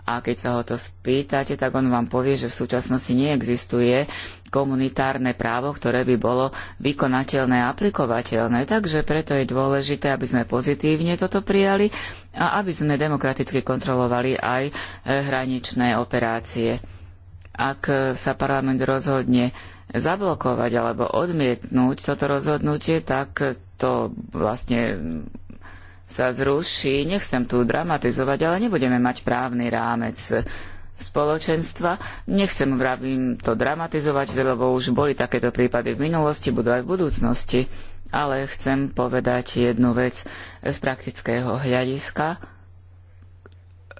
a keď sa ho to spýtate, tak on vám povie, že v súčasnosti neexistuje komunitárne právo, ktoré by bolo vykonateľné a aplikovateľné. Takže preto je dôležité, aby sme pozitívne toto prijali a aby sme demokraticky kontrolovali aj e, hraničné operácie. Ak e, sa parlament rozhodne zablokovať alebo odmietnúť toto rozhodnutie, tak to vlastne sa zruší. Nechcem tu dramatizovať, ale nebudeme mať právny rámec spoločenstva. Nechcem, vravím, to dramatizovať, lebo už boli takéto prípady v minulosti, budú aj v budúcnosti. Ale chcem povedať jednu vec z praktického hľadiska.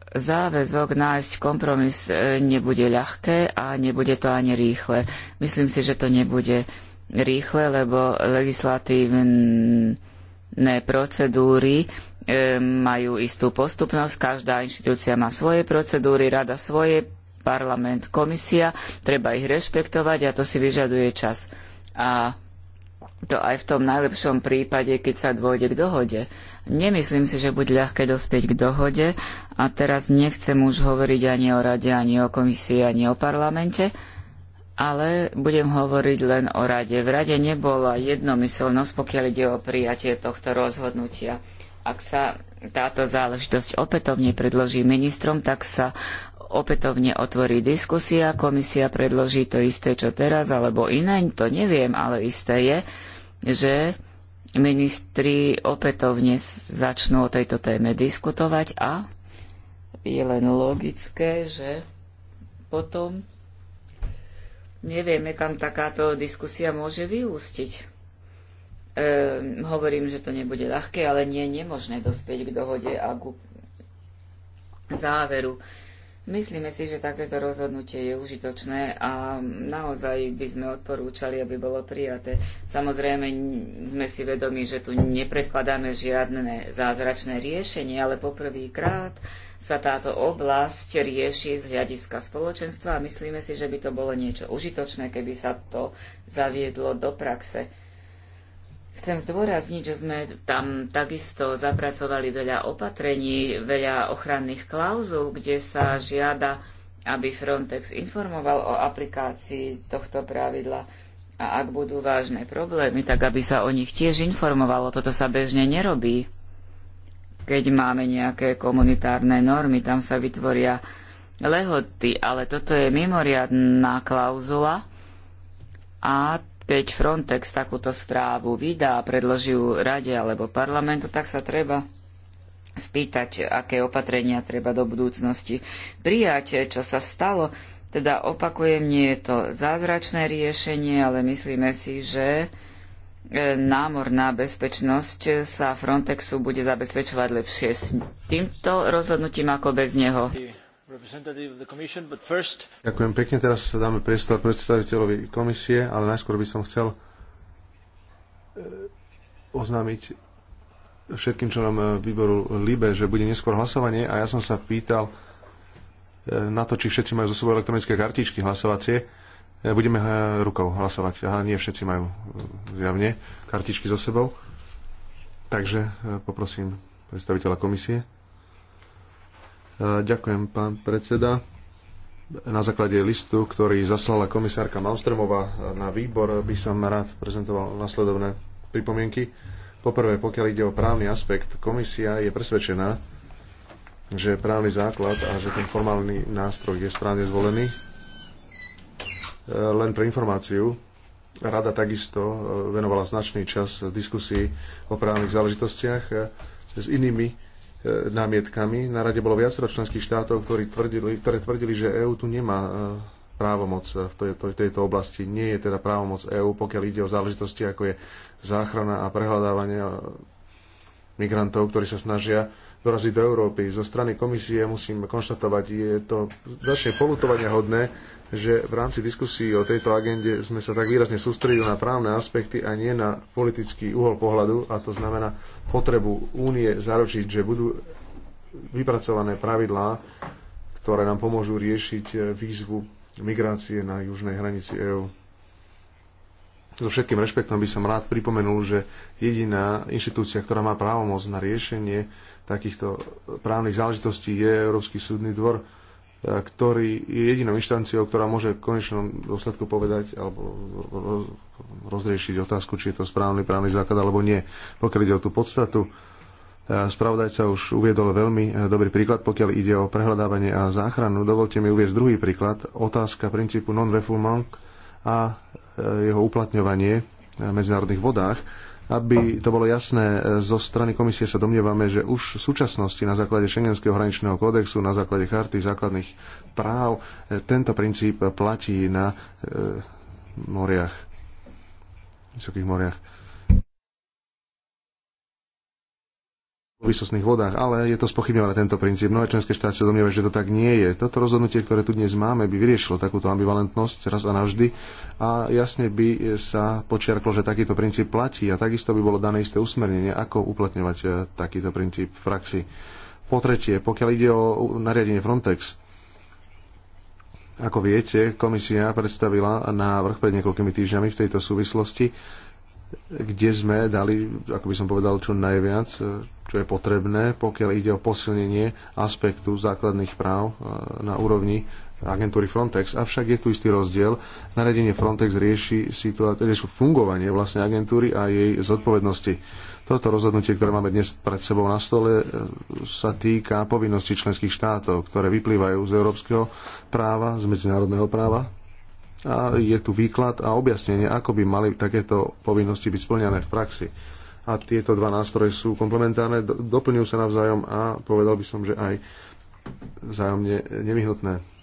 Záväzok nájsť kompromis e, nebude ľahké a nebude to ani rýchle. Myslím si, že to nebude rýchle, lebo legislatívne procedúry e, majú istú postupnosť, každá inštitúcia má svoje procedúry, rada svoje, parlament, komisia, treba ich rešpektovať a to si vyžaduje čas. A to aj v tom najlepšom prípade, keď sa dôjde k dohode. Nemyslím si, že bude ľahké dospieť k dohode a teraz nechcem už hovoriť ani o rade, ani o komisii, ani o parlamente, ale budem hovoriť len o rade. V rade nebola jednomyselnosť, pokiaľ ide o prijatie tohto rozhodnutia. Ak sa táto záležitosť opätovne predloží ministrom, tak sa opätovne otvorí diskusia, komisia predloží to isté, čo teraz, alebo iné, to neviem, ale isté je, že ministri opätovne začnú o tejto téme diskutovať a je len logické, že potom Nevieme, kam takáto diskusia môže vyústiť. Ehm, hovorím, že to nebude ľahké, ale nie je nemožné dospieť k dohode a ku záveru. Myslíme si, že takéto rozhodnutie je užitočné a naozaj by sme odporúčali, aby bolo prijaté. Samozrejme, sme si vedomi, že tu nepredkladáme žiadne zázračné riešenie, ale poprvýkrát sa táto oblasť rieši z hľadiska spoločenstva a myslíme si, že by to bolo niečo užitočné, keby sa to zaviedlo do praxe. Chcem zdôrazniť, že sme tam takisto zapracovali veľa opatrení, veľa ochranných klauzul, kde sa žiada, aby Frontex informoval o aplikácii tohto pravidla a ak budú vážne problémy, tak aby sa o nich tiež informovalo. Toto sa bežne nerobí. Keď máme nejaké komunitárne normy, tam sa vytvoria lehoty, ale toto je mimoriadná klauzula a keď Frontex takúto správu vydá a predloží ju rade alebo parlamentu, tak sa treba spýtať, aké opatrenia treba do budúcnosti prijať, čo sa stalo. Teda opakujem, nie je to zázračné riešenie, ale myslíme si, že e, námorná bezpečnosť sa Frontexu bude zabezpečovať lepšie s týmto rozhodnutím ako bez neho. Ďakujem pekne, teraz dáme priestor predstaviteľovi komisie, ale najskôr by som chcel eh, oznámiť všetkým členom eh, výboru LIBE, že bude neskôr hlasovanie a ja som sa pýtal eh, na to, či všetci majú zo sebou elektronické kartičky hlasovacie. Budeme rukou hlasovať. Aha, nie všetci majú zjavne kartičky so sebou. Takže poprosím predstaviteľa komisie. Eh, ďakujem, pán predseda. Na základe listu, ktorý zaslala komisárka Malmstromová na výbor, by som rád prezentoval nasledovné pripomienky. Poprvé, pokiaľ ide o právny aspekt, komisia je presvedčená, že právny základ a že ten formálny nástroj je správne zvolený. Eh, len pre informáciu, rada takisto eh, venovala značný čas diskusii o právnych záležitostiach s inými E, námietkami. Na rade bolo viacero členských štátov, ktorí tvrdili, ktoré tvrdili, že EÚ tu nemá e, právomoc v tejto, tejto oblasti. Nie je teda právomoc EÚ, pokiaľ ide o záležitosti, ako je záchrana a prehľadávanie e, migrantov, ktorí sa snažia doraziť do Európy. Zo strany komisie musím konštatovať, je to začne polutovania hodné, že v rámci diskusí o tejto agende sme sa tak výrazne sústredili na právne aspekty a nie na politický uhol pohľadu, a to znamená potrebu únie zaručiť, že budú vypracované pravidlá, ktoré nám pomôžu riešiť e, výzvu migrácie na južnej hranici EÚ. So všetkým rešpektom by som rád pripomenul, že jediná inštitúcia, ktorá má právomoc na riešenie takýchto právnych záležitostí je Európsky súdny dvor, E, ktorý je jedinou inštanciou, ktorá môže v konečnom dôsledku povedať alebo rozriešiť otázku, či je to správny právny základ alebo nie. Pokiaľ ide o tú podstatu, e, spravodajca už uviedol veľmi e, dobrý príklad, pokiaľ ide o prehľadávanie a záchranu. Dovolte mi uviezť druhý príklad. Otázka princípu non-refoulement a jeho uplatňovanie v medzinárodných vodách aby to bolo jasné, e, zo strany komisie sa domnievame, že už v súčasnosti na základe Schengenského hraničného kódexu, na základe charty základných práv, e, tento princíp platí na e, moriach, vysokých moriach vysosných vodách, ale je to spochybňované tento princíp. Mnohé členské štáty sa domnievajú, že to tak nie je. Toto rozhodnutie, ktoré tu dnes máme, by vyriešilo takúto ambivalentnosť raz a navždy a jasne by sa počiarklo, že takýto princíp platí a takisto by bolo dané isté usmernenie, ako uplatňovať e, takýto princíp v praxi. Po tretie, pokiaľ ide o nariadenie Frontex, ako viete, komisia predstavila návrh pred niekoľkými týždňami v tejto súvislosti kde sme dali, ako by som povedal, čo najviac, e, čo je potrebné, pokiaľ ide o posilnenie aspektu základných práv e, na úrovni agentúry Frontex. Avšak je tu istý rozdiel. Naredenie Frontex rieši, situáciu, rieši fungovanie vlastne agentúry a jej zodpovednosti. Toto rozhodnutie, ktoré máme dnes pred sebou na stole, e, sa týka povinností členských štátov, ktoré vyplývajú z európskeho práva, z medzinárodného práva a je tu výklad a objasnenie, ako by mali takéto povinnosti byť splňané v praxi. A tieto dva nástroje sú komplementárne, doplňujú sa navzájom a povedal by som, že aj vzájomne nevyhnutné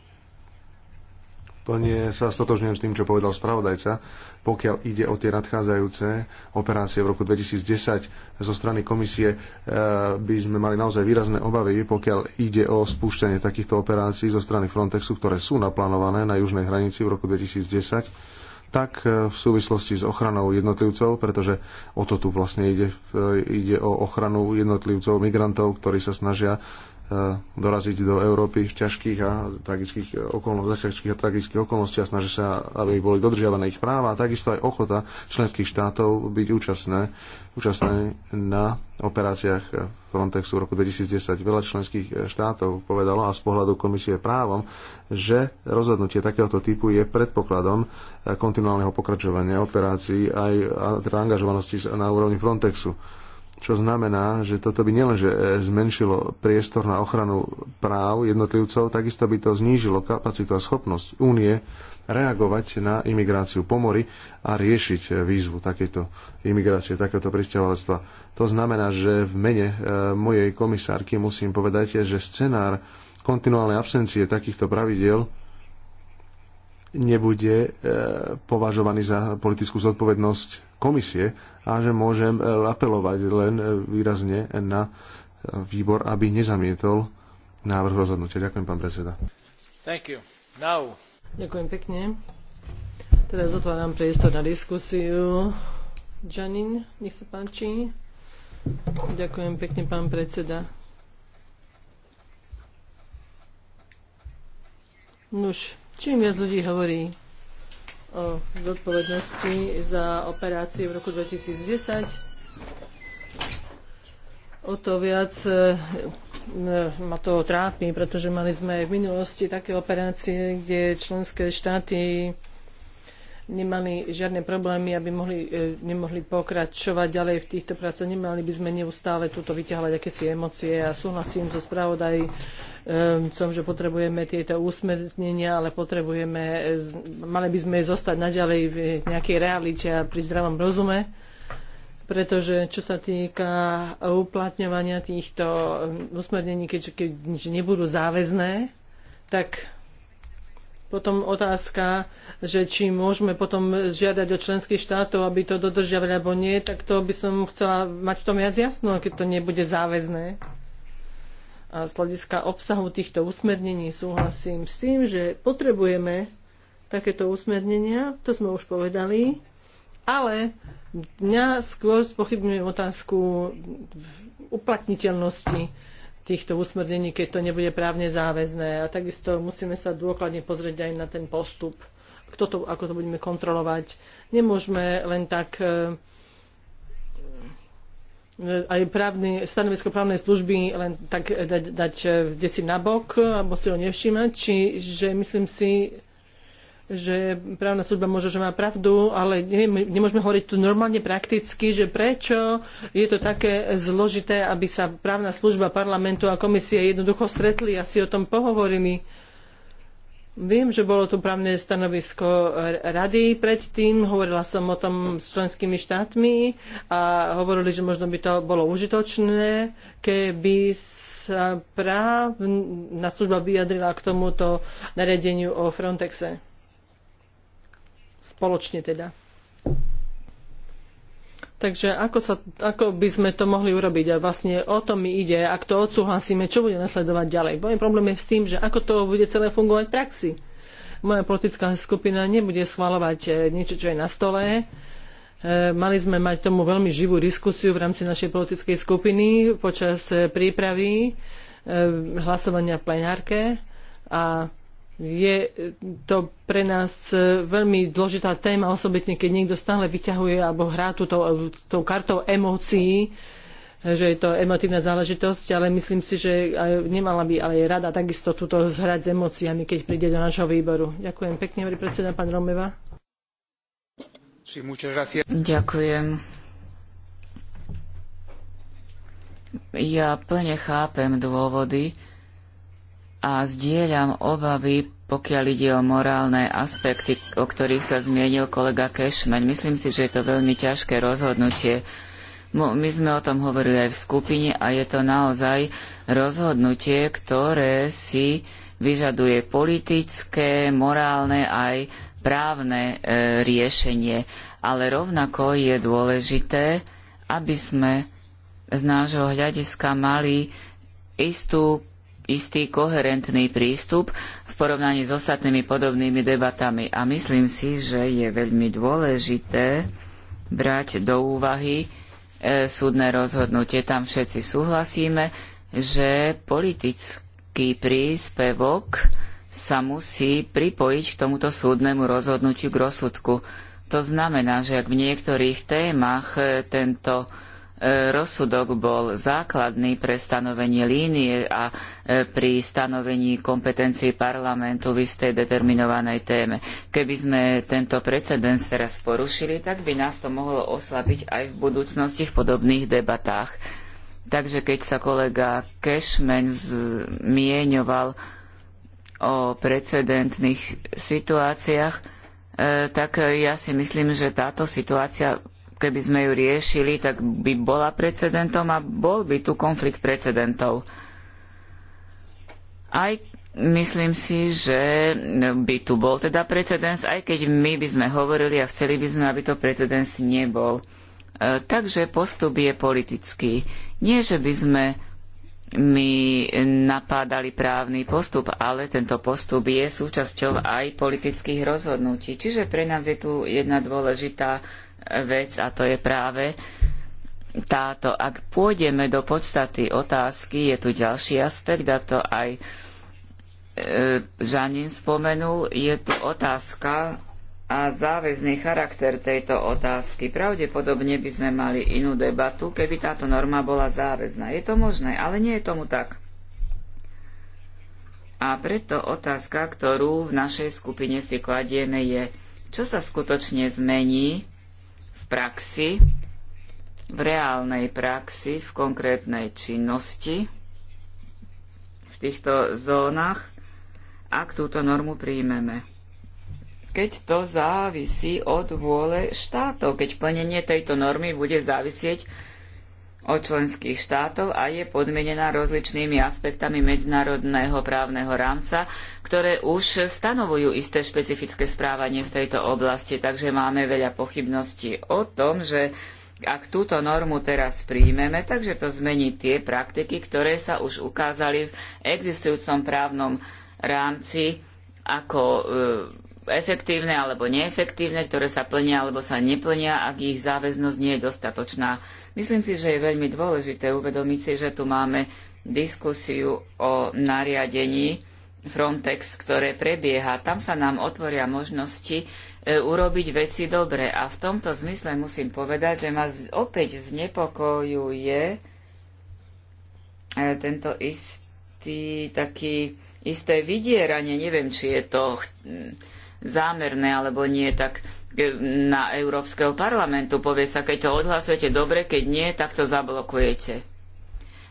plne sa stotožňujem s tým, čo povedal spravodajca. Pokiaľ ide o tie nadchádzajúce operácie v roku 2010 zo strany komisie, eh, by sme mali naozaj výrazné obavy, pokiaľ ide o spúšťanie takýchto operácií zo strany Frontexu, ktoré sú naplánované na južnej hranici v roku 2010 tak eh, v súvislosti s ochranou jednotlivcov, pretože o to tu vlastne ide, eh, ide o ochranu jednotlivcov, migrantov, ktorí sa snažia E, doraziť do Európy v ťažkých a tragických okolnostiach, ťažkých a tragických okolnostiach, snažia sa, aby boli dodržiavané ich práva a takisto aj ochota členských štátov byť účastné, účastné na operáciách Frontexu v roku 2010. Veľa členských štátov povedalo a z pohľadu komisie právom, že rozhodnutie takéhoto typu je predpokladom kontinuálneho pokračovania operácií aj teda angažovanosti na úrovni Frontexu čo znamená, že toto by nielenže e, zmenšilo priestor na ochranu práv jednotlivcov, takisto by to znížilo kapacitu a schopnosť únie reagovať na imigráciu pomory a riešiť e, výzvu takéto imigrácie, takéto pristahovalectva. To znamená, že v mene e, mojej komisárky musím povedať, že scenár kontinuálnej absencie takýchto pravidiel nebude e, považovaný za politickú zodpovednosť komisie a že môžem e, apelovať len e, výrazne na výbor, aby nezamietol návrh rozhodnutia. Ďakujem, pán predseda. Thank you. Now. Ďakujem pekne. Teraz otváram priestor na diskusiu. Janin, nech sa páči. Ďakujem pekne, pán predseda. Nuž, Čím viac ľudí hovorí o zodpovednosti za operácie v roku 2010, o to viac e, e, ma to trápi, pretože mali sme v minulosti také operácie, kde členské štáty nemali žiadne problémy, aby mohli, e, nemohli pokračovať ďalej v týchto prácach. Nemali by sme neustále túto vyťahovať akési emócie a ja súhlasím so spravodaj e, som, že potrebujeme tieto úsmernenia, ale potrebujeme, mali by sme zostať naďalej v nejakej realite a pri zdravom rozume pretože čo sa týka uplatňovania týchto e, usmernení, keďže keď nebudú záväzné, tak potom otázka, že či môžeme potom žiadať od členských štátov, aby to dodržiavali alebo nie, tak to by som chcela mať v tom viac jasno, keď to nebude záväzné. A z hľadiska obsahu týchto usmernení súhlasím s tým, že potrebujeme takéto usmernenia, to sme už povedali, ale mňa skôr spochybňujem otázku uplatniteľnosti týchto usmernení, keď to nebude právne záväzné. A takisto musíme sa dôkladne pozrieť aj na ten postup, kto to, ako to budeme kontrolovať. Nemôžeme len tak e, e, aj právny, stanovisko právnej služby len tak dať, dať e, desi nabok alebo si ho nevšímať, čiže myslím si, že právna služba môže, že má pravdu, ale neviem, nemôžeme hovoriť tu normálne prakticky, že prečo je to také zložité, aby sa právna služba parlamentu a komisie jednoducho stretli a si o tom pohovorili. Viem, že bolo tu právne stanovisko rady predtým, hovorila som o tom s členskými štátmi a hovorili, že možno by to bolo užitočné, keby sa právna služba vyjadrila k tomuto nariadeniu o Frontexe spoločne teda. Takže ako, sa, ako by sme to mohli urobiť? A vlastne o to mi ide, ak to odsúhlasíme, čo bude nasledovať ďalej. Moje problém je s tým, že ako to bude celé fungovať v praxi. Moja politická skupina nebude schvalovať e, niečo, čo je na stole. E, mali sme mať tomu veľmi živú diskusiu v rámci našej politickej skupiny počas e, prípravy hlasovania v plenárke a je to pre nás e, veľmi dôležitá téma, osobitne keď niekto stále vyťahuje alebo hrá túto, e, tou kartou emócií, e, že je to emotívna záležitosť, ale myslím si, že nemala by ale je rada takisto túto zhrať s emóciami, keď príde do nášho výboru. Ďakujem pekne, hovorí predseda pán Romeva. Ďakujem. Ja plne chápem dôvody, a zdieľam obavy, pokiaľ ide o morálne aspekty, o ktorých sa zmienil kolega Kešmeň. Myslím si, že je to veľmi ťažké rozhodnutie. My sme o tom hovorili aj v skupine a je to naozaj rozhodnutie, ktoré si vyžaduje politické, morálne aj právne e, riešenie. Ale rovnako je dôležité, aby sme z nášho hľadiska mali istú istý koherentný prístup v porovnaní s ostatnými podobnými debatami. A myslím si, že je veľmi dôležité brať do úvahy e, súdne rozhodnutie. Tam všetci súhlasíme, že politický príspevok sa musí pripojiť k tomuto súdnemu rozhodnutiu k rozsudku. To znamená, že ak v niektorých témach e, tento E, rozsudok bol základný pre stanovenie línie a e, pri stanovení kompetencií parlamentu v istej determinovanej téme. Keby sme tento precedens teraz porušili, tak by nás to mohlo oslabiť aj v budúcnosti v podobných debatách. Takže keď sa kolega Cashman zmieňoval o precedentných situáciách, e, tak ja si myslím, že táto situácia keby sme ju riešili, tak by bola precedentom a bol by tu konflikt precedentov. Aj myslím si, že by tu bol teda precedens, aj keď my by sme hovorili a chceli by sme, aby to precedens nebol. E, takže postup je politický. Nie, že by sme my napádali právny postup, ale tento postup je súčasťou aj politických rozhodnutí. Čiže pre nás je tu jedna dôležitá vec a to je práve táto. Ak pôjdeme do podstaty otázky, je tu ďalší aspekt a to aj e, Žanin spomenul, je tu otázka a záväzný charakter tejto otázky. Pravdepodobne by sme mali inú debatu, keby táto norma bola záväzná. Je to možné, ale nie je tomu tak. A preto otázka, ktorú v našej skupine si kladieme, je, čo sa skutočne zmení praxi, v reálnej praxi, v konkrétnej činnosti v týchto zónach, ak túto normu príjmeme. Keď to závisí od vôle štátov, keď plnenie tejto normy bude závisieť od členských štátov a je podmienená rozličnými aspektami medzinárodného právneho rámca, ktoré už stanovujú isté špecifické správanie v tejto oblasti. Takže máme veľa pochybností o tom, že ak túto normu teraz príjmeme, takže to zmení tie praktiky, ktoré sa už ukázali v existujúcom právnom rámci ako e, efektívne alebo neefektívne, ktoré sa plnia alebo sa neplnia, ak ich záväznosť nie je dostatočná. Myslím si, že je veľmi dôležité uvedomiť si, že tu máme diskusiu o nariadení Frontex, ktoré prebieha. Tam sa nám otvoria možnosti e, urobiť veci dobre. A v tomto zmysle musím povedať, že ma opäť znepokojuje e, tento istý taký isté vydieranie, neviem, či je to zámerné alebo nie, tak e, na Európskeho parlamentu povie sa, keď to odhlasujete dobre, keď nie, tak to zablokujete.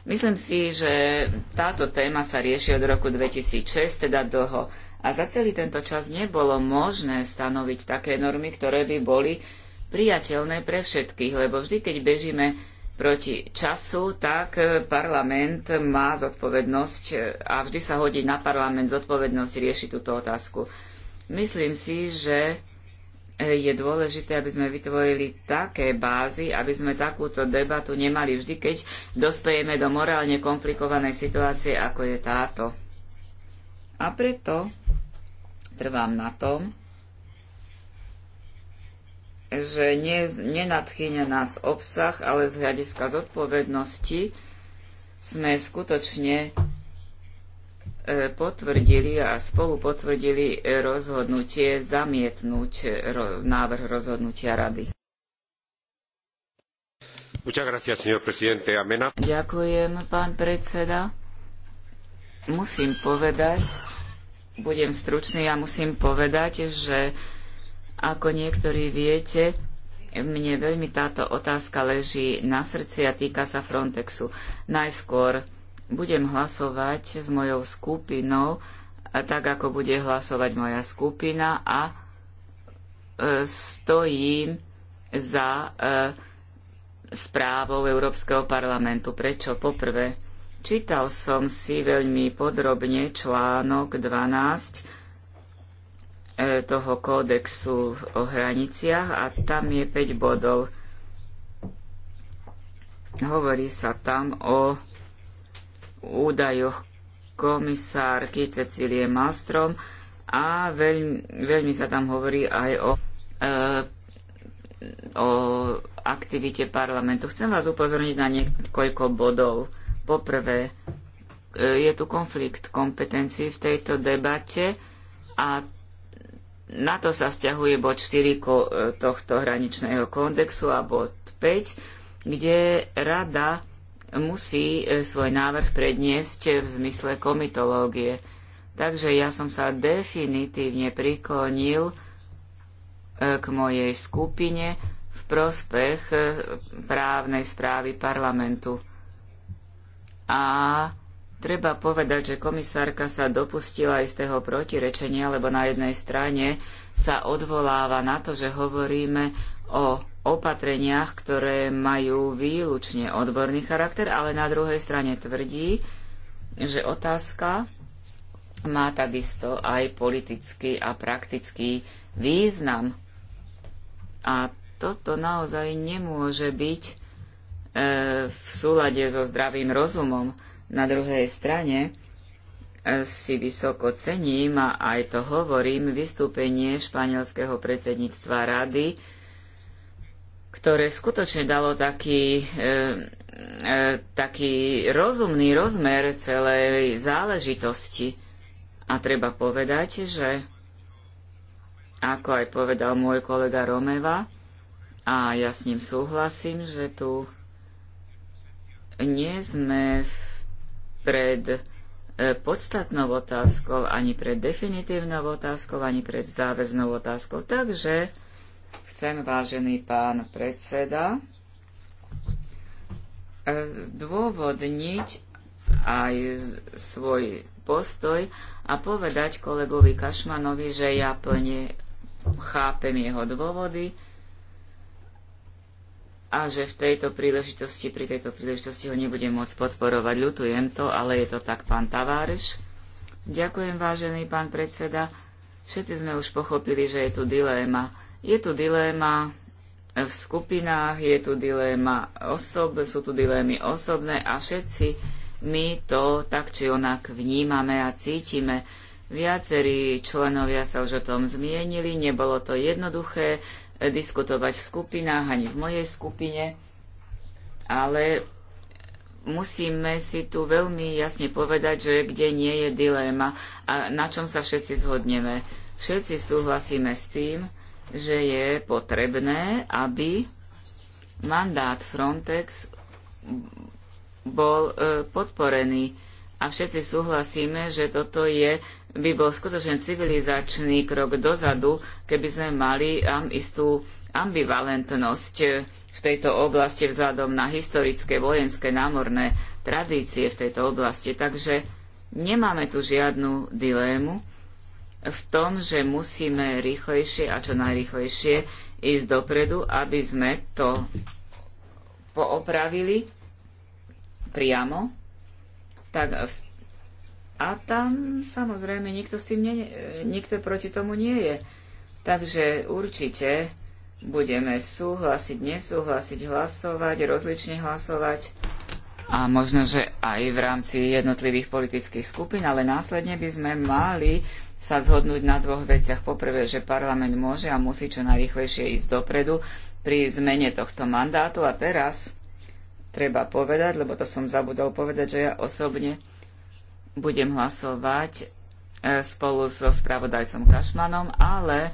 Myslím si, že táto téma sa rieši od roku 2006, teda dlho. A za celý tento čas nebolo možné stanoviť také normy, ktoré by boli prijateľné pre všetkých, lebo vždy, keď bežíme proti času, tak e, parlament má zodpovednosť e, a vždy sa hodí na parlament zodpovednosť riešiť túto otázku. Myslím si, že e, je dôležité, aby sme vytvorili také bázy, aby sme takúto debatu nemali vždy, keď dospejeme do morálne komplikovanej situácie, ako je táto. A preto trvám na tom, že ne, nenadchýňa nás obsah, ale z hľadiska zodpovednosti sme skutočne potvrdili a spolu potvrdili rozhodnutie zamietnúť návrh rozhodnutia rady. Ďakujem, pán predseda. Musím povedať, budem stručný ja musím povedať, že ako niektorí viete, mne veľmi táto otázka leží na srdci a týka sa Frontexu. Najskôr budem hlasovať s mojou skupinou, tak ako bude hlasovať moja skupina a e, stojím za e, správou Európskeho parlamentu. Prečo? Poprvé, čítal som si veľmi podrobne článok 12 e, toho kódexu o hraniciach a tam je 5 bodov. Hovorí sa tam o údajoch komisárky Cecilie Malstrom a veľmi, veľmi sa tam hovorí aj o, e, o aktivite parlamentu. Chcem vás upozorniť na niekoľko bodov. Poprvé, e, je tu konflikt kompetencií v tejto debate a na to sa vzťahuje bod 4 e, tohto hraničného kódexu a bod 5, kde rada musí e, svoj návrh predniesť v zmysle komitológie. Takže ja som sa definitívne priklonil e, k mojej skupine v prospech e, právnej správy parlamentu. A treba povedať, že komisárka sa dopustila istého protirečenia, lebo na jednej strane sa odvoláva na to, že hovoríme o opatreniach, ktoré majú výlučne odborný charakter, ale na druhej strane tvrdí, že otázka má takisto aj politický a praktický význam. A toto naozaj nemôže byť e, v súlade so zdravým rozumom. Na druhej strane e, si vysoko cením a aj to hovorím vystúpenie španielského predsedníctva rady, ktoré skutočne dalo taký, e, e, taký rozumný rozmer celej záležitosti. A treba povedať, že ako aj povedal môj kolega Romeva, a ja s ním súhlasím, že tu nie sme pred e, podstatnou otázkou, ani pred definitívnou otázkou, ani pred záväznou otázkou. Takže chcem, vážený pán predseda, zdôvodniť aj svoj postoj a povedať kolegovi Kašmanovi, že ja plne chápem jeho dôvody a že v tejto príležitosti, pri tejto príležitosti ho nebudem môcť podporovať. Ľutujem to, ale je to tak, pán tavárš. Ďakujem, vážený pán predseda. Všetci sme už pochopili, že je tu dilema je tu dilema v skupinách, je tu dilema osob, sú tu dilémy osobné a všetci my to tak či onak vnímame a cítime. Viacerí členovia sa už o tom zmienili, nebolo to jednoduché diskutovať v skupinách ani v mojej skupine, ale musíme si tu veľmi jasne povedať, že kde nie je diléma a na čom sa všetci zhodneme. Všetci súhlasíme s tým, že je potrebné, aby mandát Frontex bol e, podporený. A všetci súhlasíme, že toto je, by bol skutočne civilizačný krok dozadu, keby sme mali istú ambivalentnosť v tejto oblasti vzhľadom na historické vojenské námorné tradície v tejto oblasti. Takže nemáme tu žiadnu dilému v tom, že musíme rýchlejšie a čo najrýchlejšie ísť dopredu, aby sme to poopravili priamo. Tak v a tam samozrejme nikto, s tým nie, nikto proti tomu nie je. Takže určite budeme súhlasiť, nesúhlasiť, hlasovať, rozlične hlasovať. A možno, že aj v rámci jednotlivých politických skupín, ale následne by sme mali sa zhodnúť na dvoch veciach. Poprvé, že parlament môže a musí čo najrychlejšie ísť dopredu pri zmene tohto mandátu. A teraz treba povedať, lebo to som zabudol povedať, že ja osobne budem hlasovať e, spolu so spravodajcom Kašmanom, ale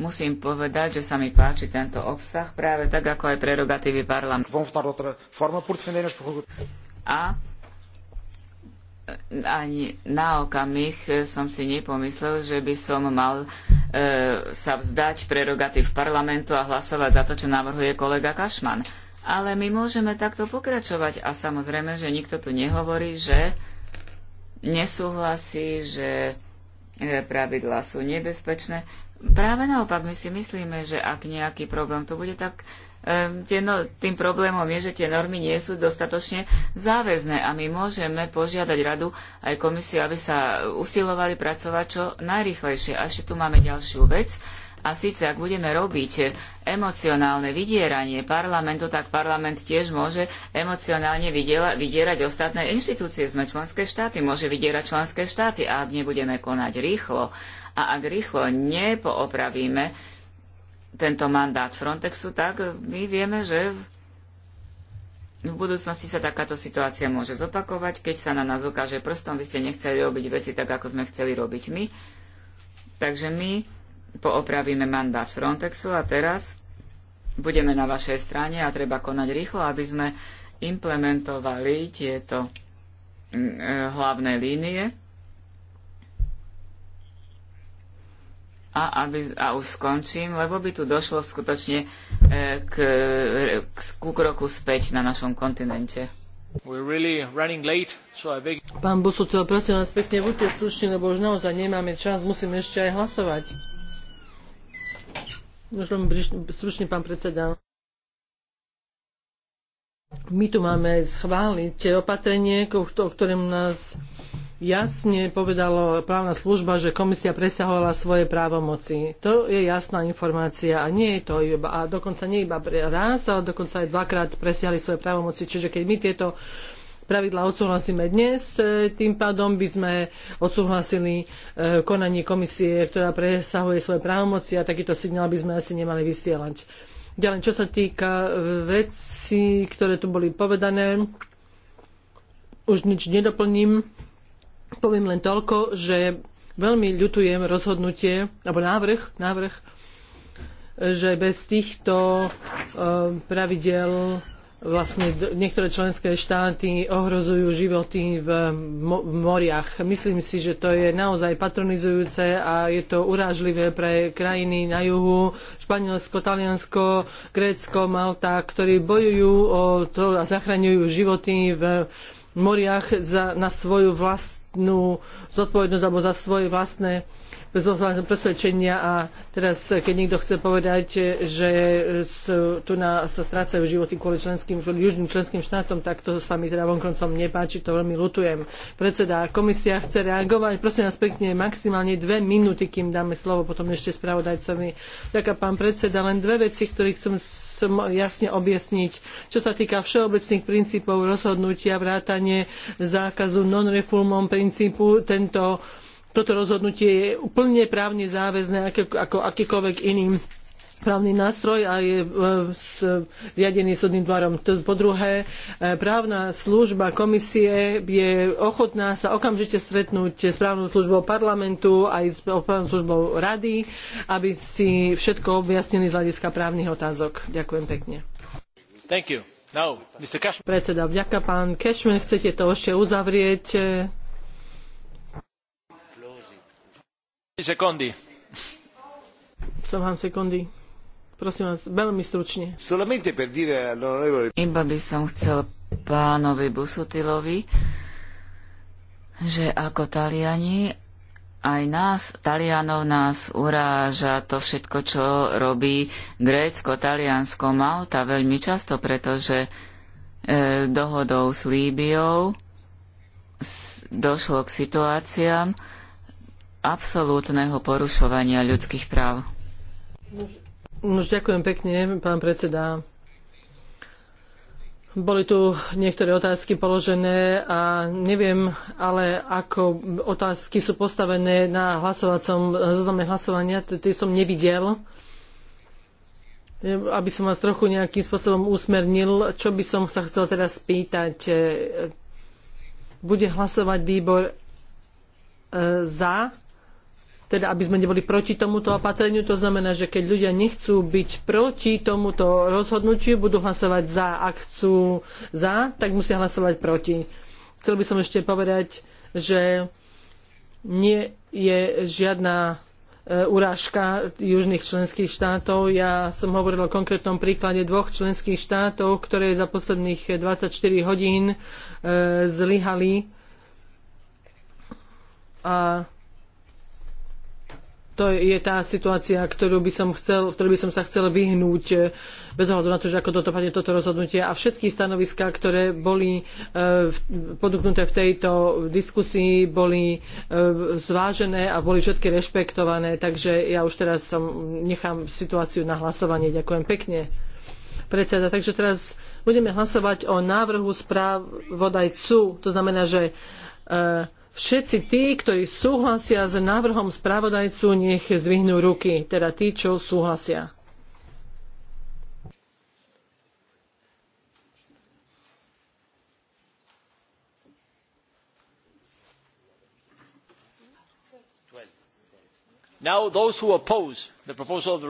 musím povedať, že sa mi páči tento obsah práve tak, ako aj prerogatívy parlamentu. Teda a ani na okamih som si nepomyslel, že by som mal e, sa vzdať prerogatív parlamentu a hlasovať za to, čo navrhuje kolega Kašman. Ale my môžeme takto pokračovať a samozrejme, že nikto tu nehovorí, že nesúhlasí, že e, pravidlá sú nebezpečné. Práve naopak, my si myslíme, že ak nejaký problém tu bude, tak Ehm, no, tým problémom je, že tie normy nie sú dostatočne záväzné a my môžeme požiadať radu aj komisiu, aby sa usilovali pracovať čo najrychlejšie. A ešte tu máme ďalšiu vec. A síce, ak budeme robiť emocionálne vydieranie parlamentu, tak parlament tiež môže emocionálne vydierať ostatné inštitúcie. Sme členské štáty, môže vydierať členské štáty. A ak nebudeme konať rýchlo a ak rýchlo nepoopravíme tento mandát Frontexu, tak my vieme, že v budúcnosti sa takáto situácia môže zopakovať, keď sa na nás ukáže prstom, vy ste nechceli robiť veci tak, ako sme chceli robiť my. Takže my poopravíme mandát Frontexu a teraz budeme na vašej strane a treba konať rýchlo, aby sme implementovali tieto mm, e, hlavné línie a, aby, a už skončím, lebo by tu došlo skutočne e, k, k, k kroku späť na našom kontinente. We're Really running late, so I beg... Pán Busutil, prosím vás pekne, buďte slušní, lebo už naozaj nemáme čas, musíme ešte aj hlasovať. Už len stručne, pán predseda. My tu máme schváliť opatrenie, o ktorom nás jasne povedala právna služba, že komisia presahovala svoje právomoci. To je jasná informácia a nie je to iba, a dokonca nie iba raz, ale dokonca aj dvakrát presiahli svoje právomoci. Čiže keď my tieto pravidla odsúhlasíme dnes, e, tým pádom by sme odsúhlasili e, konanie komisie, ktorá presahuje svoje právomoci a takýto signál by sme asi nemali vysielať. Ďalej, čo sa týka e, vecí, ktoré tu boli povedané, už nič nedoplním Poviem len toľko, že veľmi ľutujem rozhodnutie, alebo návrh, návrh že bez týchto eh, pravidel vlastne niektoré členské štáty ohrozujú životy v moriach. Myslím si, že to je naozaj patronizujúce a je to urážlivé pre krajiny na juhu, Španielsko, Taliansko, Grécko, Malta, ktorí bojujú o to a zachraňujú životy v moriach za, na svoju vlast vlastnú zodpovednosť alebo za svoje vlastné presvedčenia a teraz, keď niekto chce povedať, že tu na, sa strácajú životy kvôli členským, kvôli južným členským štátom, tak to sa mi teda vonkoncom nepáči, to veľmi lutujem. Predseda, komisia chce reagovať, prosím nás pekne, maximálne dve minúty, kým dáme slovo potom ešte spravodajcovi. Ďakujem, pán predseda, len dve veci, ktorých som Chcem jasne objasniť. Čo sa týka všeobecných princípov rozhodnutia, vrátanie zákazu non-refulmom princípu, tento, toto rozhodnutie je úplne právne záväzné ako, ako akýkoľvek iným právny nástroj a je e, riadený súdnym dvorom. Po druhé, e, právna služba komisie je ochotná sa okamžite stretnúť s právnou službou parlamentu aj s právnou službou rady, aby si všetko objasnili z hľadiska právnych otázok. Ďakujem pekne. Now, Predseda, vďaka pán Cashman. Chcete to ešte uzavrieť? Sekundy. Som vám sekundy. Prosím vás, veľmi stručne. Iba by som chcel pánovi Busutilovi, že ako Taliani, aj nás, Talianov nás uráža to všetko, čo robí Grécko, Taliansko, Malta veľmi často, pretože e, dohodou s Líbiou s, došlo k situáciám absolútneho porušovania ľudských práv. Už ďakujem pekne, pán predseda. Boli tu niektoré otázky položené a neviem, ale ako otázky sú postavené na hlasovacom zozname hlasovania, tie som nevidel. Aby som vás trochu nejakým spôsobom usmernil, čo by som sa chcel teraz spýtať. E, bude hlasovať výbor e, za teda aby sme neboli proti tomuto opatreniu. To znamená, že keď ľudia nechcú byť proti tomuto rozhodnutiu, budú hlasovať za. Ak chcú za, tak musia hlasovať proti. Chcel by som ešte povedať, že nie je žiadna e, urážka južných členských štátov. Ja som hovoril o konkrétnom príklade dvoch členských štátov, ktoré za posledných 24 hodín e, zlyhali a to je tá situácia, ktorú by som chcel, ktorú by som sa chcel vyhnúť eh, bez ohľadu na to, že ako dopadne toto rozhodnutie a všetky stanoviská, ktoré boli eh, poduknuté v tejto diskusii, boli eh, zvážené a boli všetky rešpektované, takže ja už teraz som, nechám situáciu na hlasovanie. Ďakujem pekne predseda. Takže teraz budeme hlasovať o návrhu správodajcu. To znamená, že e, Všetci tí, ktorí súhlasia s návrhom spravodajcu, nech zdvihnú ruky, teda tí, čo súhlasia.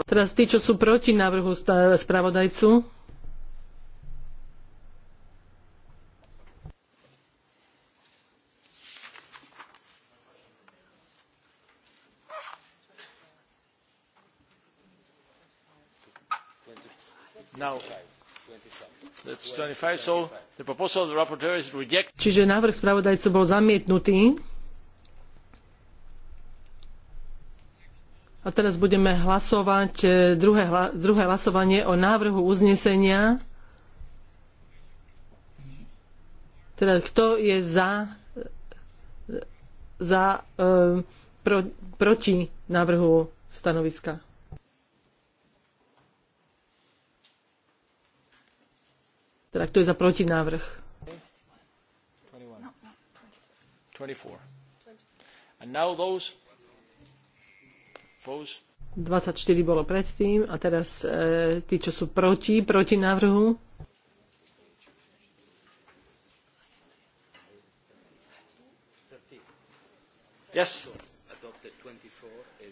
Teraz tí, čo sú proti návrhu spravodajcu. Čiže návrh spravodajcu bol zamietnutý. A teraz budeme hlasovať e, druhé, druhé hlasovanie o návrhu uznesenia. Teda kto je za, e, za e, pro, proti návrhu stanoviska? Teda kto je za protinávrh? 24. bolo predtým a teraz e, tí, čo sú proti, proti návrhu. Yes.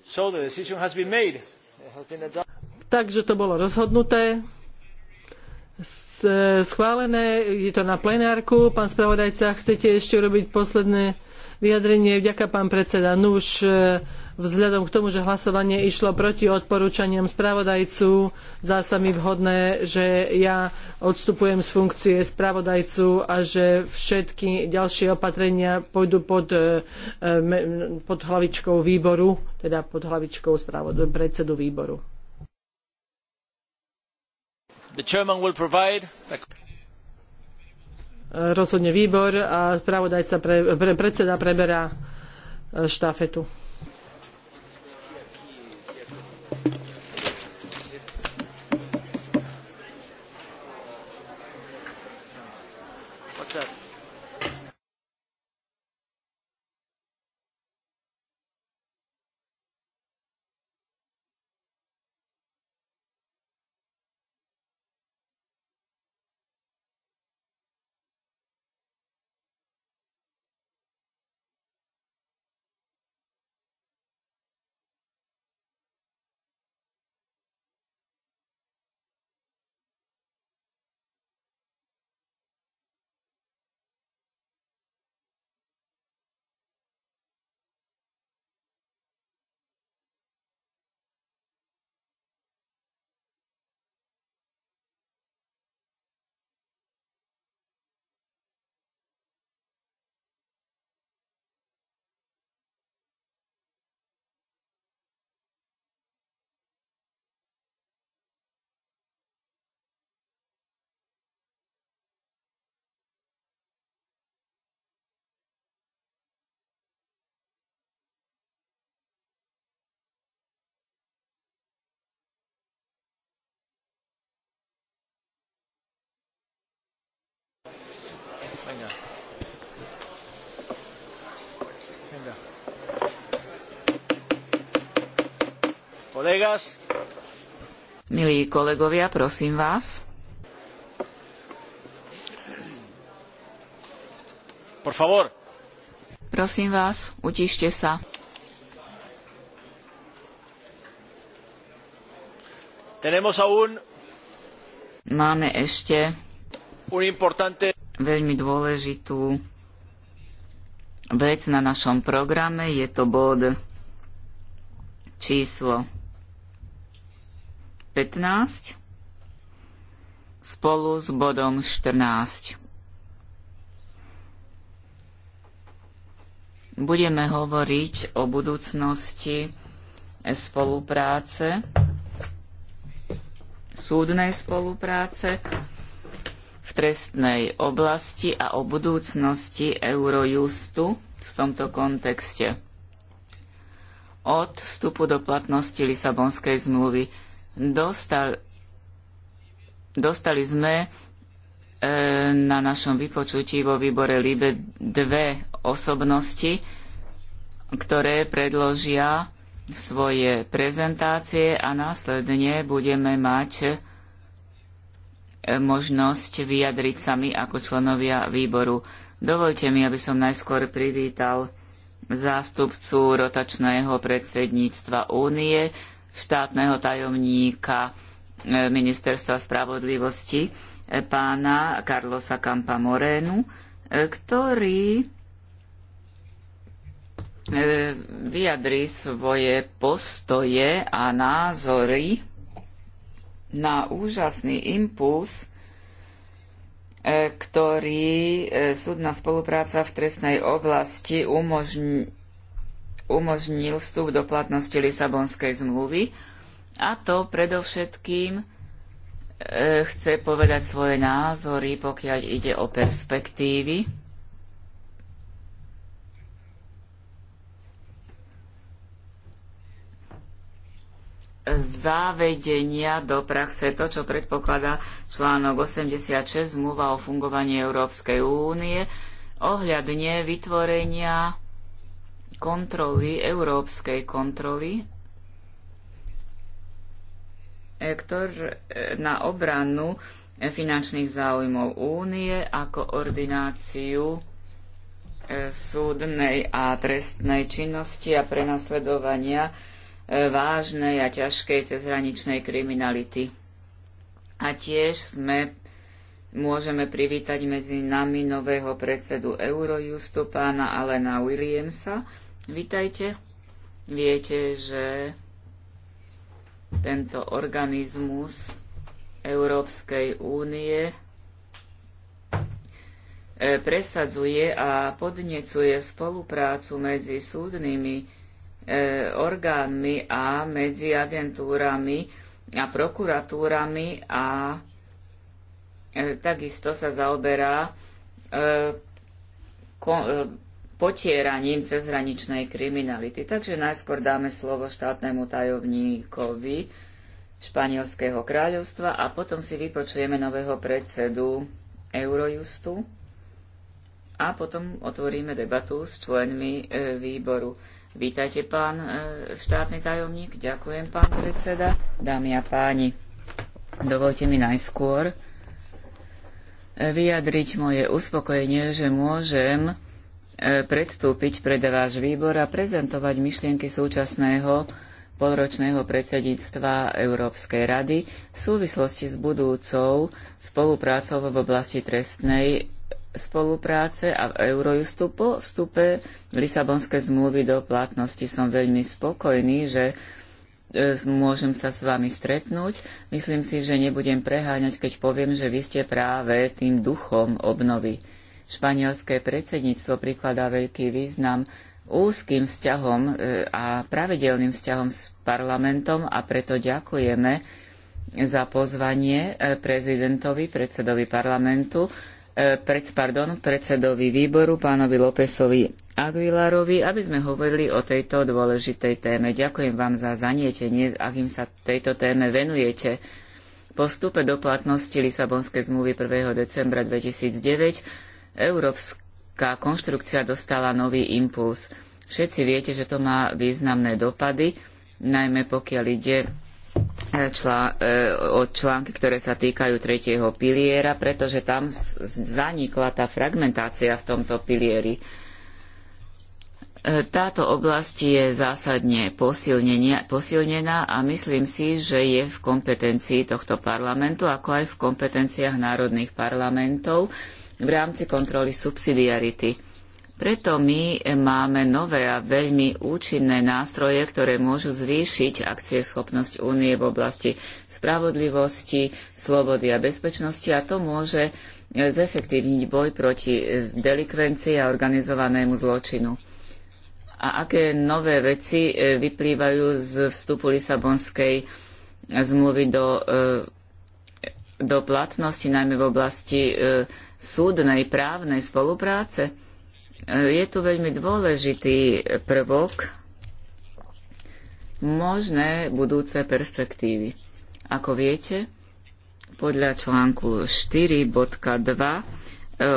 So the decision has been made. has been Takže to bolo rozhodnuté schválené, je to na plenárku. Pán spravodajca, chcete ešte urobiť posledné vyjadrenie? Vďaka, pán predseda. Nuž, e, vzhľadom k tomu, že hlasovanie išlo proti odporúčaniam spravodajcu, zdá sa mi vhodné, že ja odstupujem z funkcie spravodajcu a že všetky ďalšie opatrenia pôjdu pod, e, e, pod hlavičkou výboru, teda pod hlavičkou predsedu výboru. Rozhodne výbor a spravodajca pre, predseda preberá e, štafetu. Kolegas. Milí kolegovia, prosím vás. Por favor. Prosím vás, utište sa. Tenemos aún Máme ešte un importante... veľmi dôležitú vec na našom programe. Je to bod číslo 15 spolu s bodom 14. Budeme hovoriť o budúcnosti spolupráce, súdnej spolupráce v trestnej oblasti a o budúcnosti Eurojustu v tomto kontexte od vstupu do platnosti Lisabonskej zmluvy dostal, dostali sme e, na našom vypočutí vo výbore LIBE dve osobnosti, ktoré predložia svoje prezentácie a následne budeme mať e, možnosť vyjadriť sa my ako členovia výboru. Dovolte mi, aby som najskôr privítal zástupcu rotačného predsedníctva únie, štátneho tajomníka e, Ministerstva spravodlivosti e, pána Carlosa Campa Morenu, e, ktorý vyjadri svoje postoje a názory na úžasný impuls, ktorý súdna spolupráca v trestnej oblasti umožňuje umožnil vstup do platnosti Lisabonskej zmluvy a to predovšetkým e, chce povedať svoje názory, pokiaľ ide o perspektívy. závedenia do praxe to, čo predpokladá článok 86 zmluva o fungovaní Európskej únie ohľadne vytvorenia kontroly, európskej kontroly, e, ktor, e, na obranu finančných záujmov únie a koordináciu e, súdnej a trestnej činnosti a prenasledovania vážnej a ťažkej cezhraničnej kriminality. A tiež sme Môžeme privítať medzi nami nového predsedu Eurojustu, pána Alena Williamsa. Vítajte. Viete, že tento organizmus Európskej únie e, presadzuje a podnecuje spoluprácu medzi súdnymi e, orgánmi a medzi agentúrami a prokuratúrami a E, takisto sa zaoberá e, e, potieraním cezhraničnej kriminality. Takže najskôr dáme slovo štátnemu tajovníkovi Španielského kráľovstva a potom si vypočujeme nového predsedu Eurojustu a potom otvoríme debatu s členmi výboru. Vítajte, pán štátny tajomník. Ďakujem, pán predseda. Dámy a páni, dovolte mi najskôr vyjadriť moje uspokojenie, že môžem e, predstúpiť pred váš výbor a prezentovať myšlienky súčasného polročného predsedníctva Európskej rady v súvislosti s budúcou spoluprácou v oblasti trestnej spolupráce a v Eurojustu po vstupe Lisabonskej zmluvy do platnosti. Som veľmi spokojný, že E, môžem sa s vami stretnúť. Myslím si, že nebudem preháňať, keď poviem, že vy ste práve tým duchom obnovy. Španielské predsedníctvo prikladá veľký význam úzkým vzťahom e, a pravidelným vzťahom s parlamentom a preto ďakujeme za pozvanie e, prezidentovi, predsedovi parlamentu E, pred, pardon, predsedovi výboru, pánovi Lópezovi Aguilarovi, aby sme hovorili o tejto dôležitej téme. Ďakujem vám za zanietenie, akým sa tejto téme venujete. Po vstupe do platnosti Lisabonskej zmluvy 1. decembra 2009 európska konštrukcia dostala nový impuls. Všetci viete, že to má významné dopady, najmä pokiaľ ide člá, e, od články, ktoré sa týkajú tretieho piliera, pretože tam zanikla tá fragmentácia v tomto pilieri. E, táto oblasť je zásadne posilnená a myslím si, že je v kompetencii tohto parlamentu, ako aj v kompetenciách národných parlamentov v rámci kontroly subsidiarity. Preto my máme nové a veľmi účinné nástroje, ktoré môžu zvýšiť akcieschopnosť únie v oblasti spravodlivosti, slobody a bezpečnosti a to môže zefektívniť boj proti delikvencii a organizovanému zločinu. A aké nové veci e, vyplývajú z vstupu Lisabonskej zmluvy do, e, do platnosti, najmä v oblasti e, súdnej právnej spolupráce? je tu veľmi dôležitý prvok možné budúce perspektívy. Ako viete, podľa článku 4.2 e,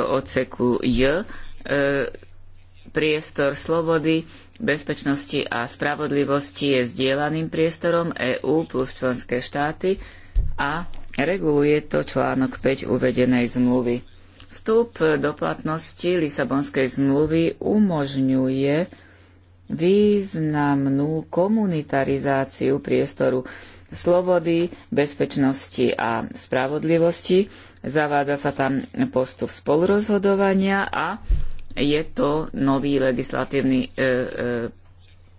odseku J e, priestor slobody, bezpečnosti a spravodlivosti je zdieľaným priestorom EÚ plus členské štáty a reguluje to článok 5 uvedenej zmluvy. Vstup do platnosti Lisabonskej zmluvy umožňuje významnú komunitarizáciu priestoru slobody, bezpečnosti a spravodlivosti. Zavádza sa tam postup spolurozhodovania a je to nový legislatívny e, e,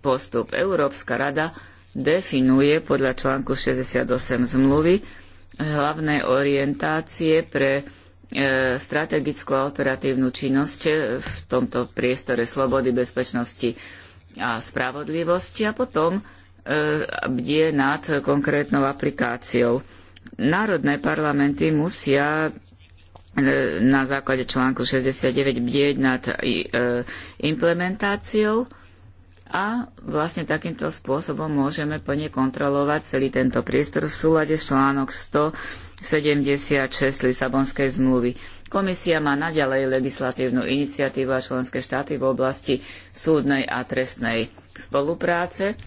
postup. Európska rada definuje podľa článku 68 zmluvy hlavné orientácie pre E, strategickú a operatívnu činnosť e, v tomto priestore slobody, bezpečnosti a spravodlivosti a potom bdie nad konkrétnou aplikáciou. Národné parlamenty musia e, na základe článku 69 bdieť nad implementáciou a vlastne takýmto spôsobom môžeme plne kontrolovať celý tento priestor v súlade s článok 100 76 Lisabonskej zmluvy. Komisia má naďalej legislatívnu iniciatívu a členské štáty v oblasti súdnej a trestnej spolupráce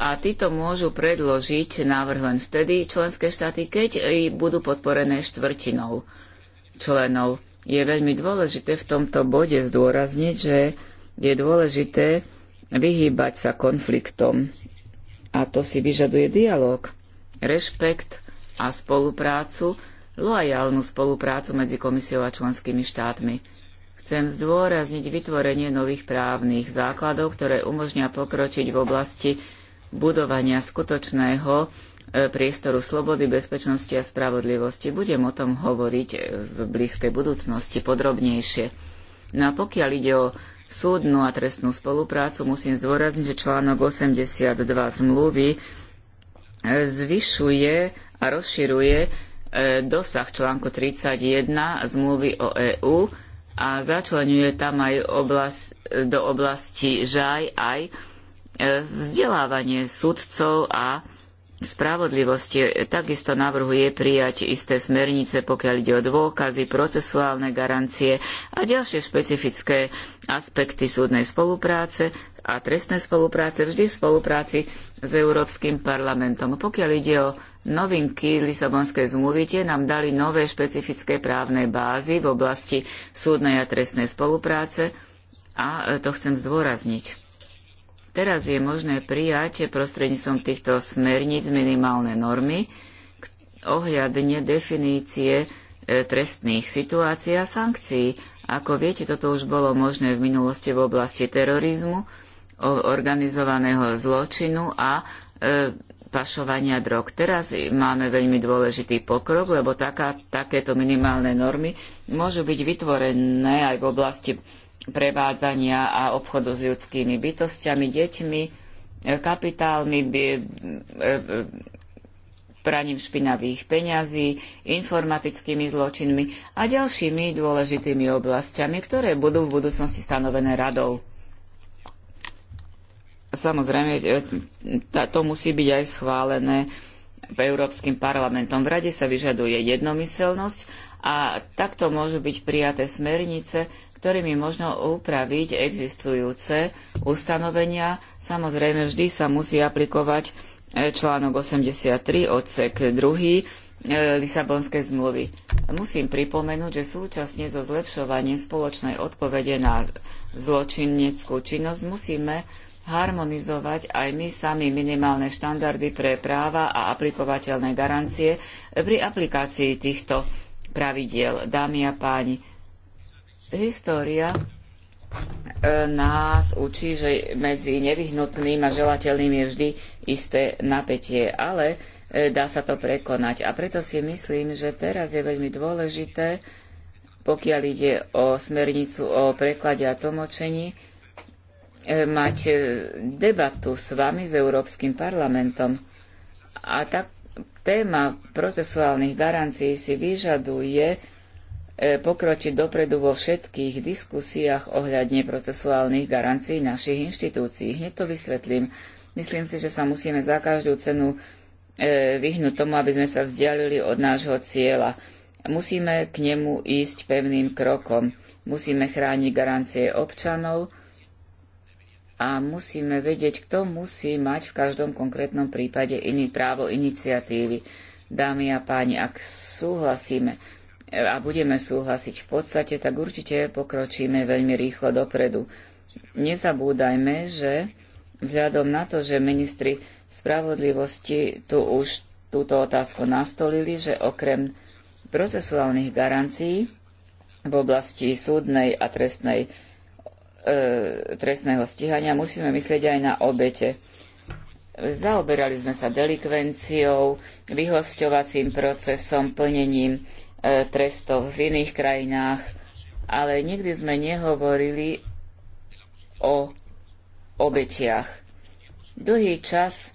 a títo môžu predložiť návrh len vtedy členské štáty, keď budú podporené štvrtinou členov. Je veľmi dôležité v tomto bode zdôrazniť, že je dôležité vyhýbať sa konfliktom. A to si vyžaduje dialog, rešpekt a spoluprácu, loajálnu spoluprácu medzi komisiou a členskými štátmi. Chcem zdôrazniť vytvorenie nových právnych základov, ktoré umožnia pokročiť v oblasti budovania skutočného e, priestoru slobody, bezpečnosti a spravodlivosti. Budem o tom hovoriť e, v blízkej budúcnosti podrobnejšie. No a pokiaľ ide o súdnu a trestnú spoluprácu, musím zdôrazniť, že článok 82 zmluvy e, zvyšuje a rozširuje e, dosah článku 31 zmluvy o EÚ a začlenuje tam aj oblast, do oblasti žaj aj e, vzdelávanie sudcov a spravodlivosti. Takisto navrhuje prijať isté smernice, pokiaľ ide o dôkazy, procesuálne garancie a ďalšie špecifické aspekty súdnej spolupráce a trestnej spolupráce, vždy v spolupráci s Európskym parlamentom. Pokiaľ ide o novinky Lisabonskej zmluvy, tie nám dali nové špecifické právne bázy v oblasti súdnej a trestnej spolupráce a e, to chcem zdôrazniť. Teraz je možné prijať prostredníctvom týchto smerníc minimálne normy ohľadne definície e, trestných situácií a sankcií. Ako viete, toto už bolo možné v minulosti v oblasti terorizmu, organizovaného zločinu a e, pašovania drog. Teraz máme veľmi dôležitý pokrok, lebo taká, takéto minimálne normy môžu byť vytvorené aj v oblasti prevádzania a obchodu s ľudskými bytostiami, deťmi, e, kapitálmi, e, praním špinavých peňazí, informatickými zločinmi a ďalšími dôležitými oblastiami, ktoré budú v budúcnosti stanovené radou. Samozrejme, e, to musí byť aj schválené Európskym parlamentom. V rade sa vyžaduje jednomyseľnosť a takto môžu byť prijaté smernice, ktorými možno upraviť existujúce ustanovenia. Samozrejme, vždy sa musí aplikovať e, článok 83 odsek 2 e, Lisabonskej zmluvy. Musím pripomenúť, že súčasne so zlepšovaním spoločnej odpovede na zločineckú činnosť musíme harmonizovať aj my sami minimálne štandardy pre práva a aplikovateľné garancie pri aplikácii týchto pravidiel. Dámy a páni, história e, nás učí, že medzi nevyhnutným a želateľným je vždy isté napätie, ale e, dá sa to prekonať. A preto si myslím, že teraz je veľmi dôležité, pokiaľ ide o smernicu o preklade a tlmočení, E, mať e, debatu s vami, s Európskym parlamentom. A tá téma procesuálnych garancií si vyžaduje e, pokročiť dopredu vo všetkých diskusiách ohľadne procesuálnych garancií našich inštitúcií. Hneď to vysvetlím. Myslím si, že sa musíme za každú cenu vyhnúť tomu, aby sme sa vzdialili od nášho cieľa. Musíme k nemu ísť pevným krokom. Musíme chrániť garancie občanov, a musíme vedieť, kto musí mať v každom konkrétnom prípade iný právo iniciatívy. Dámy a páni, ak súhlasíme e, a budeme súhlasiť v podstate, tak určite pokročíme veľmi rýchlo dopredu. Nezabúdajme, že vzhľadom na to, že ministri spravodlivosti tu už túto otázku nastolili, že okrem procesuálnych garancií v oblasti súdnej a trestnej E, trestného stíhania, musíme myslieť aj na obete. Zaoberali sme sa delikvenciou, vyhosťovacím procesom, plnením e, trestov v iných krajinách, ale nikdy sme nehovorili o obetiach. Dlhý čas,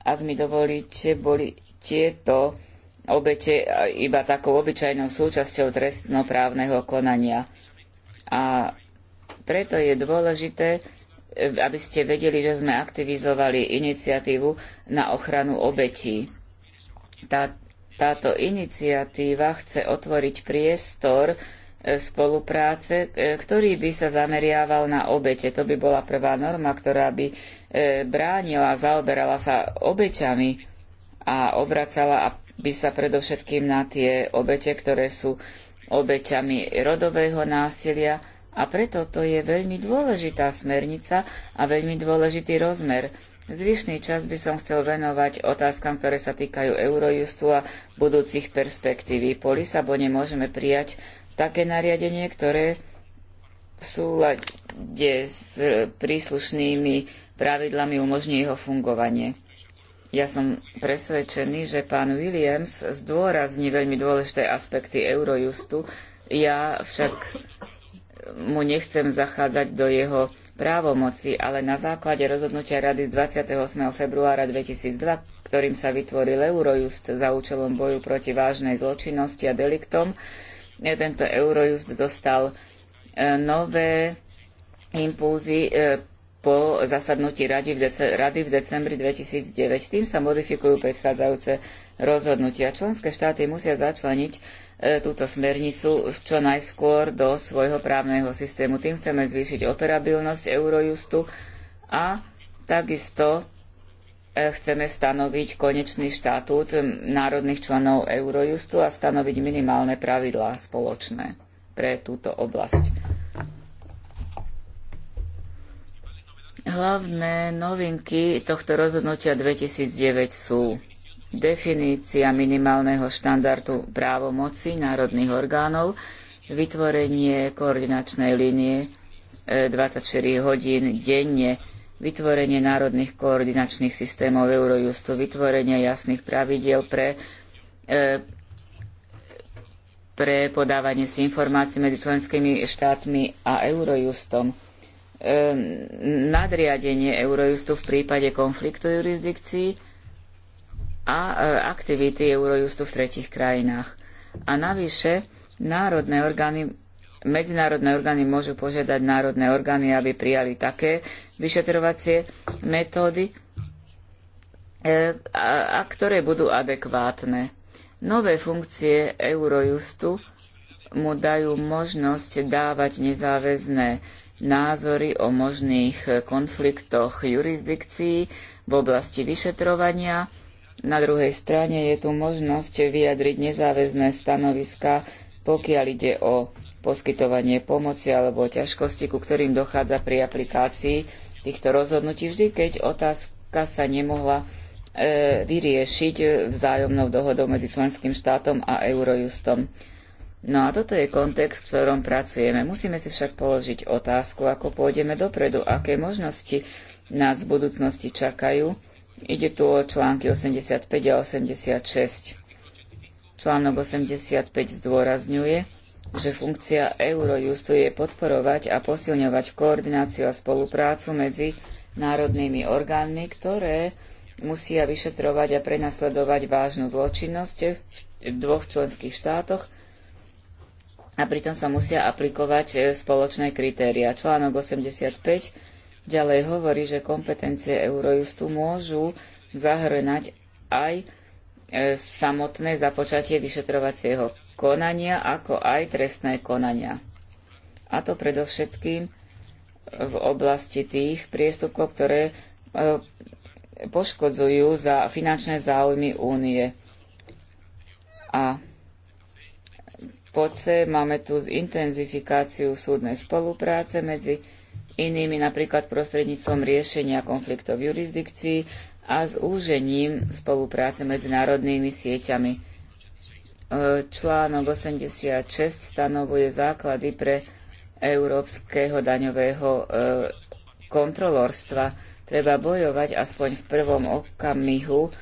ak mi dovolíte, boli tieto obete iba takou obyčajnou súčasťou trestnoprávneho konania. A preto je dôležité, e, aby ste vedeli, že sme aktivizovali iniciatívu na ochranu obetí. Tá, táto iniciatíva chce otvoriť priestor e, spolupráce, e, ktorý by sa zameriaval na obete. To by bola prvá norma, ktorá by bránila, zaoberala sa obeťami a obracala by sa predovšetkým na tie obete, ktoré sú obeťami rodového násilia, a preto to je veľmi dôležitá smernica a veľmi dôležitý rozmer. Zvyšný čas by som chcel venovať otázkam, ktoré sa týkajú Eurojustu a budúcich perspektív. Po Lisabone môžeme prijať také nariadenie, ktoré v súlade s príslušnými pravidlami umožní jeho fungovanie. Ja som presvedčený, že pán Williams zdôrazní veľmi dôležité aspekty Eurojustu. Ja však mu nechcem zachádzať do jeho právomoci, ale na základe rozhodnutia Rady z 28. februára 2002, ktorým sa vytvoril Eurojust za účelom boju proti vážnej zločinnosti a deliktom, e, tento Eurojust dostal e, nové impulzy e, po zasadnutí rady v, dece- rady v decembri 2009. Tým sa modifikujú predchádzajúce rozhodnutia. Členské štáty musia začleniť E, túto smernicu čo najskôr do svojho právneho systému. Tým chceme zvýšiť operabilnosť Eurojustu a takisto e, chceme stanoviť konečný štatút národných členov Eurojustu a stanoviť minimálne pravidlá spoločné pre túto oblasť. Hlavné novinky tohto rozhodnutia 2009 sú definícia minimálneho štandardu právomoci národných orgánov, vytvorenie koordinačnej línie 24 e, hodín denne, vytvorenie národných koordinačných systémov Eurojustu, vytvorenie jasných pravidiel pre, e, pre podávanie si informácií medzi členskými štátmi a Eurojustom, e, nadriadenie Eurojustu v prípade konfliktu jurisdikcií, a e, aktivity Eurojustu v tretich krajinách. A navyše, národné orgány, medzinárodné orgány môžu požiadať národné orgány, aby prijali také vyšetrovacie metódy, e, a, a ktoré budú adekvátne. Nové funkcie Eurojustu mu dajú možnosť dávať nezáväzné názory o možných konfliktoch jurisdikcií v oblasti vyšetrovania, na druhej strane je tu možnosť vyjadriť nezáväzné stanoviska, pokiaľ ide o poskytovanie pomoci alebo ťažkosti, ku ktorým dochádza pri aplikácii týchto rozhodnutí, vždy keď otázka sa nemohla e, vyriešiť vzájomnou dohodou medzi členským štátom a Eurojustom. No a toto je kontext, v ktorom pracujeme. Musíme si však položiť otázku, ako pôjdeme dopredu, aké možnosti nás v budúcnosti čakajú Ide tu o články 85 a 86. Článok 85 zdôrazňuje, že funkcia Eurojustu je podporovať a posilňovať koordináciu a spoluprácu medzi národnými orgánmi, ktoré musia vyšetrovať a prenasledovať vážnu zločinnosť v dvoch členských štátoch a pritom sa musia aplikovať e, spoločné kritéria. Článok 85 Ďalej hovorí, že kompetencie Eurojustu môžu zahrňať aj e, samotné započatie vyšetrovacieho konania, ako aj trestné konania. A to predovšetkým v oblasti tých priestupkov, ktoré e, poškodzujú za finančné záujmy únie. A po C máme tu intenzifikáciu súdnej spolupráce medzi inými napríklad prostredníctvom riešenia konfliktov v jurisdikcii a zúžením spolupráce medzinárodnými sieťami. E, článok 86 stanovuje základy pre európskeho daňového e, kontrolorstva. Treba bojovať aspoň v prvom okamihu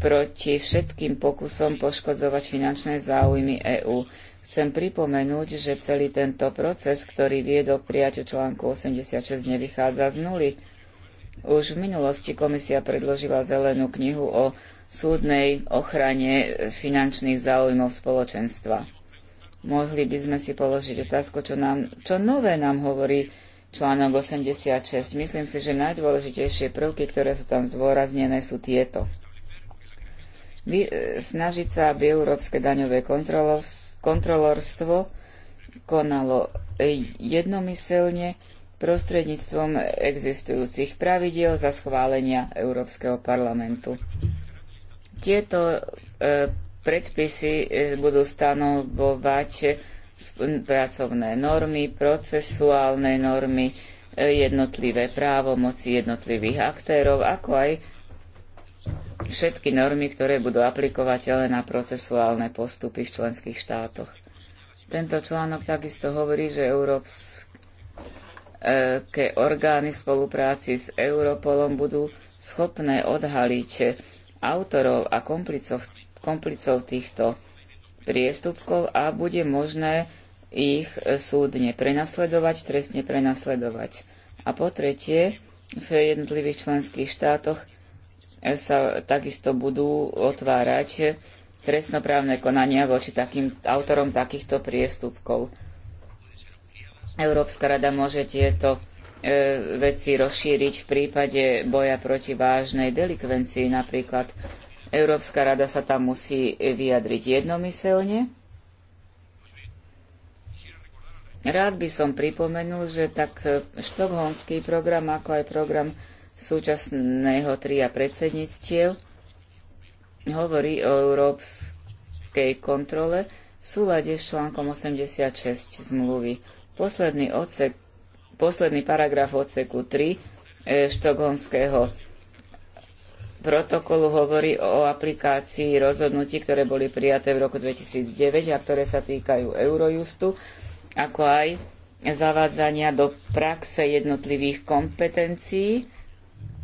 proti všetkým pokusom poškodzovať finančné záujmy EÚ. Chcem pripomenúť, že celý tento proces, ktorý viedol k prijaťu článku 86, nevychádza z nuly. Už v minulosti komisia predložila zelenú knihu o súdnej ochrane finančných záujmov spoločenstva. Mohli by sme si položiť otázku, čo, nám, čo nové nám hovorí článok 86. Myslím si, že najdôležitejšie prvky, ktoré sú tam zdôraznené, sú tieto. Vy, e, snažiť sa, aby európske daňové kontrolovstvo kontrolorstvo konalo jednomyselne prostredníctvom existujúcich pravidiel za schválenia Európskeho parlamentu. Tieto e, predpisy e, budú stanovovať pracovné normy, procesuálne normy, e, jednotlivé právomoci jednotlivých aktérov, ako aj všetky normy, ktoré budú aplikovateľné na procesuálne postupy v členských štátoch. Tento článok takisto hovorí, že európske e, orgány v spolupráci s Europolom budú schopné odhaliť autorov a komplicov, komplicov týchto priestupkov a bude možné ich súdne prenasledovať, trestne prenasledovať. A po tretie, v jednotlivých členských štátoch sa takisto budú otvárať trestnoprávne konania voči takým autorom takýchto priestupkov. Európska rada môže tieto e, veci rozšíriť v prípade boja proti vážnej delikvencii. Napríklad Európska rada sa tam musí vyjadriť jednomyselne. Rád by som pripomenul, že tak e, štokholmský program, ako aj program súčasného tria predsedníctiev hovorí o európskej kontrole v súlade s článkom 86 zmluvy. Posledný, odsek, posledný paragraf odseku 3 e, štokholmského protokolu hovorí o aplikácii rozhodnutí, ktoré boli prijaté v roku 2009 a ktoré sa týkajú Eurojustu, ako aj zavádzania do praxe jednotlivých kompetencií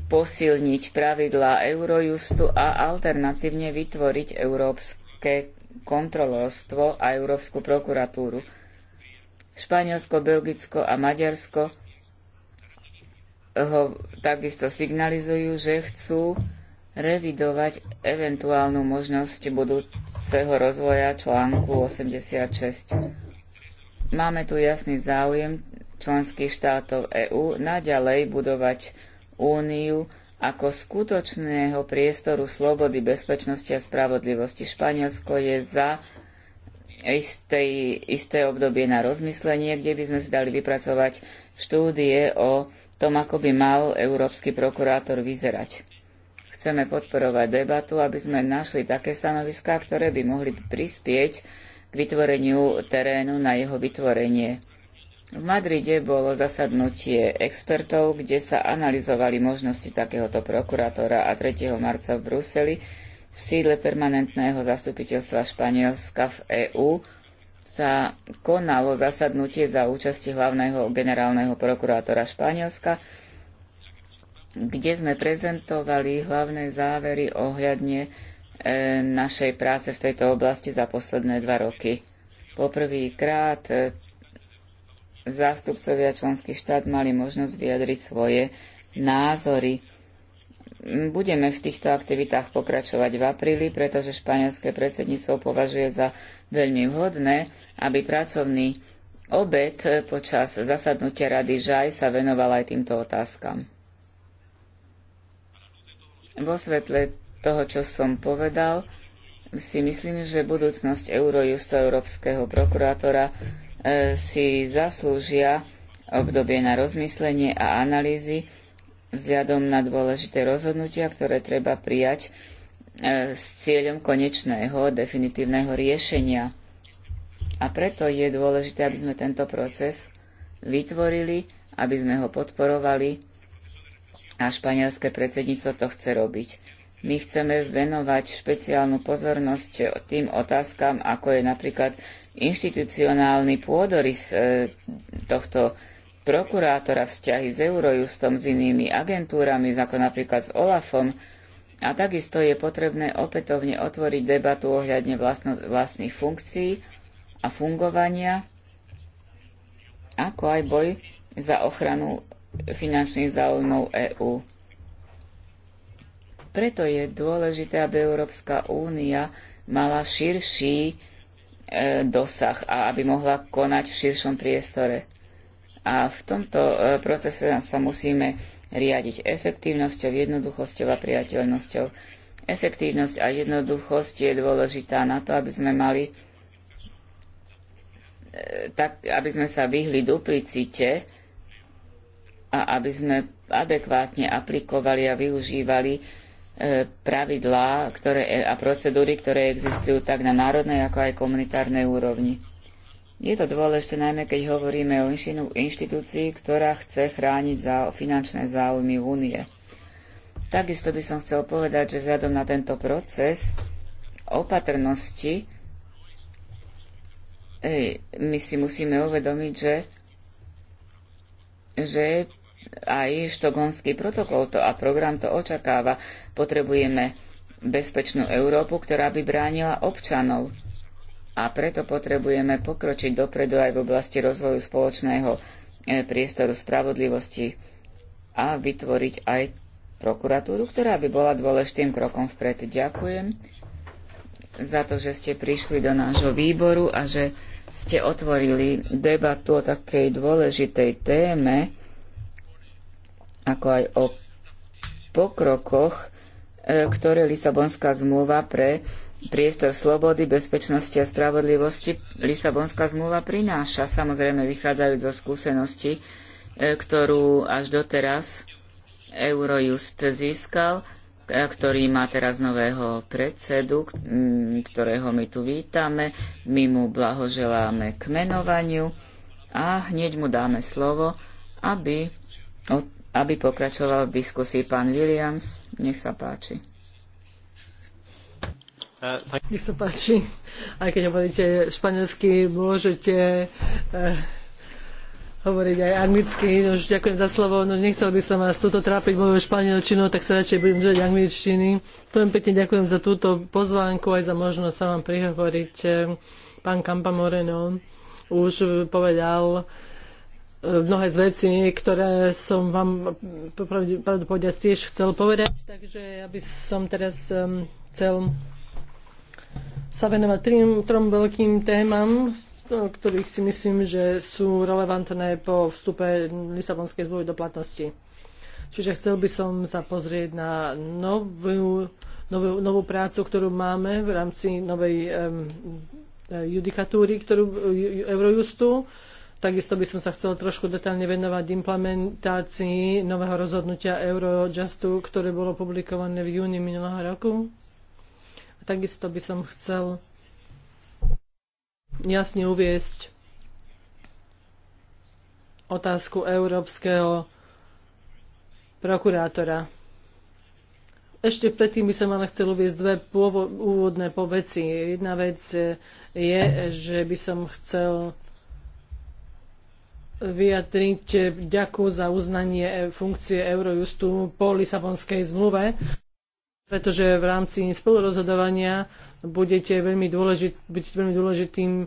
posilniť pravidlá Eurojustu a alternatívne vytvoriť Európske kontrolórstvo a Európsku prokuratúru. Španielsko, Belgicko a Maďarsko ho takisto signalizujú, že chcú revidovať eventuálnu možnosť budúceho rozvoja článku 86. Máme tu jasný záujem členských štátov EÚ naďalej budovať úniu ako skutočného priestoru slobody, bezpečnosti a spravodlivosti. Španielsko je za isté, isté obdobie na rozmyslenie, kde by sme si dali vypracovať štúdie o tom, ako by mal európsky prokurátor vyzerať. Chceme podporovať debatu, aby sme našli také stanoviská, ktoré by mohli prispieť k vytvoreniu terénu na jeho vytvorenie. V Madride bolo zasadnutie expertov, kde sa analyzovali možnosti takéhoto prokurátora a 3. marca v Bruseli v sídle permanentného zastupiteľstva Španielska v EÚ sa konalo zasadnutie za účasti hlavného generálneho prokurátora Španielska, kde sme prezentovali hlavné závery ohľadne e, našej práce v tejto oblasti za posledné dva roky. Poprvýkrát e, zástupcovia členských štát mali možnosť vyjadriť svoje názory. Budeme v týchto aktivitách pokračovať v apríli, pretože španielské predsedníctvo považuje za veľmi vhodné, aby pracovný obed počas zasadnutia Rady ŽAJ sa venoval aj týmto otázkam. Vo svetle toho, čo som povedal, si myslím, že budúcnosť Eurojusto Európskeho prokurátora E, si zaslúžia obdobie na rozmyslenie a analýzy vzhľadom na dôležité rozhodnutia, ktoré treba prijať e, s cieľom konečného definitívneho riešenia. A preto je dôležité, aby sme tento proces vytvorili, aby sme ho podporovali a španielské predsedníctvo to chce robiť. My chceme venovať špeciálnu pozornosť tým otázkam, ako je napríklad inštitucionálny pôdorys e, tohto prokurátora, vzťahy s Eurojustom, s inými agentúrami, ako napríklad s OLAFom, a takisto je potrebné opätovne otvoriť debatu ohľadne vlastno, vlastných funkcií a fungovania, ako aj boj za ochranu finančných záujmov EÚ. Preto je dôležité, aby Európska únia mala širší E, dosah a aby mohla konať v širšom priestore. A v tomto e, procese sa musíme riadiť efektívnosťou, jednoduchosťou a priateľnosťou. Efektívnosť a jednoduchosť je dôležitá na to, aby sme mali e, tak, aby sme sa vyhli duplicite a aby sme adekvátne aplikovali a využívali E, pravidlá ktoré, e, a procedúry, ktoré existujú tak na národnej, ako aj komunitárnej úrovni. Je to dôležité najmä, keď hovoríme o inštitúcii, ktorá chce chrániť za finančné záujmy únie. Takisto by som chcel povedať, že vzhľadom na tento proces opatrnosti my si musíme uvedomiť, že, že aj štokholmský protokol to a program to očakáva. Potrebujeme bezpečnú Európu, ktorá by bránila občanov. A preto potrebujeme pokročiť dopredu aj v oblasti rozvoju spoločného e, priestoru spravodlivosti a vytvoriť aj prokuratúru, ktorá by bola dôležitým krokom vpred. Ďakujem za to, že ste prišli do nášho výboru a že ste otvorili debatu o takej dôležitej téme, ako aj o pokrokoch, e, ktoré Lisabonská zmluva pre priestor slobody, bezpečnosti a spravodlivosti Lisabonská zmluva prináša, samozrejme vychádzajú zo skúsenosti, e, ktorú až doteraz Eurojust získal, e, ktorý má teraz nového predsedu, ktorého my tu vítame. My mu blahoželáme k menovaniu a hneď mu dáme slovo, aby aby pokračoval v diskusii pán Williams. Nech sa páči. Nech sa páči. Aj keď hovoríte španielsky, môžete eh, hovoriť aj anglicky. No už ďakujem za slovo. No nechcel by som vás túto trápiť mojou španielčinou, tak sa radšej budem držať angličtiny. Veľmi pekne ďakujem za túto pozvánku aj za možnosť sa vám prihovoriť. Eh, pán Kampa Moreno už povedal E, mnohé z vecí, ktoré som vám pravdu povedať tiež chcel povedať, takže ja by som teraz chcel sa venovať tým, trom veľkým témam, ktorých si myslím, že sú relevantné po vstupe Lisabonskej zmluvy do platnosti. Čiže chcel by som sa pozrieť na novú, novú, novú prácu, ktorú máme v rámci novej um, judikatúry, ktorú Eurojustu, Takisto by som sa chcela trošku detálne venovať implementácii nového rozhodnutia Eurojustu, ktoré bolo publikované v júni minulého roku. A takisto by som chcel jasne uviesť otázku európskeho prokurátora. Ešte predtým by som ale chcel uvieť dve pôvodné poveci. Jedna vec je, že by som chcel vyjadriť ďaku za uznanie e, funkcie Eurojustu po Lisabonskej zmluve, pretože v rámci spolurozhodovania budete veľmi, dôležit, budete veľmi dôležitým e,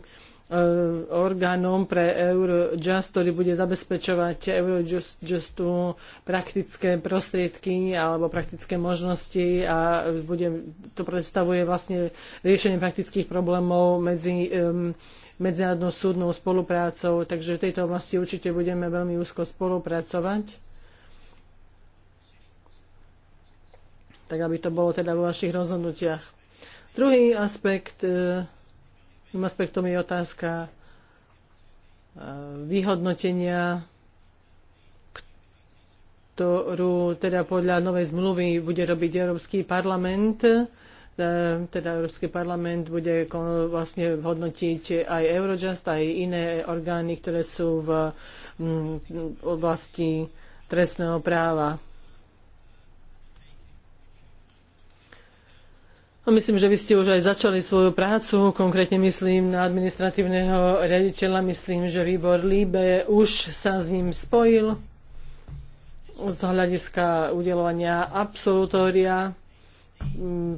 orgánom pre Eurojust, ktorý bude zabezpečovať Eurojustu praktické prostriedky alebo praktické možnosti a bude, to predstavuje vlastne riešenie praktických problémov medzi um, medzinárodnou súdnou spoluprácou, takže v tejto oblasti určite budeme veľmi úzko spolupracovať. Tak aby to bolo teda vo vašich rozhodnutiach. Druhý aspekt, tým e, aspektom je otázka e, vyhodnotenia, ktorú teda podľa novej zmluvy bude robiť Európsky parlament E, teda Európsky parlament bude vlastne hodnotiť aj Eurojust, aj iné orgány, ktoré sú v oblasti trestného práva. A myslím, že vy ste už aj začali svoju prácu, konkrétne myslím na administratívneho riaditeľa, myslím, že výbor Líbe už sa s ním spojil z hľadiska udelovania absolutória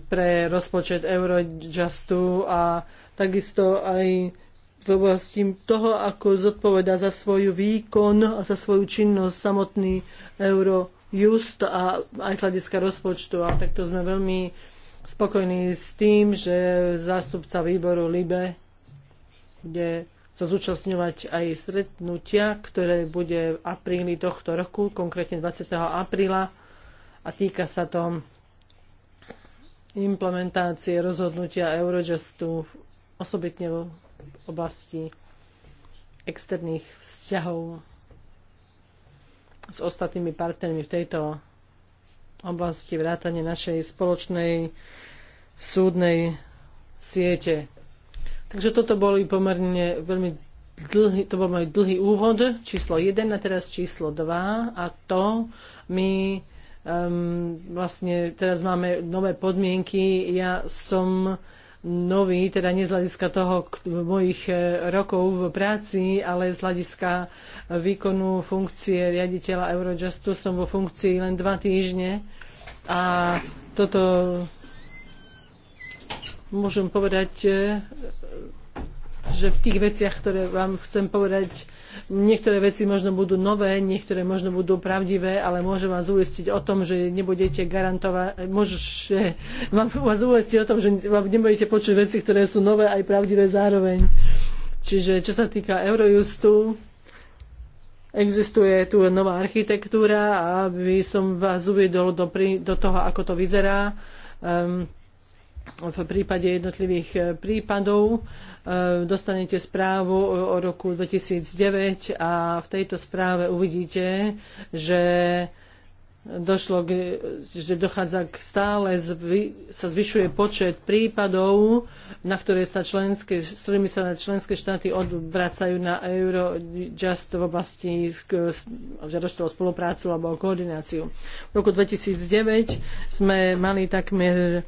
pre rozpočet Eurojustu a takisto aj v oblasti toho, ako zodpoveda za svoju výkon a za svoju činnosť samotný Eurojust a aj z hľadiska rozpočtu. A takto sme veľmi spokojní s tým, že zástupca výboru LIBE bude sa zúčastňovať aj stretnutia, ktoré bude v apríli tohto roku, konkrétne 20. apríla a týka sa to implementácie rozhodnutia Eurojustu, osobitne v oblasti externých vzťahov s ostatnými partnermi v tejto oblasti vrátane našej spoločnej súdnej siete. Takže toto boli pomerne veľmi dlhý, to bol môj dlhý úvod, číslo 1 a teraz číslo 2 a to mi um, vlastne teraz máme nové podmienky. Ja som nový, teda nie z hľadiska toho mojich e, rokov v práci, ale z hľadiska výkonu funkcie riaditeľa Eurojustu som vo funkcii len dva týždne a toto môžem povedať, e, že v tých veciach, ktoré vám chcem povedať, Niektoré veci možno budú nové, niektoré možno budú pravdivé, ale môžem vás uistiť o tom, že nebudete garantovať, môžete vás uistiť o tom, že vám nebudete počuť veci, ktoré sú nové aj pravdivé zároveň. Čiže čo sa týka Eurojustu, existuje tu nová architektúra a aby som vás uviedol do, do toho, ako to vyzerá. Um, v prípade jednotlivých e, prípadov. E, dostanete správu o roku 2009 a v tejto správe uvidíte, že došlo k, že dochádza k stále, zvy, sa zvyšuje počet prípadov, na ktoré sa členské, s ktorými sa členské štáty odvracajú na Eurojust v oblasti žiadosti spoluprácu alebo koordináciu. V roku 2009 sme mali takmer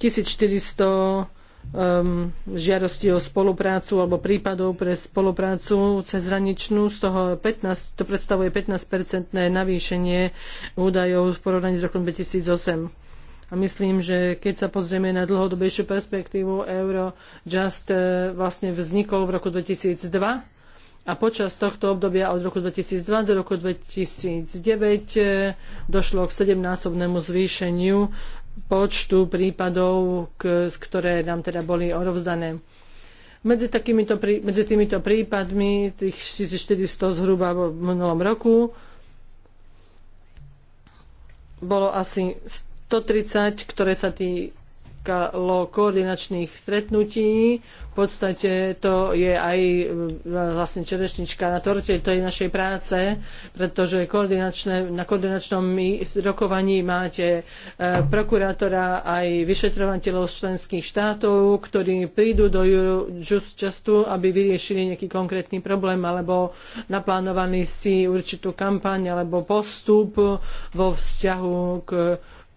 1400 um, ehm, žiadosti o spoluprácu alebo prípadov pre spoluprácu cezhraničnú. Z toho 15, to predstavuje 15-percentné navýšenie údajov v porovnaní s rokom 2008. A myslím, že keď sa pozrieme na dlhodobejšiu perspektívu, Eurojust eh, vlastne vznikol v roku 2002 a počas tohto obdobia od roku 2002 do roku 2009 eh, došlo k sedemnásobnému zvýšeniu počtu prípadov, ktoré nám teda boli odovzdané. Medzi, takýmito, medzi týmito prípadmi, tých 1400 zhruba v minulom roku, bolo asi 130, ktoré sa tí týkalo koordinačných stretnutí. V podstate to je aj e, vlastne čerešnička na torte tej našej práce, pretože koordinačné, na koordinačnom rokovaní máte e, prokurátora aj vyšetrovateľov z členských štátov, ktorí prídu do Justu, aby vyriešili nejaký konkrétny problém alebo naplánovaný si určitú kampaň alebo postup vo vzťahu k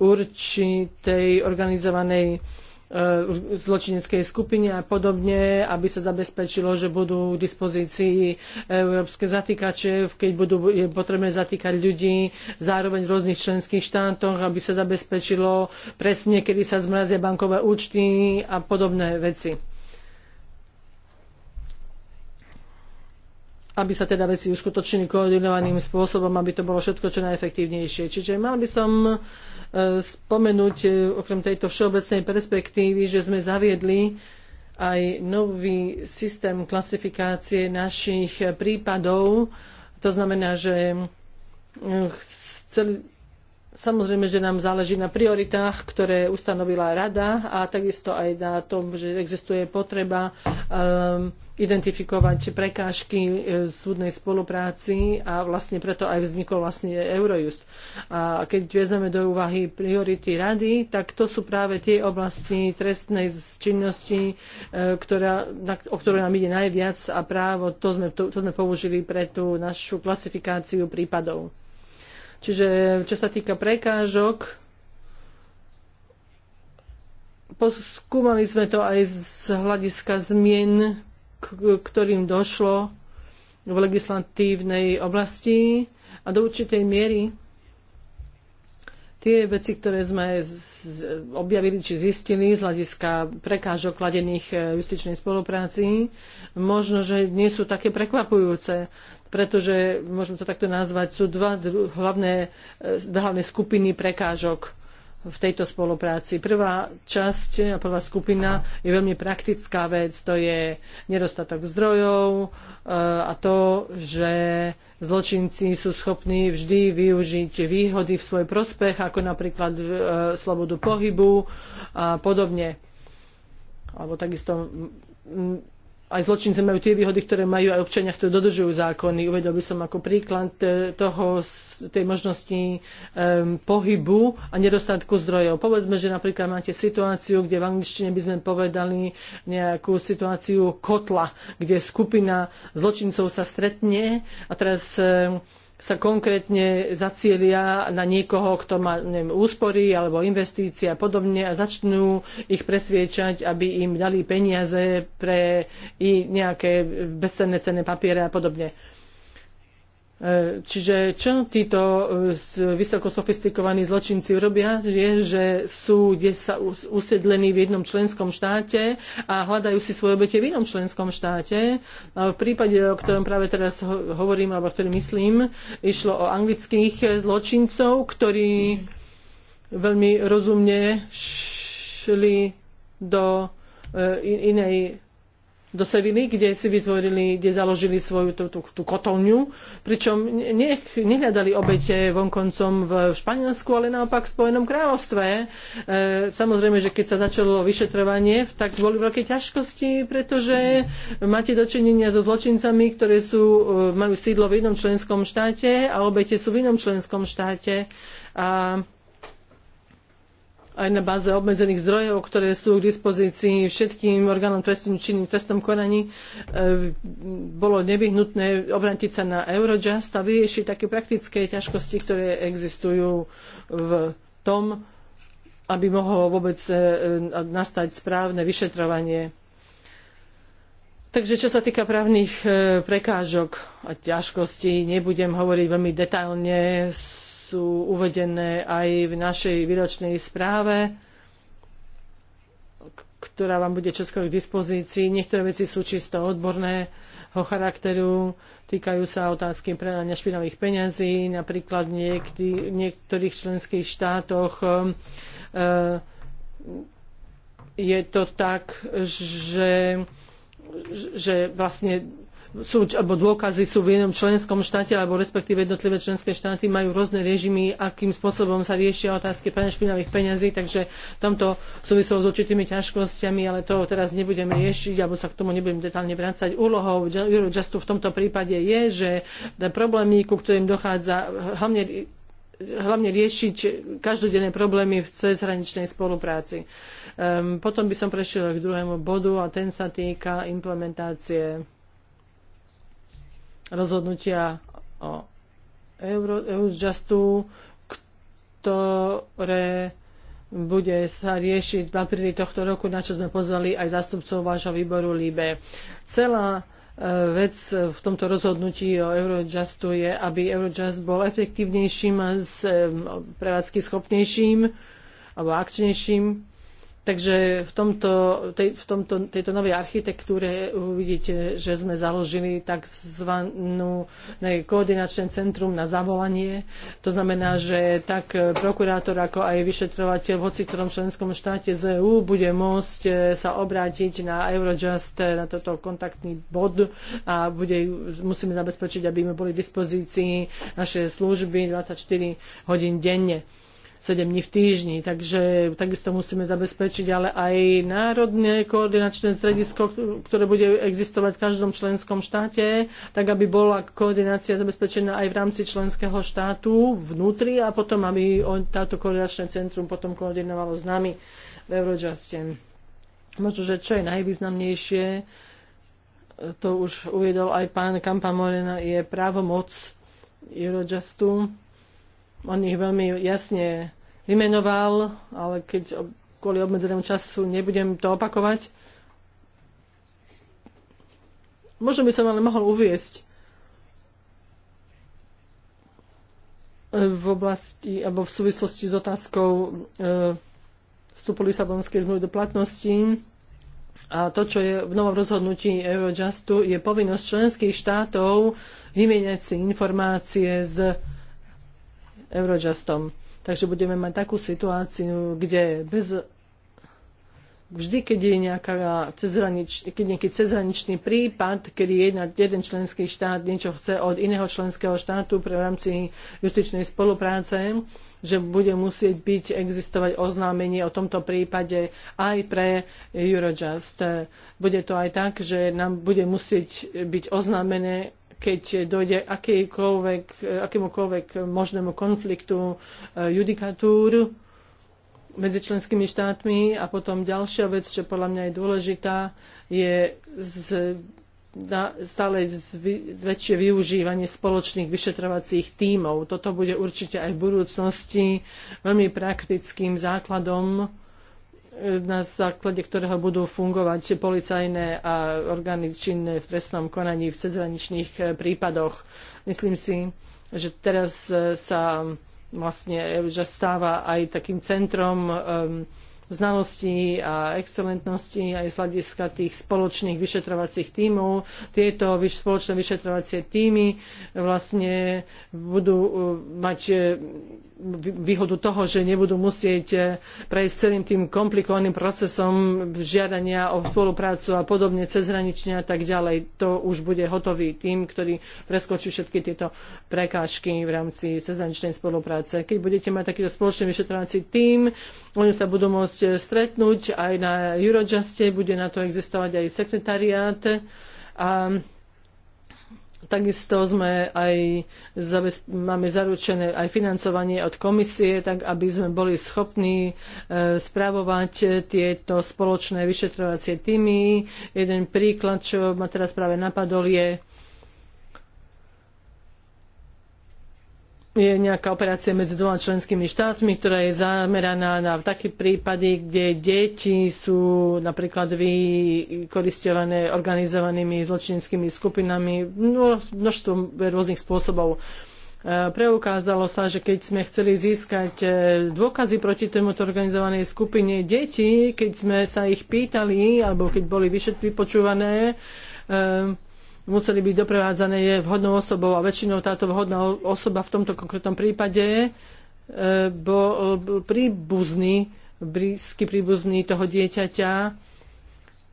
určitej organizovanej e, zločineckej skupine a podobne, aby sa zabezpečilo, že budú k dispozícii e, európske zatýkače, keď budú, je potrebné zatýkať ľudí zároveň v rôznych členských štátoch, aby sa zabezpečilo presne, kedy sa zmrazia bankové účty a podobné veci. aby sa teda veci uskutočnili koordinovaným spôsobom, aby to bolo všetko čo najefektívnejšie. Čiže mal by som spomenúť e, okrem tejto všeobecnej perspektívy, že sme zaviedli aj nový systém klasifikácie našich prípadov. To znamená, že e, chceli, Samozrejme, že nám záleží na prioritách, ktoré ustanovila Rada a takisto aj na tom, že existuje potreba um, identifikovať prekážky v e, súdnej spolupráci a vlastne preto aj vznikol vlastne Eurojust. A keď vezmeme do úvahy priority Rady, tak to sú práve tie oblasti trestnej činnosti, e, ktorá, o ktorú nám ide najviac a právo to sme, to, to sme použili pre tú našu klasifikáciu prípadov. Čiže čo sa týka prekážok, skúmali sme to aj z hľadiska zmien, k ktorým došlo v legislatívnej oblasti a do určitej miery tie veci, ktoré sme objavili či zistili z hľadiska prekážok kladených eh, justičnej spolupráci, možno, že nie sú také prekvapujúce pretože, môžeme to takto nazvať, sú dva hlavné, e, hlavné skupiny prekážok v tejto spolupráci. Prvá časť a prvá skupina je veľmi praktická vec, to je nedostatok zdrojov e, a to, že zločinci sú schopní vždy využiť výhody v svoj prospech, ako napríklad e, slobodu pohybu a podobne. Alebo takisto aj zločinci majú tie výhody, ktoré majú aj občania, ktorí dodržujú zákony. Uvedol by som ako príklad e, toho, tej možnosti um, pohybu a nedostatku zdrojov. Povedzme, že napríklad máte situáciu, kde v angličtine by sme povedali nejakú situáciu kotla, kde skupina zločincov sa stretne a teraz um, sa konkrétne zacielia na niekoho, kto má neviem, úspory alebo investície a podobne a začnú ich presviečať, aby im dali peniaze pre i nejaké bezcenné cenné papiere a podobne. E, čiže čo títo e, vysoko sofistikovaní zločinci robia, je, že sú kde sa usiedlení v jednom členskom štáte a hľadajú si svoje obete v inom členskom štáte. V prípade, o ktorom práve teraz hovorím, alebo ktorý myslím, išlo o anglických e, zločincov, ktorí veľmi rozumne šli do inej do Sevily, kde si vytvorili, kde založili svoju tú, tú, tú kotolňu, pričom nech, nehľadali obete vonkoncom v Španielsku, ale naopak v Spojenom kráľovstve. E, samozrejme, že keď sa začalo vyšetrovanie, tak boli veľké ťažkosti, pretože máte dočinenia so zločincami, ktoré sú, e, majú sídlo v jednom členskom štáte a obete sú v inom členskom štáte. A aj na báze obmedzených zdrojov, ktoré sú k dispozícii všetkým orgánom trestným činným trestnom konaní, e, bolo nevyhnutné obrátiť sa na Eurojust a vyriešiť také praktické ťažkosti, ktoré existujú v tom, aby mohlo vôbec e, e, nastať správne vyšetrovanie. Takže čo sa týka právnych prekážok a ťažkostí, nebudem hovoriť veľmi detailne sú uvedené aj v našej výročnej správe, ktorá vám bude čoskoro k dispozícii. Niektoré veci sú čisto odborného charakteru, týkajú sa otázky prenania špinavých peňazí, napríklad niekdy, v niektorých členských štátoch eh, je to tak, že že vlastne sú, alebo dôkazy sú v jednom členskom štáte, alebo respektíve jednotlivé členské štáty majú rôzne režimy, akým spôsobom sa riešia otázky pre špinavých peňazí, takže tomto súvislo s určitými ťažkosťami, ale to teraz nebudem riešiť, alebo sa k tomu nebudem detálne vrácať. Úlohou Eurojustu v tomto prípade je, že problémy, ku ktorým dochádza, hlavne hlavne riešiť každodenné problémy v cezhraničnej spolupráci. Um, potom by som prešiel k druhému bodu a ten sa týka implementácie rozhodnutia o Euro, Eurojustu, ktoré bude sa riešiť v apríli tohto roku, na čo sme pozvali aj zástupcov vášho výboru LIBE. Celá e, vec v tomto rozhodnutí o Eurojustu je, aby Eurojust bol efektívnejším a e, prevádzky schopnejším alebo akčnejším Takže v, tomto, tej, v tomto, tejto novej architektúre uvidíte, že sme založili tzv. koordinačné centrum na zavolanie. To znamená, že tak prokurátor ako aj vyšetrovateľ v hoci ktorom členskom štáte z EU bude môcť e, sa obrátiť na Eurojust, e, na toto kontaktný bod a bude, musíme zabezpečiť, aby sme boli v dispozícii naše služby 24 hodín denne. 7 dní v týždni. Takže takisto musíme zabezpečiť ale aj národné koordinačné stredisko, ktoré bude existovať v každom členskom štáte, tak aby bola koordinácia zabezpečená aj v rámci členského štátu vnútri a potom aby táto koordinačné centrum potom koordinovalo s nami v Eurojuste. Možno, že čo je najvýznamnejšie, to už uviedol aj pán Kampa Morena, je právomoc Eurojustu on ich veľmi jasne vymenoval, ale keď kvôli obmedzenému času nebudem to opakovať. Možno by som ale mohol uviesť e, v oblasti alebo v súvislosti s otázkou e, vstupu Lisabonskej zmluvy do platnosti. A to, čo je v novom rozhodnutí Eurojustu, je povinnosť členských štátov vymieňať si informácie z Eurojustom. Takže budeme mať takú situáciu, kde bez vždy, keď je nejaká cezranič, keď nejaký cezhraničný prípad, kedy jedna, jeden členský štát niečo chce od iného členského štátu pre rámci justičnej spolupráce, že bude musieť byť existovať oznámenie o tomto prípade aj pre Eurojust. Bude to aj tak, že nám bude musieť byť oznámené keď dojde akémukoľvek možnému konfliktu e, judikatúr medzi členskými štátmi. A potom ďalšia vec, čo podľa mňa je dôležitá, je z, na stále väčšie využívanie spoločných vyšetrovacích tímov. Toto bude určite aj v budúcnosti veľmi praktickým základom na základe ktorého budú fungovať policajné a orgány činné v trestnom konaní v cezhraničných e, prípadoch. Myslím si, že teraz e, sa vlastne e, že stáva aj takým centrom znalostí a excelentnosti aj z hľadiska tých spoločných vyšetrovacích tímov. Tieto spoločné vyšetrovacie týmy vlastne budú mať výhodu toho, že nebudú musieť e, prejsť celým tým komplikovaným procesom žiadania o spoluprácu a podobne cezhranične a tak ďalej. To už bude hotový tým, ktorý preskočí všetky tieto prekážky v rámci cezhraničnej spolupráce. Keď budete mať takýto spoločný vyšetrovací tím, oni sa budú môcť e, stretnúť aj na Eurojuste, bude na to existovať aj sekretariát a Takisto sme aj, máme zaručené aj financovanie od komisie, tak aby sme boli schopní e, spravovať tieto spoločné vyšetrovacie týmy. Jeden príklad, čo ma teraz práve napadol, je je nejaká operácia medzi dvoma členskými štátmi, ktorá je zameraná na také prípady, kde deti sú napríklad vykoristované organizovanými zločinskými skupinami, množstvom rôznych spôsobov. E, preukázalo sa, že keď sme chceli získať e, dôkazy proti tomuto organizovanej skupine detí, keď sme sa ich pýtali, alebo keď boli počúvané, e, museli byť doprevádzané vhodnou osobou a väčšinou táto vhodná osoba v tomto konkrétnom prípade e, bol e, príbuzný, blízky príbuzný toho dieťaťa,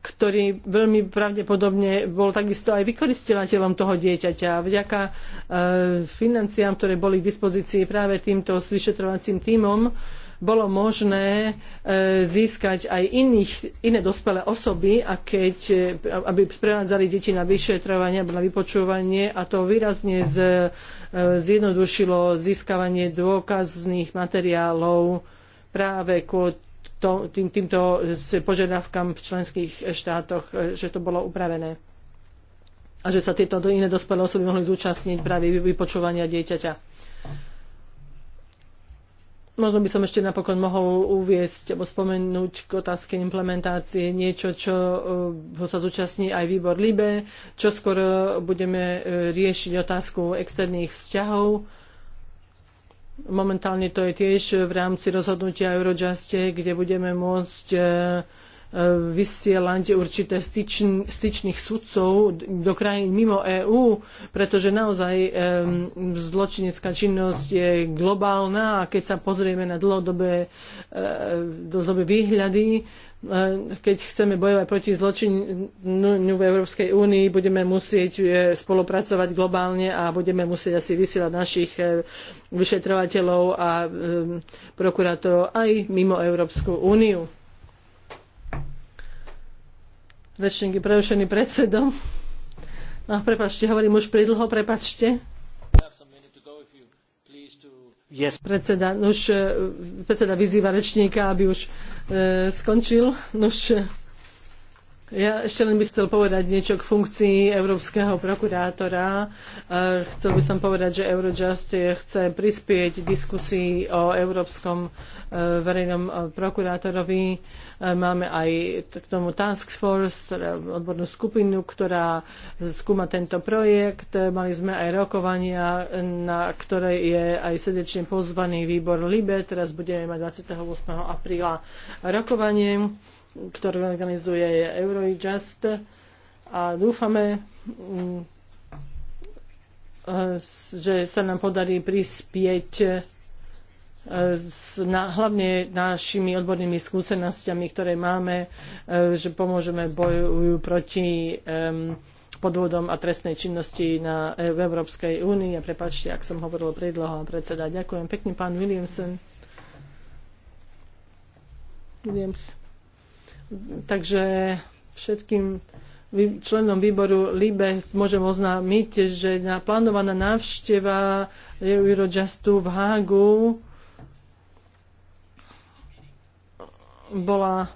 ktorý veľmi pravdepodobne bol takisto aj vykoristovateľom toho dieťaťa. Vďaka e, financiám, ktoré boli k dispozícii práve týmto vyšetrovacím tímom, bolo možné e, získať aj iných, iné dospelé osoby, a keď, e, aby sprevádzali deti na vyšetrovanie alebo na vypočúvanie a to výrazne z, e, zjednodušilo získavanie dôkazných materiálov práve kvôli tým, týmto požiadavkám v členských štátoch, že to bolo upravené a že sa tieto iné dospelé osoby mohli zúčastniť práve vypočúvania dieťaťa. Možno by som ešte napokon mohol uviesť alebo spomenúť k otázke implementácie niečo, čo eh, ho sa zúčastní aj výbor LIBE, čo skoro eh, budeme eh, riešiť otázku externých vzťahov. Momentálne to je tiež v rámci rozhodnutia Eurojuste, kde budeme môcť vysielať určité styčn, styčných sudcov do krajín mimo EÚ, pretože naozaj zločinecká činnosť je globálna a keď sa pozrieme na dlhodobé, e, dlhodobé výhľady, e, keď chceme bojovať proti zločinu v Európskej únii, budeme musieť e, spolupracovať globálne a budeme musieť asi vysielať našich vyšetrovateľov a prokurátorov aj mimo Európsku úniu. Rečník je prerušený predsedom. No, prepačte, hovorím už pridlho, prepačte. Yes. Predseda, nuž, eh, predseda vyzýva rečníka, aby už e, skončil. Nuž, eh, ja ešte len by chcel povedať niečo k funkcii európskeho prokurátora. E, chcel by som povedať, že Eurojust chce prispieť diskusii o európskom e, verejnom e, prokurátorovi. Máme aj k tomu task force, teda odbornú skupinu, ktorá skúma tento projekt. Mali sme aj rokovania, na ktoré je aj srdečne pozvaný výbor LIBE. Teraz budeme mať 28. apríla rokovanie ktorú organizuje Eurojust a dúfame, mm, že sa nám podarí prispieť e, s, na, hlavne našimi odbornými skúsenostiami, ktoré máme, e, že pomôžeme boju proti um, podvodom a trestnej činnosti na, e, v Európskej únii. A prepáčte, ak som hovoril predloho predseda. Ďakujem pekne, pán Williamson. Williams. Takže všetkým členom výboru LIBE môžem oznámiť, že na plánovaná návšteva Eurojustu v Hágu bola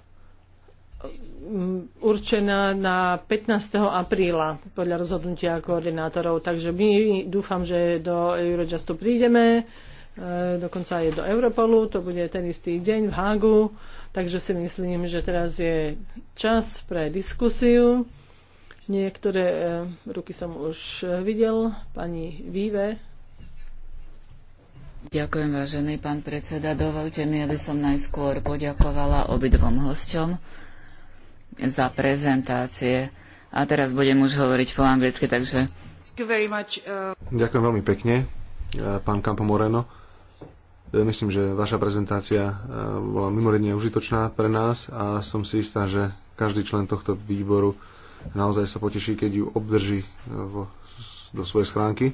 mm, určená na 15. apríla podľa rozhodnutia koordinátorov. Takže my dúfam, že do Eurojustu prídeme, e, dokonca aj do Europolu, to bude ten istý deň v Hágu Takže si myslím, že teraz je čas pre diskusiu. Niektoré e, ruky som už videl. Pani Víve. Ďakujem, vážený pán predseda. Dovolte mi, aby som najskôr poďakovala obidvom hosťom za prezentácie. A teraz budem už hovoriť po anglicky, takže... Uh, Ďakujem veľmi pekne, e, pán Campo Moreno. Myslím, že vaša prezentácia eh, bola mimoriadne užitočná pre nás a som si istá, že každý člen tohto výboru naozaj sa poteší, keď ju obdrží eh, vo, do svojej schránky.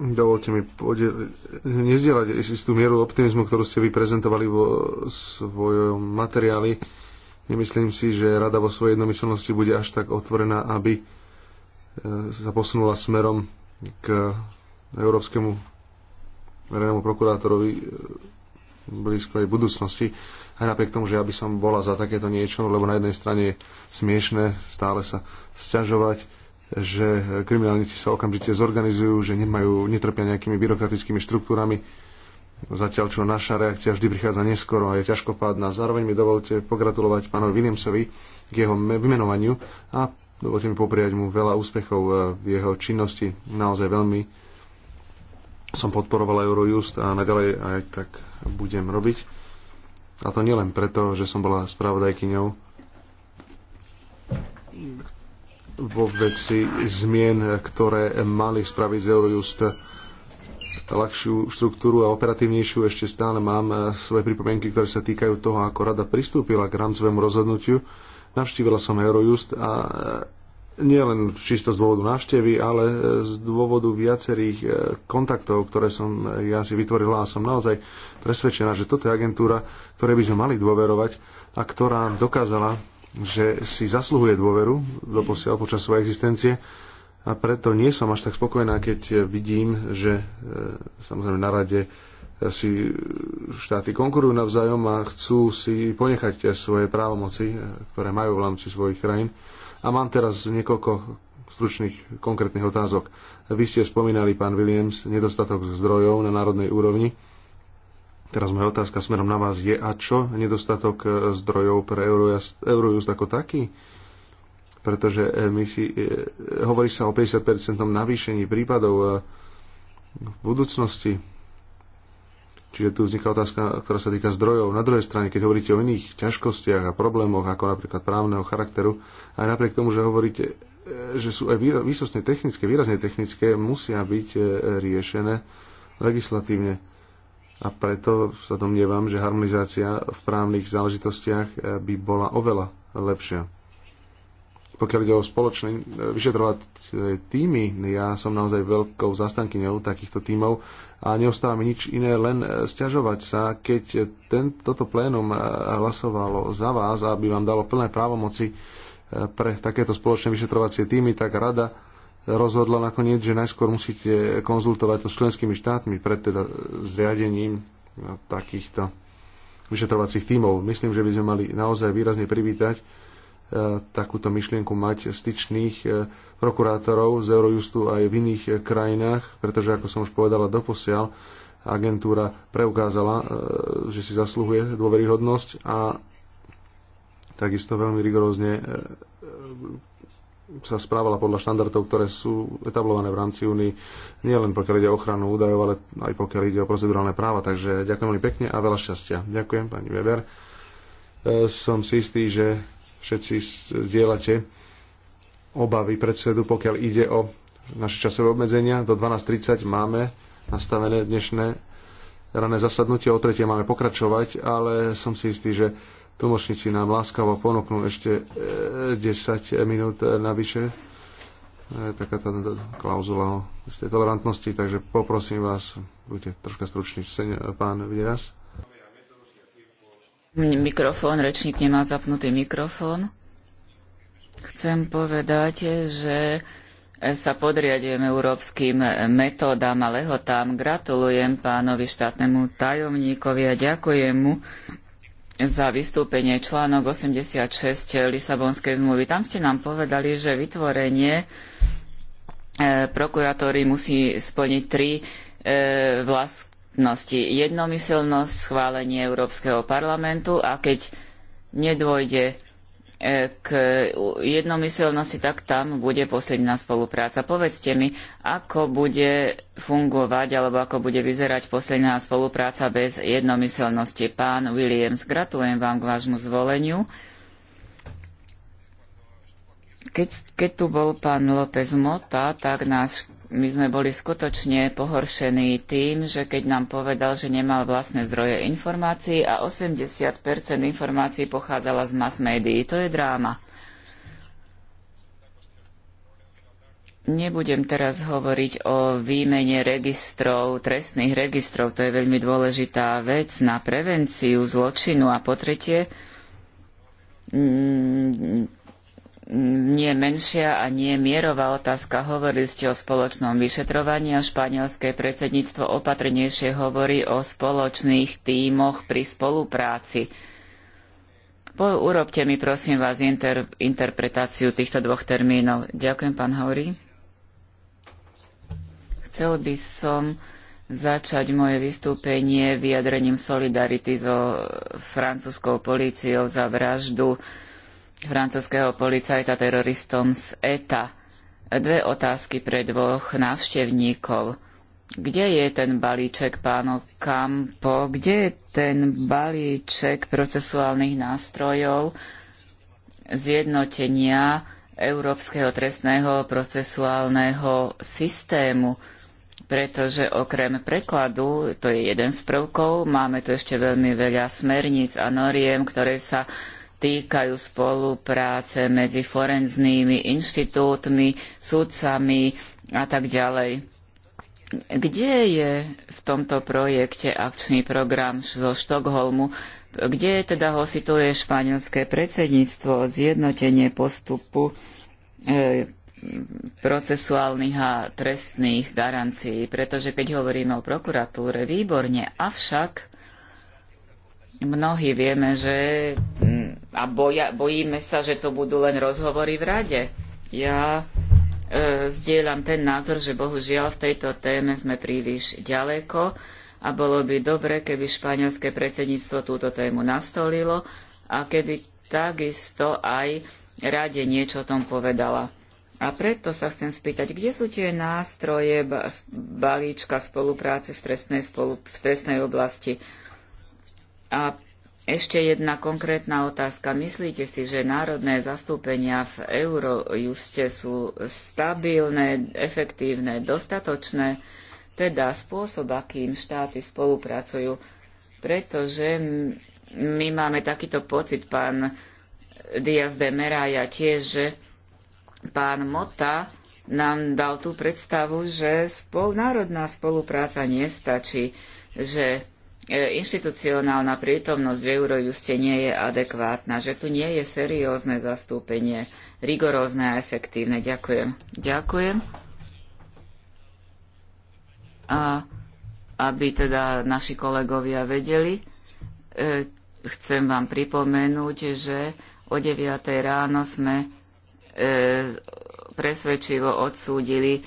Dovolte mi nezdieľať istú mieru optimizmu, ktorú ste vyprezentovali vo svojom materiáli. Nemyslím si, že rada vo svojej jednomyselnosti bude až tak otvorená, aby E, sa posunula smerom k európskemu verejnému prokurátorovi v e, blízkej budúcnosti. Aj napriek tomu, že ja by som bola za takéto niečo, lebo na jednej strane je smiešne stále sa sťažovať, že kriminálnici sa okamžite zorganizujú, že nemajú, netrpia nejakými byrokratickými štruktúrami, zatiaľ čo naša reakcia vždy prichádza neskoro a je ťažkopádna. Zároveň mi dovolte pogratulovať pánovi Williamsovi k jeho vymenovaniu a Dovolte mi popriať mu veľa úspechov v jeho činnosti. Naozaj veľmi som podporoval Eurojust a naďalej aj tak budem robiť. A to nielen preto, že som bola spravodajkyňou vo veci zmien, ktoré mali spraviť z Eurojust ľahšiu štruktúru a operatívnejšiu. Ešte stále mám eh, svoje pripomienky, ktoré sa týkajú toho, ako rada pristúpila k rámcovému rozhodnutiu Navštívila som Eurojust a e, nie len čisto z dôvodu návštevy, ale e, z dôvodu viacerých e, kontaktov, ktoré som ja si vytvorila a som naozaj presvedčená, že toto je agentúra, ktoré by sme mali dôverovať a ktorá dokázala, že si zasluhuje dôveru doposiaľ počas svojej existencie a preto nie som až tak spokojná, keď vidím, že samozrejme na rade si štáty konkurujú navzájom a chcú si ponechať svoje právomoci, ktoré majú v rámci svojich krajín. A mám teraz niekoľko stručných konkrétnych otázok. Vy ste spomínali, pán Williams, nedostatok zdrojov na národnej úrovni. Teraz moja otázka smerom na vás je, a čo nedostatok zdrojov pre Eurojust ako taký? Pretože my si, e, hovorí sa o 50% navýšení prípadov e, v budúcnosti Čiže tu vzniká otázka, ktorá sa týka zdrojov. Na druhej strane, keď hovoríte o iných ťažkostiach a problémoch, ako napríklad právneho charakteru, aj napriek tomu, že hovoríte, e, že sú aj výsostne technické, výrazne technické, musia byť e, riešené legislatívne. A preto sa domnievam, že harmonizácia v právnych záležitostiach e, by bola oveľa lepšia pokiaľ ide o spoločné e, vyšetrovacie týmy, ja som naozaj veľkou zastankyňou takýchto týmov a neostáva mi nič iné, len e, stiažovať sa, keď ten, toto plénum e, hlasovalo za vás, aby vám dalo plné právomoci pre takéto spoločné vyšetrovacie týmy, tak rada rozhodla nakoniec, že najskôr musíte konzultovať to s členskými štátmi pred teda zriadením no, takýchto vyšetrovacích tímov. Myslím, že by sme mali naozaj výrazne privítať takúto myšlienku mať styčných e, prokurátorov z Eurojustu aj v iných e, krajinách, pretože, ako som už povedala, doposiaľ agentúra preukázala, e, že si zasluhuje dôveryhodnosť a takisto veľmi rigorózne sa správala podľa štandardov, ktoré sú etablované v rámci únii, nielen pokiaľ ide o ochranu údajov, ale aj pokiaľ ide o procedurálne práva. Takže ďakujem veľmi pekne a veľa šťastia. Ďakujem, pani Weber. Som si istý, že všetci zdieľate obavy predsedu, pokiaľ ide o naše časové obmedzenia. Do 12.30 máme nastavené dnešné rané zasadnutie, o tretie máme pokračovať, ale som si istý, že tlmočníci nám láskavo ponúknú ešte 10 e, minút navyše. Je taká tá klauzula o tolerantnosti, takže poprosím vás, buďte troška struční, pán Vieras. Mikrofón, rečník nemá zapnutý mikrofón. Chcem povedať, že sa podriadujem európskym metódám a lehotám. Gratulujem pánovi štátnemu tajomníkovi a ďakujem mu za vystúpenie článok 86 Lisabonskej zmluvy. Tam ste nám povedali, že vytvorenie e, prokurátory musí splniť tri e, vlast jednotnosti, jednomyseľnosť, schválenie Európskeho parlamentu a keď nedôjde e, k jednomyseľnosti, tak tam bude posledná spolupráca. Povedzte mi, ako bude fungovať alebo ako bude vyzerať posledná spolupráca bez jednomyseľnosti. Pán Williams, gratulujem vám k vášmu zvoleniu. Keď, keď tu bol pán López Mota, tak nás my sme boli skutočne pohoršení tým, že keď nám povedal, že nemal vlastné zdroje informácií a 80% informácií pochádzala z mass médií. To je dráma. Nebudem teraz hovoriť o výmene registrov, trestných registrov, to je veľmi dôležitá vec na prevenciu zločinu a potretie mm, nie menšia a nie mierová otázka. Hovorili ste o spoločnom vyšetrovaní a španielské predsedníctvo opatrnejšie hovorí o spoločných tímoch pri spolupráci. Po, urobte mi prosím vás inter, interpretáciu týchto dvoch termínov. Ďakujem, pán Hauri. Chcel by som začať moje vystúpenie vyjadrením solidarity so francúzskou políciou za vraždu francúzského policajta teroristom z ETA. Dve otázky pre dvoch návštevníkov. Kde je ten balíček, páno Kampo? Kde je ten balíček procesuálnych nástrojov zjednotenia európskeho trestného procesuálneho systému? pretože okrem prekladu, to je jeden z prvkov, máme tu ešte veľmi veľa smerníc a noriem, ktoré sa týkajú spolupráce medzi forenznými inštitútmi, sudcami a tak ďalej. Kde je v tomto projekte akčný program zo Štokholmu? Kde teda ho situuje španielské predsedníctvo, zjednotenie postupu e, procesuálnych a trestných garancií? Pretože keď hovoríme o prokuratúre, výborne, avšak Mnohí vieme, že mm, a boja, bojíme sa, že to budú len rozhovory v rade. Ja e, zdieľam ten názor, že bohužiaľ v tejto téme sme príliš ďaleko a bolo by dobre, keby španielské predsedníctvo túto tému nastolilo a keby takisto aj rade niečo o tom povedala. A preto sa chcem spýtať, kde sú tie nástroje balíčka spolupráce v trestnej, spolu, v trestnej oblasti? A ešte jedna konkrétna otázka. Myslíte si, že národné zastúpenia v Eurojuste sú stabilné, efektívne, dostatočné, teda spôsob, akým štáty spolupracujú? Pretože my máme takýto pocit, pán Diaz de Meraja tiež, že pán Mota nám dal tú predstavu, že spol, národná spolupráca nestačí, že E, inštitucionálna prítomnosť v Eurojuste nie je adekvátna, že tu nie je seriózne zastúpenie, rigorózne a efektívne. Ďakujem. Ďakujem. A aby teda naši kolegovia vedeli, e, chcem vám pripomenúť, že o 9. ráno sme e, presvedčivo odsúdili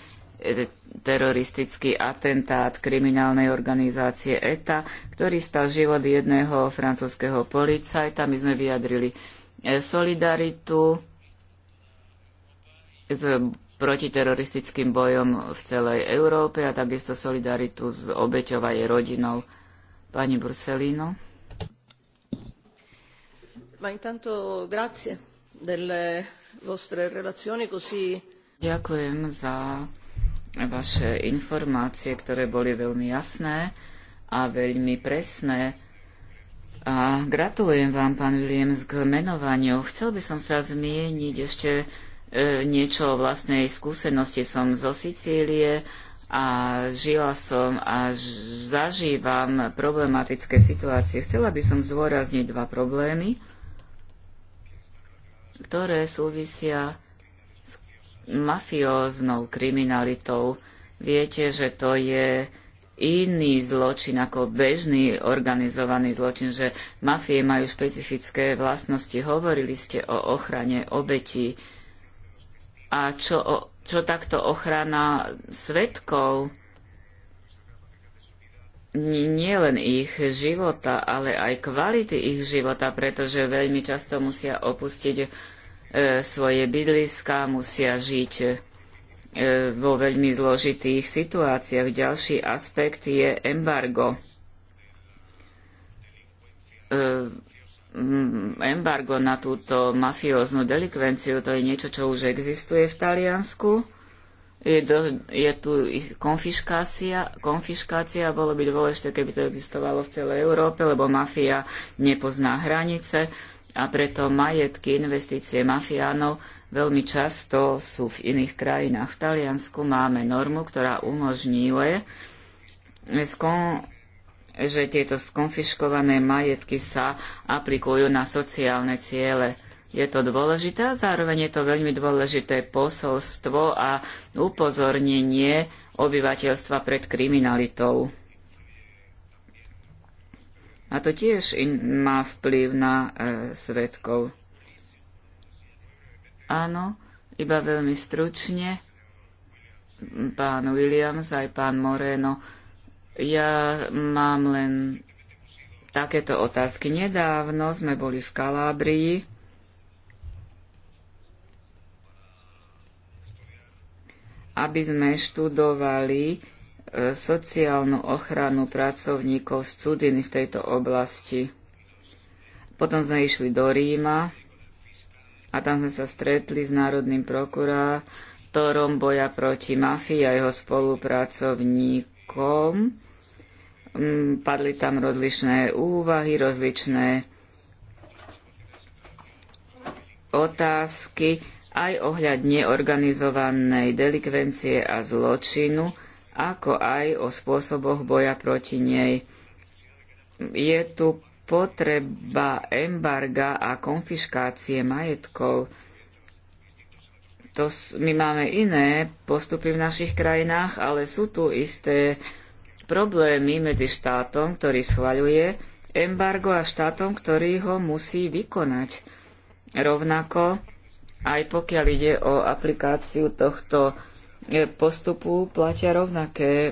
teroristický atentát kriminálnej organizácie ETA, ktorý stal život jedného francúzského policajta. My sme vyjadrili e, solidaritu s protiteroristickým bojom v celej Európe a takisto solidaritu s obeťou a jej rodinou. Pani Bruselino. Ma intanto grazie delle vostre relazioni così... Ďakujem za vaše informácie, ktoré boli veľmi jasné a veľmi presné. A gratulujem vám, pán Williams, k menovaniu. Chcel by som sa zmieniť ešte e, niečo o vlastnej skúsenosti. Som zo Sicílie a žila som a zažívam problematické situácie. Chcela by som zdôrazniť dva problémy, ktoré súvisia mafióznou kriminalitou. Viete, že to je iný zločin ako bežný organizovaný zločin, že mafie majú špecifické vlastnosti. Hovorili ste o ochrane obetí. A čo, o, čo takto ochrana svetkov? nie len ich života, ale aj kvality ich života, pretože veľmi často musia opustiť E, svoje bydliská, musia žiť e, vo veľmi zložitých situáciách. Ďalší aspekt je embargo. E, embargo na túto mafióznu delikvenciu, to je niečo, čo už existuje v Taliansku. Je, do, je tu konfiškácia, konfiškácia, bolo by dôležité, keby to existovalo v celej Európe, lebo mafia nepozná hranice a preto majetky, investície mafiánov veľmi často sú v iných krajinách. V Taliansku máme normu, ktorá umožňuje, že tieto skonfiškované majetky sa aplikujú na sociálne ciele. Je to dôležité a zároveň je to veľmi dôležité posolstvo a upozornenie obyvateľstva pred kriminalitou. A to tiež in, má vplyv na e, svetkov. Áno, iba veľmi stručne. Pán Williams aj pán Moreno. Ja mám len takéto otázky. Nedávno sme boli v Kalábrii. aby sme študovali sociálnu ochranu pracovníkov z cudziny v tejto oblasti. Potom sme išli do Ríma a tam sme sa stretli s národným prokurátorom boja proti mafii a jeho spolupracovníkom. Mm, padli tam rozličné úvahy, rozličné otázky aj ohľadne organizovanej delikvencie a zločinu ako aj o spôsoboch boja proti nej. Je tu potreba embarga a konfiškácie majetkov. To, my máme iné postupy v našich krajinách, ale sú tu isté problémy medzi štátom, ktorý schvaľuje embargo a štátom, ktorý ho musí vykonať. Rovnako aj pokiaľ ide o aplikáciu tohto E, postupu platia rovnaké e,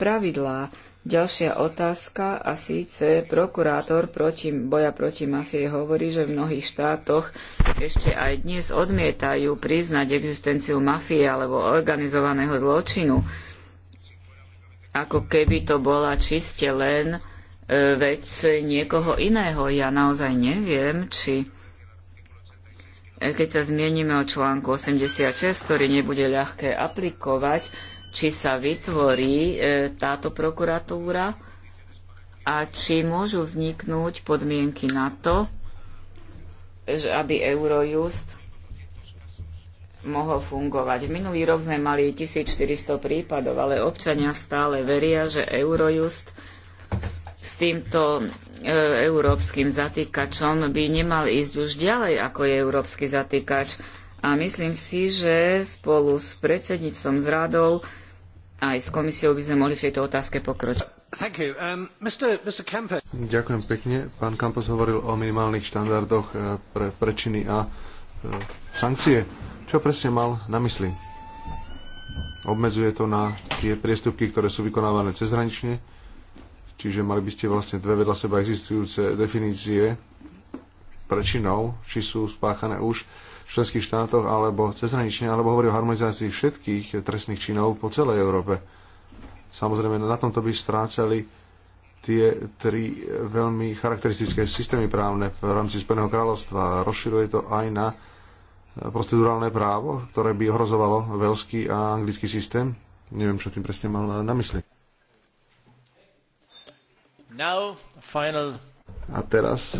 pravidlá. Ďalšia otázka a síce prokurátor proti, boja proti mafie hovorí, že v mnohých štátoch ešte aj dnes odmietajú priznať existenciu mafie alebo organizovaného zločinu, ako keby to bola čiste len e, vec niekoho iného. Ja naozaj neviem, či keď sa zmienime o článku 86, ktorý nebude ľahké aplikovať, či sa vytvorí e, táto prokuratúra a či môžu vzniknúť podmienky na to, že aby Eurojust mohol fungovať. Minulý rok sme mali 1400 prípadov, ale občania stále veria, že Eurojust s týmto e, európskym zatýkačom by nemal ísť už ďalej, ako je európsky zatýkač. A myslím si, že spolu s predsedníctvom z radou aj s komisiou by sme mohli v tejto otázke pokročiť. Um, Mr., Mr. Ďakujem pekne. Pán Kampos hovoril o minimálnych štandardoch e, pre prečiny a e, sankcie. Čo presne mal na mysli? Obmedzuje to na tie priestupky, ktoré sú vykonávané cezhranične? Čiže mali by ste vlastne dve vedľa seba existujúce definície prečinov, či sú spáchané už v členských štátoch alebo cezhranične, alebo hovorí o harmonizácii všetkých trestných činov po celej Európe. Samozrejme, na tomto by strácali tie tri veľmi charakteristické systémy právne v rámci Spojeného kráľovstva. Rozširuje to aj na procedurálne právo, ktoré by ohrozovalo veľský a anglický systém. Neviem, čo tým presne mal na mysli. A teraz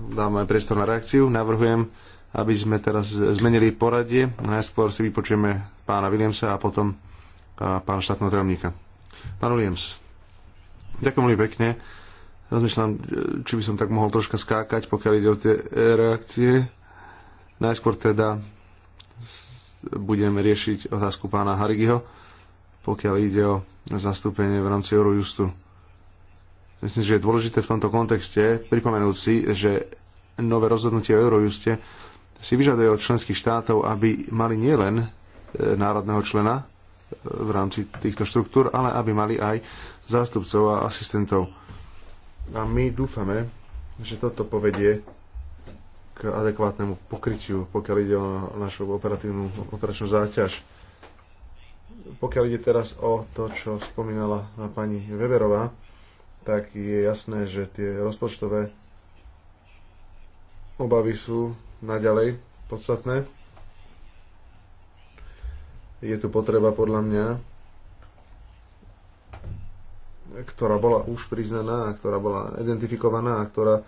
dáme priestor na reakciu. Navrhujem, aby sme teraz zmenili poradie. Najskôr si vypočujeme pána Williamsa a potom pána štátneho tajomníka. Pán Williams, ďakujem veľmi pekne. Rozmýšľam, či by som tak mohol troška skákať, pokiaľ ide o tie reakcie. Najskôr teda budem riešiť otázku pána Harigiho, pokiaľ ide o zastúpenie v rámci Eurojustu Myslím, že je dôležité v tomto kontexte pripomenúť si, že nové rozhodnutie o Eurojuste si vyžaduje od členských štátov, aby mali nielen e, národného člena e, v rámci týchto štruktúr, ale aby mali aj zástupcov a asistentov. A my dúfame, že toto povedie k adekvátnemu pokrytiu, pokiaľ ide o našu operatívnu, operačnú záťaž. Pokiaľ ide teraz o to, čo spomínala pani Weberová, tak je jasné, že tie rozpočtové obavy sú naďalej podstatné. Je tu potreba podľa mňa, ktorá bola už priznaná, ktorá bola identifikovaná, ktorá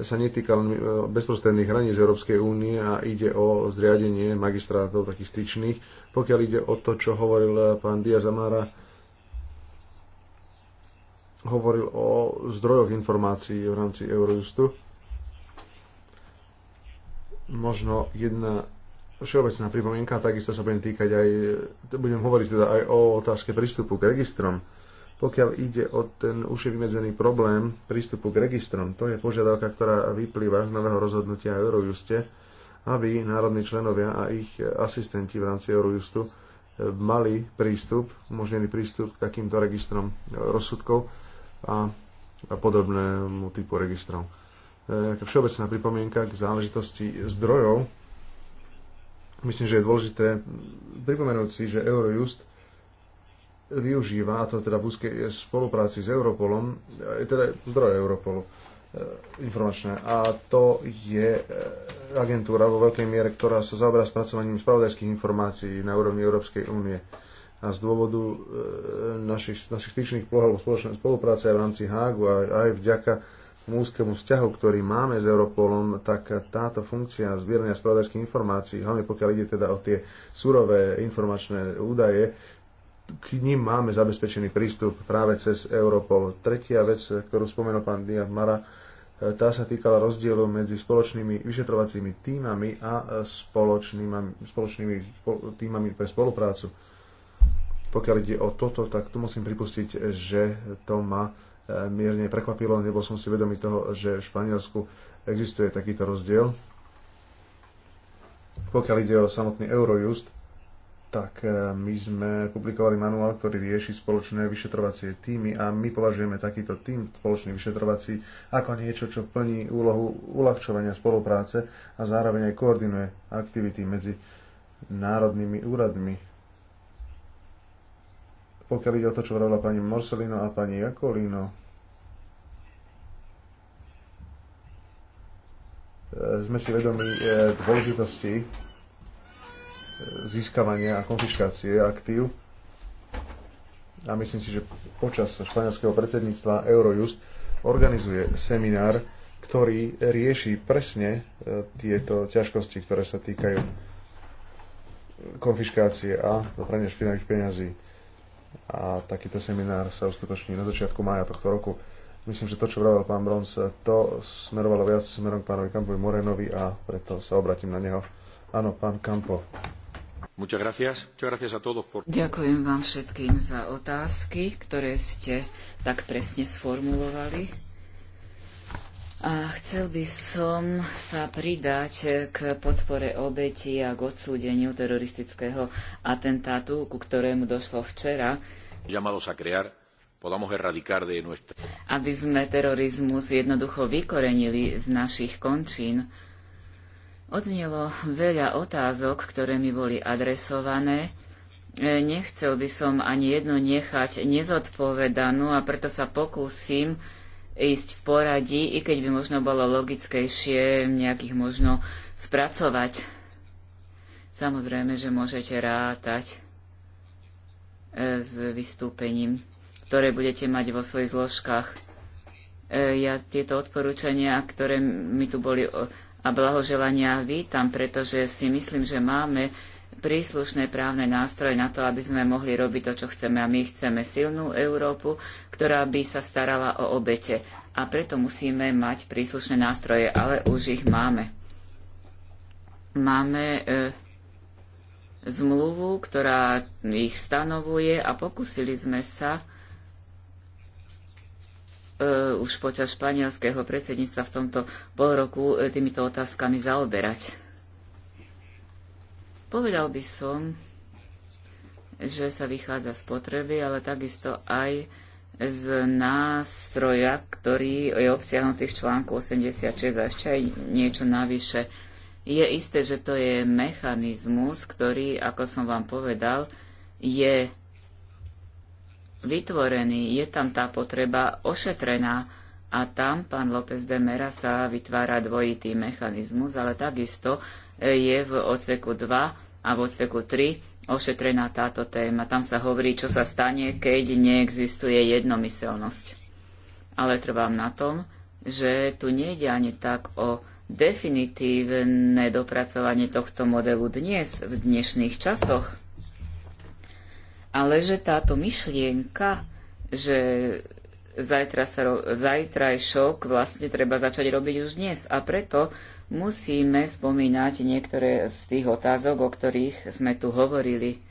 sa netýka len e, bezprostredných hraníc Európskej únie a ide o zriadenie magistrátov takých styčných. Pokiaľ ide o to, čo hovoril pán Diaz Amara, hovoril o zdrojoch informácií v rámci Eurojustu. Možno jedna všeobecná pripomienka, takisto sa budem týkať aj, budem hovoriť teda aj o otázke prístupu k registrom. Pokiaľ ide o ten už je vymedzený problém prístupu k registrom, to je požiadavka, ktorá vyplýva z nového rozhodnutia Eurojuste, aby národní členovia a ich asistenti v rámci Eurojustu e, mali prístup, umožnený prístup k takýmto registrom e, rozsudkov a podobnému typu registrov. E, všeobecná pripomienka k záležitosti zdrojov. Myslím, že je dôležité pripomenúť si, že Eurojust využíva, a to teda v úzkej spolupráci s Europolom, je teda zdroje Europolu e, informačné. A to je e, agentúra vo veľkej miere, ktorá sa zaoberá spracovaním spravodajských informácií na úrovni Európskej únie a z dôvodu e, našich, našich styčných ploch alebo spoločnej spolupráce aj v rámci Hágu a aj vďaka úzkému vzťahu, ktorý máme s Europolom, tak táto funkcia zbierania spravodajských informácií, hlavne pokiaľ ide teda o tie surové informačné údaje, k ním máme zabezpečený prístup práve cez Europol. Tretia vec, ktorú spomenul pán Diaz Mara, e, tá sa týkala rozdielu medzi spoločnými vyšetrovacími týmami a spoločnými, spoločnými týmami pre spoluprácu pokiaľ ide o toto, tak tu musím pripustiť, že to ma e, mierne prekvapilo, nebol som si vedomý toho, že v Španielsku existuje takýto rozdiel. Pokiaľ ide o samotný Eurojust, tak e, my sme publikovali manuál, ktorý rieši spoločné vyšetrovacie týmy a my považujeme takýto tým spoločný vyšetrovací ako niečo, čo plní úlohu uľahčovania spolupráce a zároveň aj koordinuje aktivity medzi národnými úradmi pokiaľ ide o to, čo vravila pani Morselino a pani Jakolino, e, sme si vedomi e, dôležitosti e, získavania a konfiškácie aktív. A myslím si, že počas španielského predsedníctva Eurojust organizuje seminár, ktorý rieši presne tieto ťažkosti, ktoré sa týkajú konfiškácie a doprania špinavých peňazí a takýto seminár sa uskutoční na začiatku mája tohto roku. Myslím, že to, čo vravel pán Brons, to smerovalo viac smerom k pánovi Campovi Morenovi a preto sa obratím na neho. Áno, pán Campo. Ďakujem vám všetkým za otázky, ktoré ste tak presne sformulovali. A chcel by som sa pridať k podpore obetí a k odsúdeniu teroristického atentátu, ku ktorému došlo včera. Aby sme terorizmus jednoducho vykorenili z našich končín. Odznelo veľa otázok, ktoré mi boli adresované. E, nechcel by som ani jednu nechať nezodpovedanú a preto sa pokúsim ísť v poradí, i keď by možno bolo logickejšie nejakých možno spracovať. Samozrejme, že môžete rátať e, s vystúpením, ktoré budete mať vo svojich zložkách. E, ja tieto odporúčania, ktoré mi tu boli a blahoželania vítam, pretože si myslím, že máme príslušné právne nástroje na to, aby sme mohli robiť to, čo chceme. A my chceme silnú Európu, ktorá by sa starala o obete. A preto musíme mať príslušné nástroje, ale už ich máme. Máme e, zmluvu, ktorá ich stanovuje a pokúsili sme sa e, už počas španielského predsedníctva v tomto pol roku e, týmito otázkami zaoberať. Povedal by som, že sa vychádza z potreby, ale takisto aj z nástroja, ktorý je obsiahnutý v článku 86 a ešte aj niečo navyše. Je isté, že to je mechanizmus, ktorý, ako som vám povedal, je vytvorený, je tam tá potreba ošetrená a tam pán López de Mera sa vytvára dvojitý mechanizmus, ale takisto je v odseku 2 a v odseku 3 ošetrená táto téma. Tam sa hovorí, čo sa stane, keď neexistuje jednomyselnosť. Ale trvám na tom, že tu nejde ani tak o definitívne dopracovanie tohto modelu dnes, v dnešných časoch, ale že táto myšlienka, že zajtra sa, zajtrajšok vlastne treba začať robiť už dnes. A preto musíme spomínať niektoré z tých otázok, o ktorých sme tu hovorili.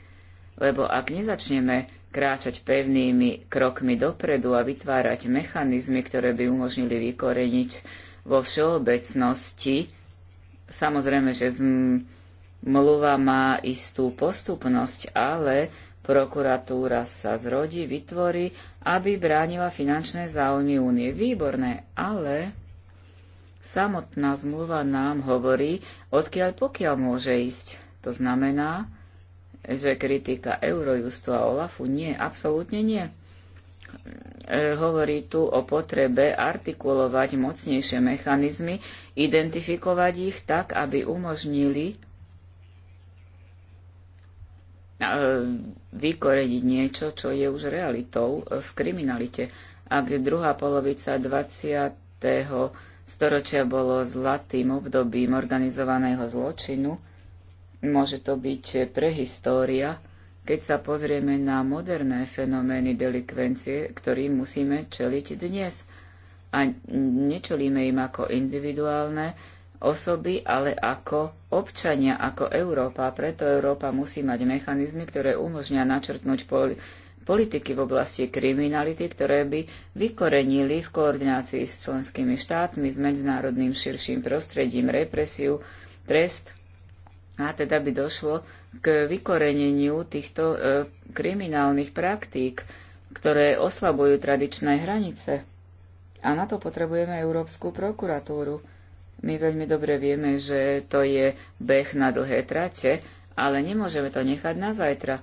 Lebo ak nezačneme kráčať pevnými krokmi dopredu a vytvárať mechanizmy, ktoré by umožnili vykoreniť vo všeobecnosti, samozrejme, že mluva má istú postupnosť, ale prokuratúra sa zrodí, vytvorí aby bránila finančné záujmy únie. Výborné, ale samotná zmluva nám hovorí, odkiaľ pokiaľ môže ísť. To znamená, že kritika Eurojustu a Olafu nie, absolútne nie e, hovorí tu o potrebe artikulovať mocnejšie mechanizmy, identifikovať ich tak, aby umožnili vykorediť niečo, čo je už realitou v kriminalite. Ak druhá polovica 20. storočia bolo zlatým obdobím organizovaného zločinu, môže to byť prehistória, keď sa pozrieme na moderné fenomény delikvencie, ktorým musíme čeliť dnes. A nečelíme im ako individuálne, osoby, ale ako občania, ako Európa. Preto Európa musí mať mechanizmy, ktoré umožňa načrtnúť poli- politiky v oblasti kriminality, ktoré by vykorenili v koordinácii s členskými štátmi, s medzinárodným širším prostredím, represiu, trest a teda by došlo k vykoreneniu týchto e, kriminálnych praktík, ktoré oslabujú tradičné hranice. A na to potrebujeme Európsku prokuratúru my veľmi dobre vieme, že to je beh na dlhé trate, ale nemôžeme to nechať na zajtra.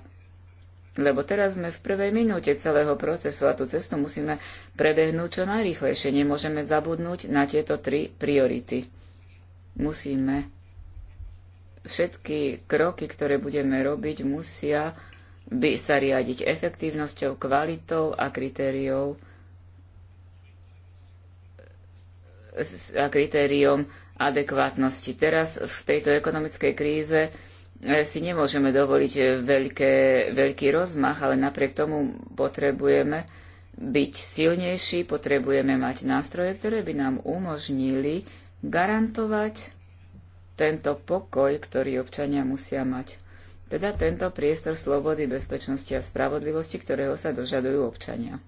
Lebo teraz sme v prvej minúte celého procesu a tú cestu musíme prebehnúť čo najrýchlejšie. Nemôžeme zabudnúť na tieto tri priority. Musíme. Všetky kroky, ktoré budeme robiť, musia by sa riadiť efektívnosťou, kvalitou a kritériou a kritériom adekvátnosti. Teraz v tejto ekonomickej kríze e, si nemôžeme dovoliť e, veľké, veľký rozmach, ale napriek tomu potrebujeme byť silnejší, potrebujeme mať nástroje, ktoré by nám umožnili garantovať tento pokoj, ktorý občania musia mať. Teda tento priestor slobody, bezpečnosti a spravodlivosti, ktorého sa dožadujú občania.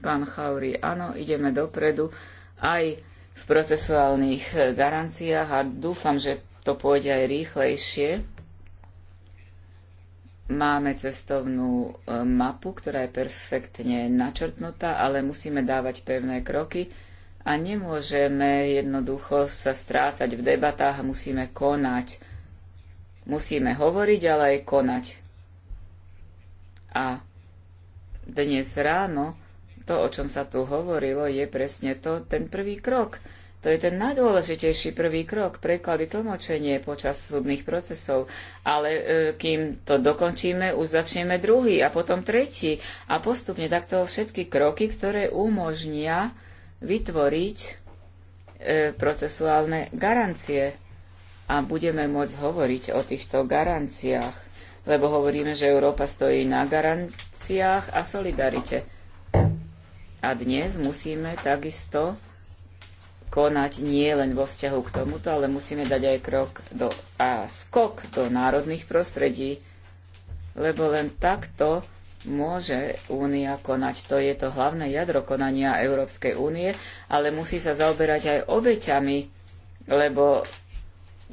pán Chauri. Áno, ideme dopredu aj v procesuálnych e, garanciách a dúfam, že to pôjde aj rýchlejšie. Máme cestovnú e, mapu, ktorá je perfektne načrtnutá, ale musíme dávať pevné kroky a nemôžeme jednoducho sa strácať v debatách, musíme konať. Musíme hovoriť, ale aj konať. A dnes ráno to, o čom sa tu hovorilo, je presne to, ten prvý krok. To je ten najdôležitejší prvý krok, preklady tlmočenie počas súdnych procesov. Ale e, kým to dokončíme, už začneme druhý a potom tretí a postupne takto všetky kroky, ktoré umožnia vytvoriť e, procesuálne garancie. A budeme môcť hovoriť o týchto garanciách, lebo hovoríme, že Európa stojí na garanciách a solidarite a dnes musíme takisto konať nie len vo vzťahu k tomuto, ale musíme dať aj krok do, a skok do národných prostredí, lebo len takto môže Únia konať. To je to hlavné jadro konania Európskej únie, ale musí sa zaoberať aj obeťami, lebo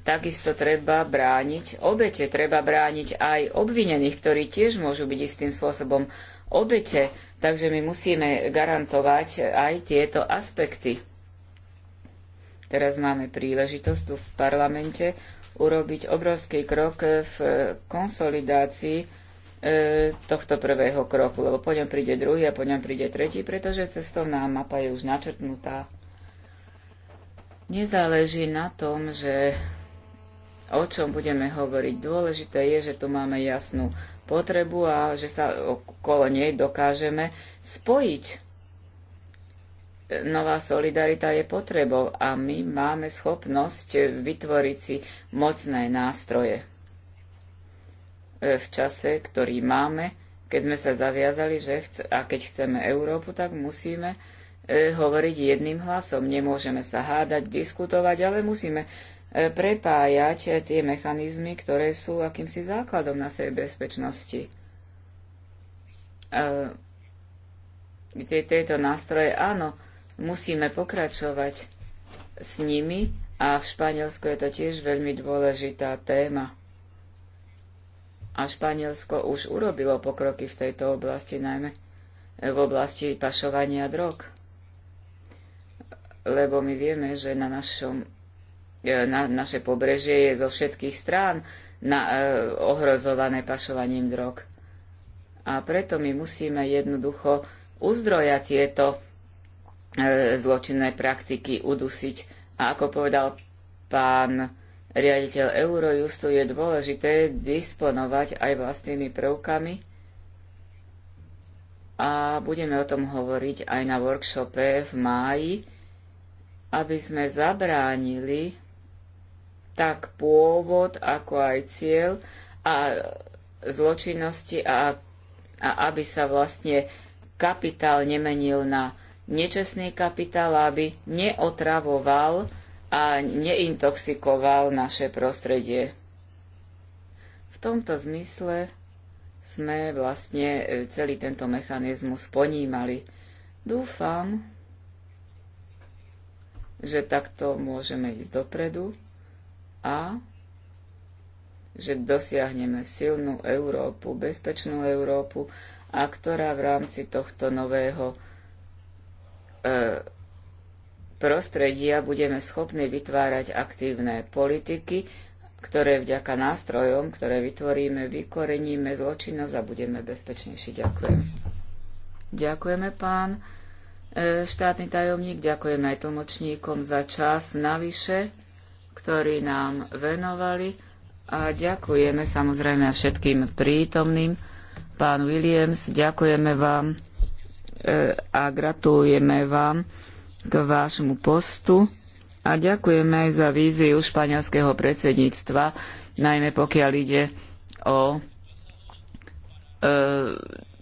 takisto treba brániť obete, treba brániť aj obvinených, ktorí tiež môžu byť istým spôsobom obete Takže my musíme garantovať aj tieto aspekty. Teraz máme príležitosť tu v parlamente urobiť obrovský krok v konsolidácii e, tohto prvého kroku, lebo po ňom príde druhý a po ňom príde tretí, pretože cestovná mapa je už načrtnutá. Nezáleží na tom, že o čom budeme hovoriť. Dôležité je, že tu máme jasnú potrebu a že sa okolo nej dokážeme spojiť. Nová solidarita je potrebou a my máme schopnosť vytvoriť si mocné nástroje. E, v čase, ktorý máme, keď sme sa zaviazali, že chce, a keď chceme Európu, tak musíme e, hovoriť jedným hlasom. Nemôžeme sa hádať, diskutovať, ale musíme E, prepájať e, tie mechanizmy, ktoré sú akýmsi základom na bezpečnosti. E, tieto nástroje, áno, musíme pokračovať s nimi a v Španielsku je to tiež veľmi dôležitá téma. A Španielsko už urobilo pokroky v tejto oblasti, najmä v oblasti pašovania drog. Lebo my vieme, že na našom E, na naše pobrežie je zo všetkých strán na, e, ohrozované pašovaním drog. A preto my musíme jednoducho uzdroja tieto e, zločinné praktiky udusiť. A ako povedal pán riaditeľ Eurojustu, je dôležité disponovať aj vlastnými prvkami a budeme o tom hovoriť aj na workshope v máji, aby sme zabránili tak pôvod, ako aj cieľ a zločinnosti a, a aby sa vlastne kapitál nemenil na nečestný kapitál, aby neotravoval a neintoxikoval naše prostredie. V tomto zmysle sme vlastne e, celý tento mechanizmus ponímali. Dúfam, že takto môžeme ísť dopredu a že dosiahneme silnú Európu, bezpečnú Európu a ktorá v rámci tohto nového e, prostredia budeme schopní vytvárať aktívne politiky, ktoré vďaka nástrojom, ktoré vytvoríme, vykoreníme zločinnosť a budeme bezpečnejší. Ďakujem. Ďakujeme, pán e, štátny tajomník, ďakujeme aj tlmočníkom za čas navyše ktorí nám venovali a ďakujeme samozrejme všetkým prítomným. Pán Williams, ďakujeme vám e, a gratulujeme vám k vášmu postu a ďakujeme aj za víziu španielského predsedníctva, najmä pokiaľ ide o e,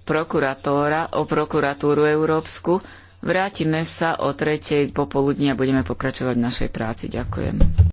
prokurátora, o prokuratúru európsku. Vrátime sa o tretej popoludní a budeme pokračovať v našej práci. Ďakujem.